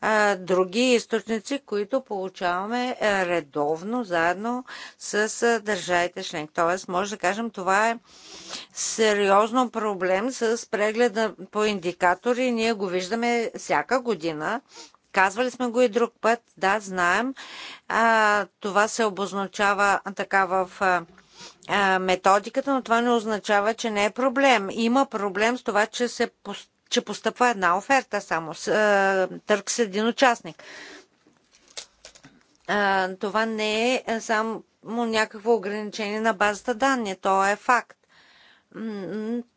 а, други източници, които получаваме редовно, заедно с а, държавите членки. Тоест, може да кажем, това е сериозно проблем с прегледа по индикатори. Ние го виждаме всяка година Казвали сме го и друг път, да, знаем. А, това се обозначава така в а, методиката, но това не означава, че не е проблем. Има проблем с това, че, се, че постъпва една оферта само. С, а, търк с един участник. А, това не е само някакво ограничение на базата данни. То е факт.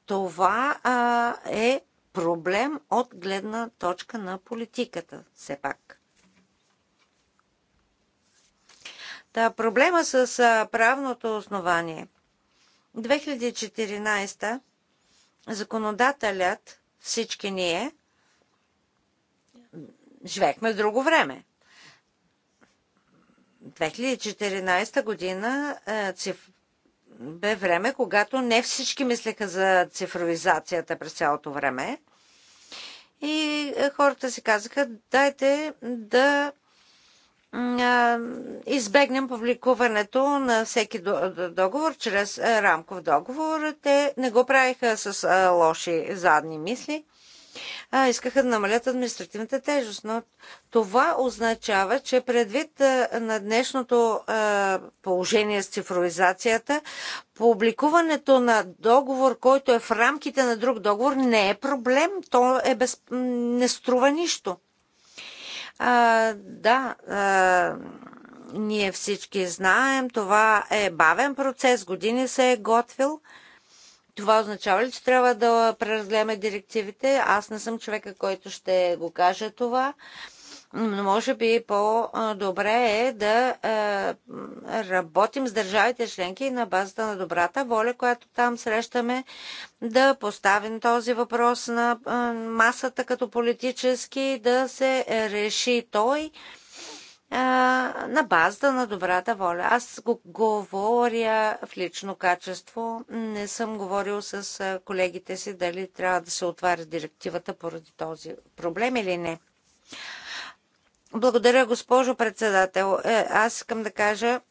Това а, е проблем от гледна точка на политиката, все пак. Та, проблема с правното основание. 2014 законодателят, всички ние, живеехме в друго време. 2014 година е, цифра бе време, когато не всички мислеха за цифровизацията през цялото време. И е, хората си казаха, дайте да избегнем публикуването на всеки договор чрез е, рамков договор. Те не го правиха с е, лоши задни мисли а, искаха да намалят административната тежест. Но това означава, че предвид а, на днешното а, положение с цифровизацията, публикуването на договор, който е в рамките на друг договор, не е проблем. То е без... не струва нищо. А, да. А, ние всички знаем, това е бавен процес, години се е готвил. Това означава ли, че трябва да преразгледаме директивите? Аз не съм човека, който ще го каже това. Но може би по-добре е да е, работим с държавите членки на базата на добрата воля, която там срещаме, да поставим този въпрос на е, масата като политически, да се реши той на базата на добрата воля. Аз го говоря в лично качество. Не съм говорил с колегите си дали трябва да се отваря директивата поради този проблем или не. Благодаря, госпожо председател. Е, аз искам да кажа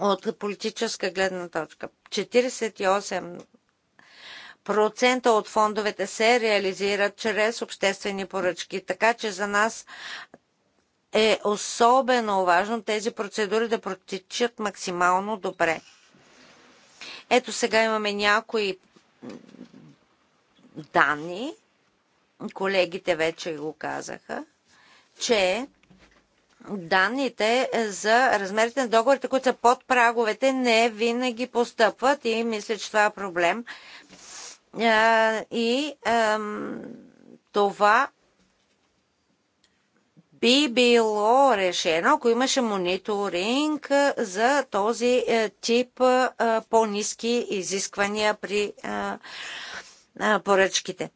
от политическа гледна точка. 48 процента от фондовете се реализират чрез обществени поръчки. Така че за нас е особено важно тези процедури да протичат максимално добре. Ето сега имаме някои данни, колегите вече го казаха, че данните за размерите на договорите, които са под праговете, не винаги постъпват и мисля, че това е проблем. И това би било решено, ако имаше мониторинг за този е, тип по-низки изисквания при поръчките.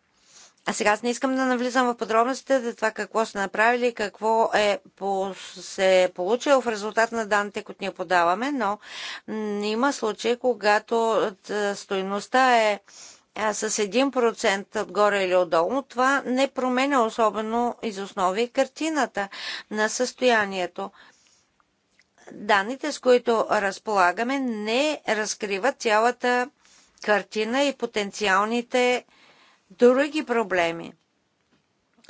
А сега аз не искам да навлизам в подробностите за това какво са направили, какво е по, се е получило в резултат на данните, които ние подаваме, но има случаи, когато стоеността е с 1% отгоре или отдолу, това не променя особено из основи картината на състоянието. Данните, с които разполагаме, не разкриват цялата картина и потенциалните други проблеми.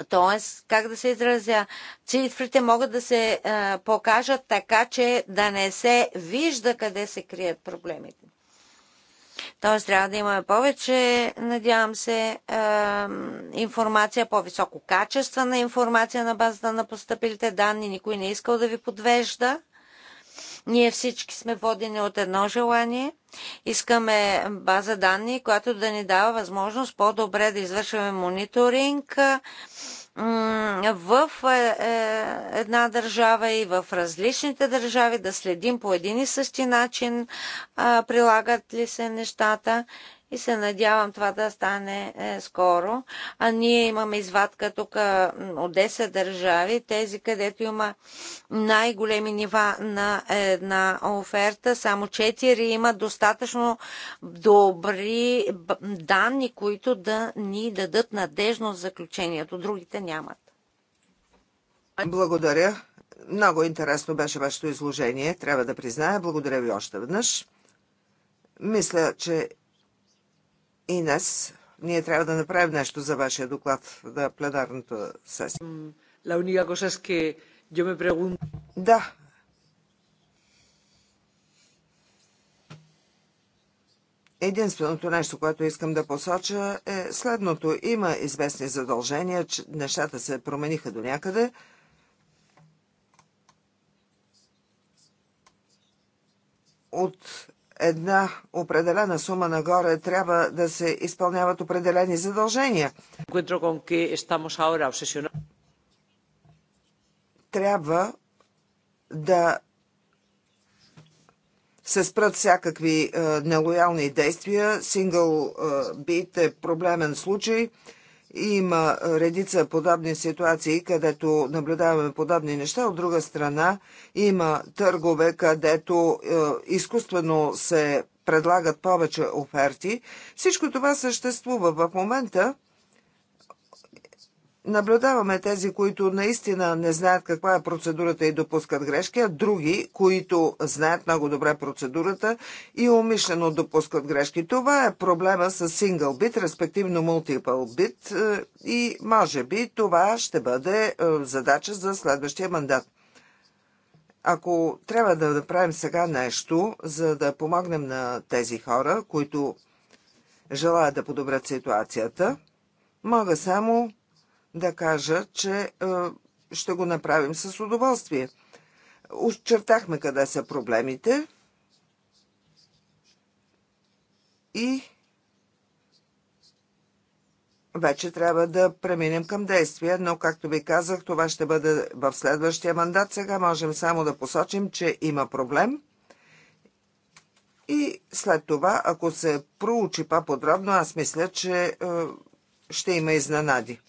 Тоест, как да се изразя, цифрите могат да се а, покажат така, че да не се вижда къде се крият проблемите. Тоест трябва да имаме повече, надявам се, информация, по-високо качество на информация на базата на поступилите данни. Никой не е искал да ви подвежда. Ние всички сме водени от едно желание. Искаме база данни, която да ни дава възможност по-добре да извършваме мониторинг в е, е, една държава и в различните държави, да следим по един и същи начин прилагат ли се нещата и се надявам това да стане е, скоро. А ние имаме извадка тук от 10 държави, тези където има най-големи нива на една оферта. Само 4 имат достатъчно добри данни, които да ни дадат надежно заключението. Другите нямат. Благодаря. Много интересно беше вашето изложение, трябва да призная. Благодаря ви още веднъж. Мисля, че Инес, ние трябва да направим нещо за вашия доклад на пленарната сесия. Да. Единственото нещо, което искам да посоча е следното. Има известни задължения, че нещата се промениха до някъде. От една определена сума нагоре трябва да се изпълняват определени задължения. Трябва да се спрат всякакви е, нелоялни действия. Сингъл е, бит е проблемен случай. Има редица подобни ситуации, където наблюдаваме подобни неща. От друга страна, има търгове, където е, изкуствено се предлагат повече оферти. Всичко това съществува в момента наблюдаваме тези, които наистина не знаят каква е процедурата и допускат грешки, а други, които знаят много добре процедурата и умишлено допускат грешки. Това е проблема с сингъл бит, респективно мултипъл бит е, и може би това ще бъде е, задача за следващия мандат. Ако трябва да направим сега нещо, за да помогнем на тези хора, които желаят да подобрят ситуацията, мога само да кажа, че ще го направим с удоволствие. Очертахме къде са проблемите и вече трябва да преминем към действия, но както ви казах, това ще бъде в следващия мандат. Сега можем само да посочим, че има проблем. И след това, ако се проучи по-подробно, аз мисля, че е, ще има изненади.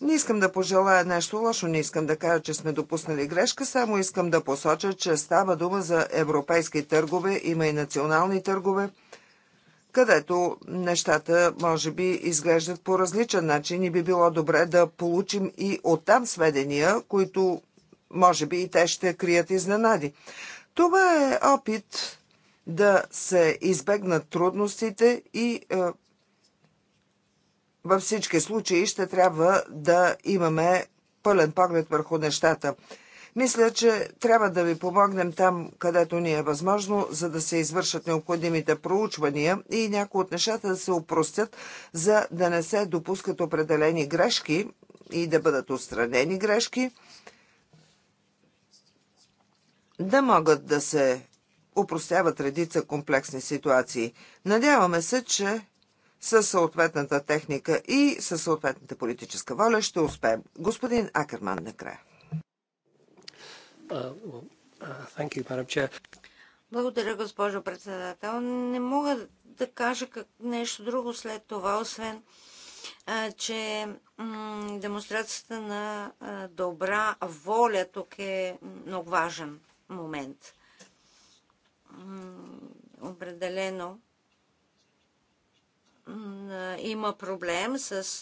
Не искам да пожелая нещо лошо, не искам да кажа, че сме допуснали грешка, само искам да посоча, че става дума за европейски търгове, има и национални търгове, където нещата може би изглеждат по различен начин и би било добре да получим и оттам сведения, които може би и те ще крият изненади. Това е опит да се избегнат трудностите и е, във всички случаи ще трябва да имаме пълен поглед върху нещата. Мисля, че трябва да ви помогнем там, където ни е възможно, за да се извършат необходимите проучвания и някои от нещата да се упростят, за да не се допускат определени грешки и да бъдат отстранени грешки, да могат да се упростяват редица комплексни ситуации. Надяваме се, че със съответната техника и със съответната политическа воля ще успеем. Господин Акерман, накрая. Uh, uh, Благодаря, госпожо председател. Не мога да кажа как нещо друго след това, освен че демонстрацията на добра воля тук е много важен момент. определено има проблем с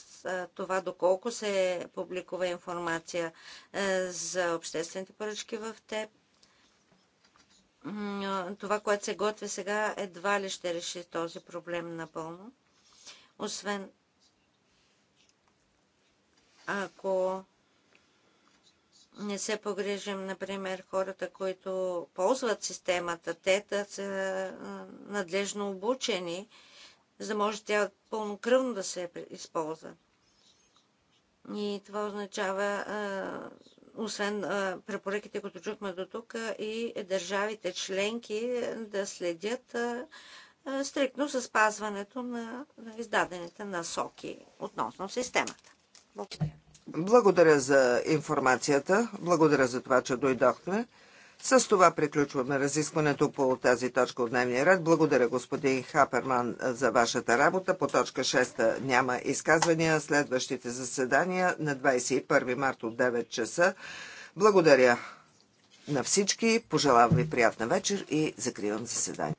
това доколко се публикува информация е, за обществените поръчки в теб. Това, което се готви сега, едва ли ще реши този проблем напълно. Освен ако не се погрежим, например, хората, които ползват системата, те са надлежно обучени, за да може тя пълнокръвно да се използва. И това означава, освен препоръките, които чухме до тук, и държавите членки да следят стриктно за спазването на издадените насоки относно системата. Благодаря. Благодаря за информацията. Благодаря за това, че дойдохме. С това приключваме разискването по тази точка от дневния ред. Благодаря господин Хаперман за вашата работа. По точка 6 няма изказвания. Следващите заседания на 21 марта от 9 часа. Благодаря на всички. Пожелавам ви приятна вечер и закривам заседание.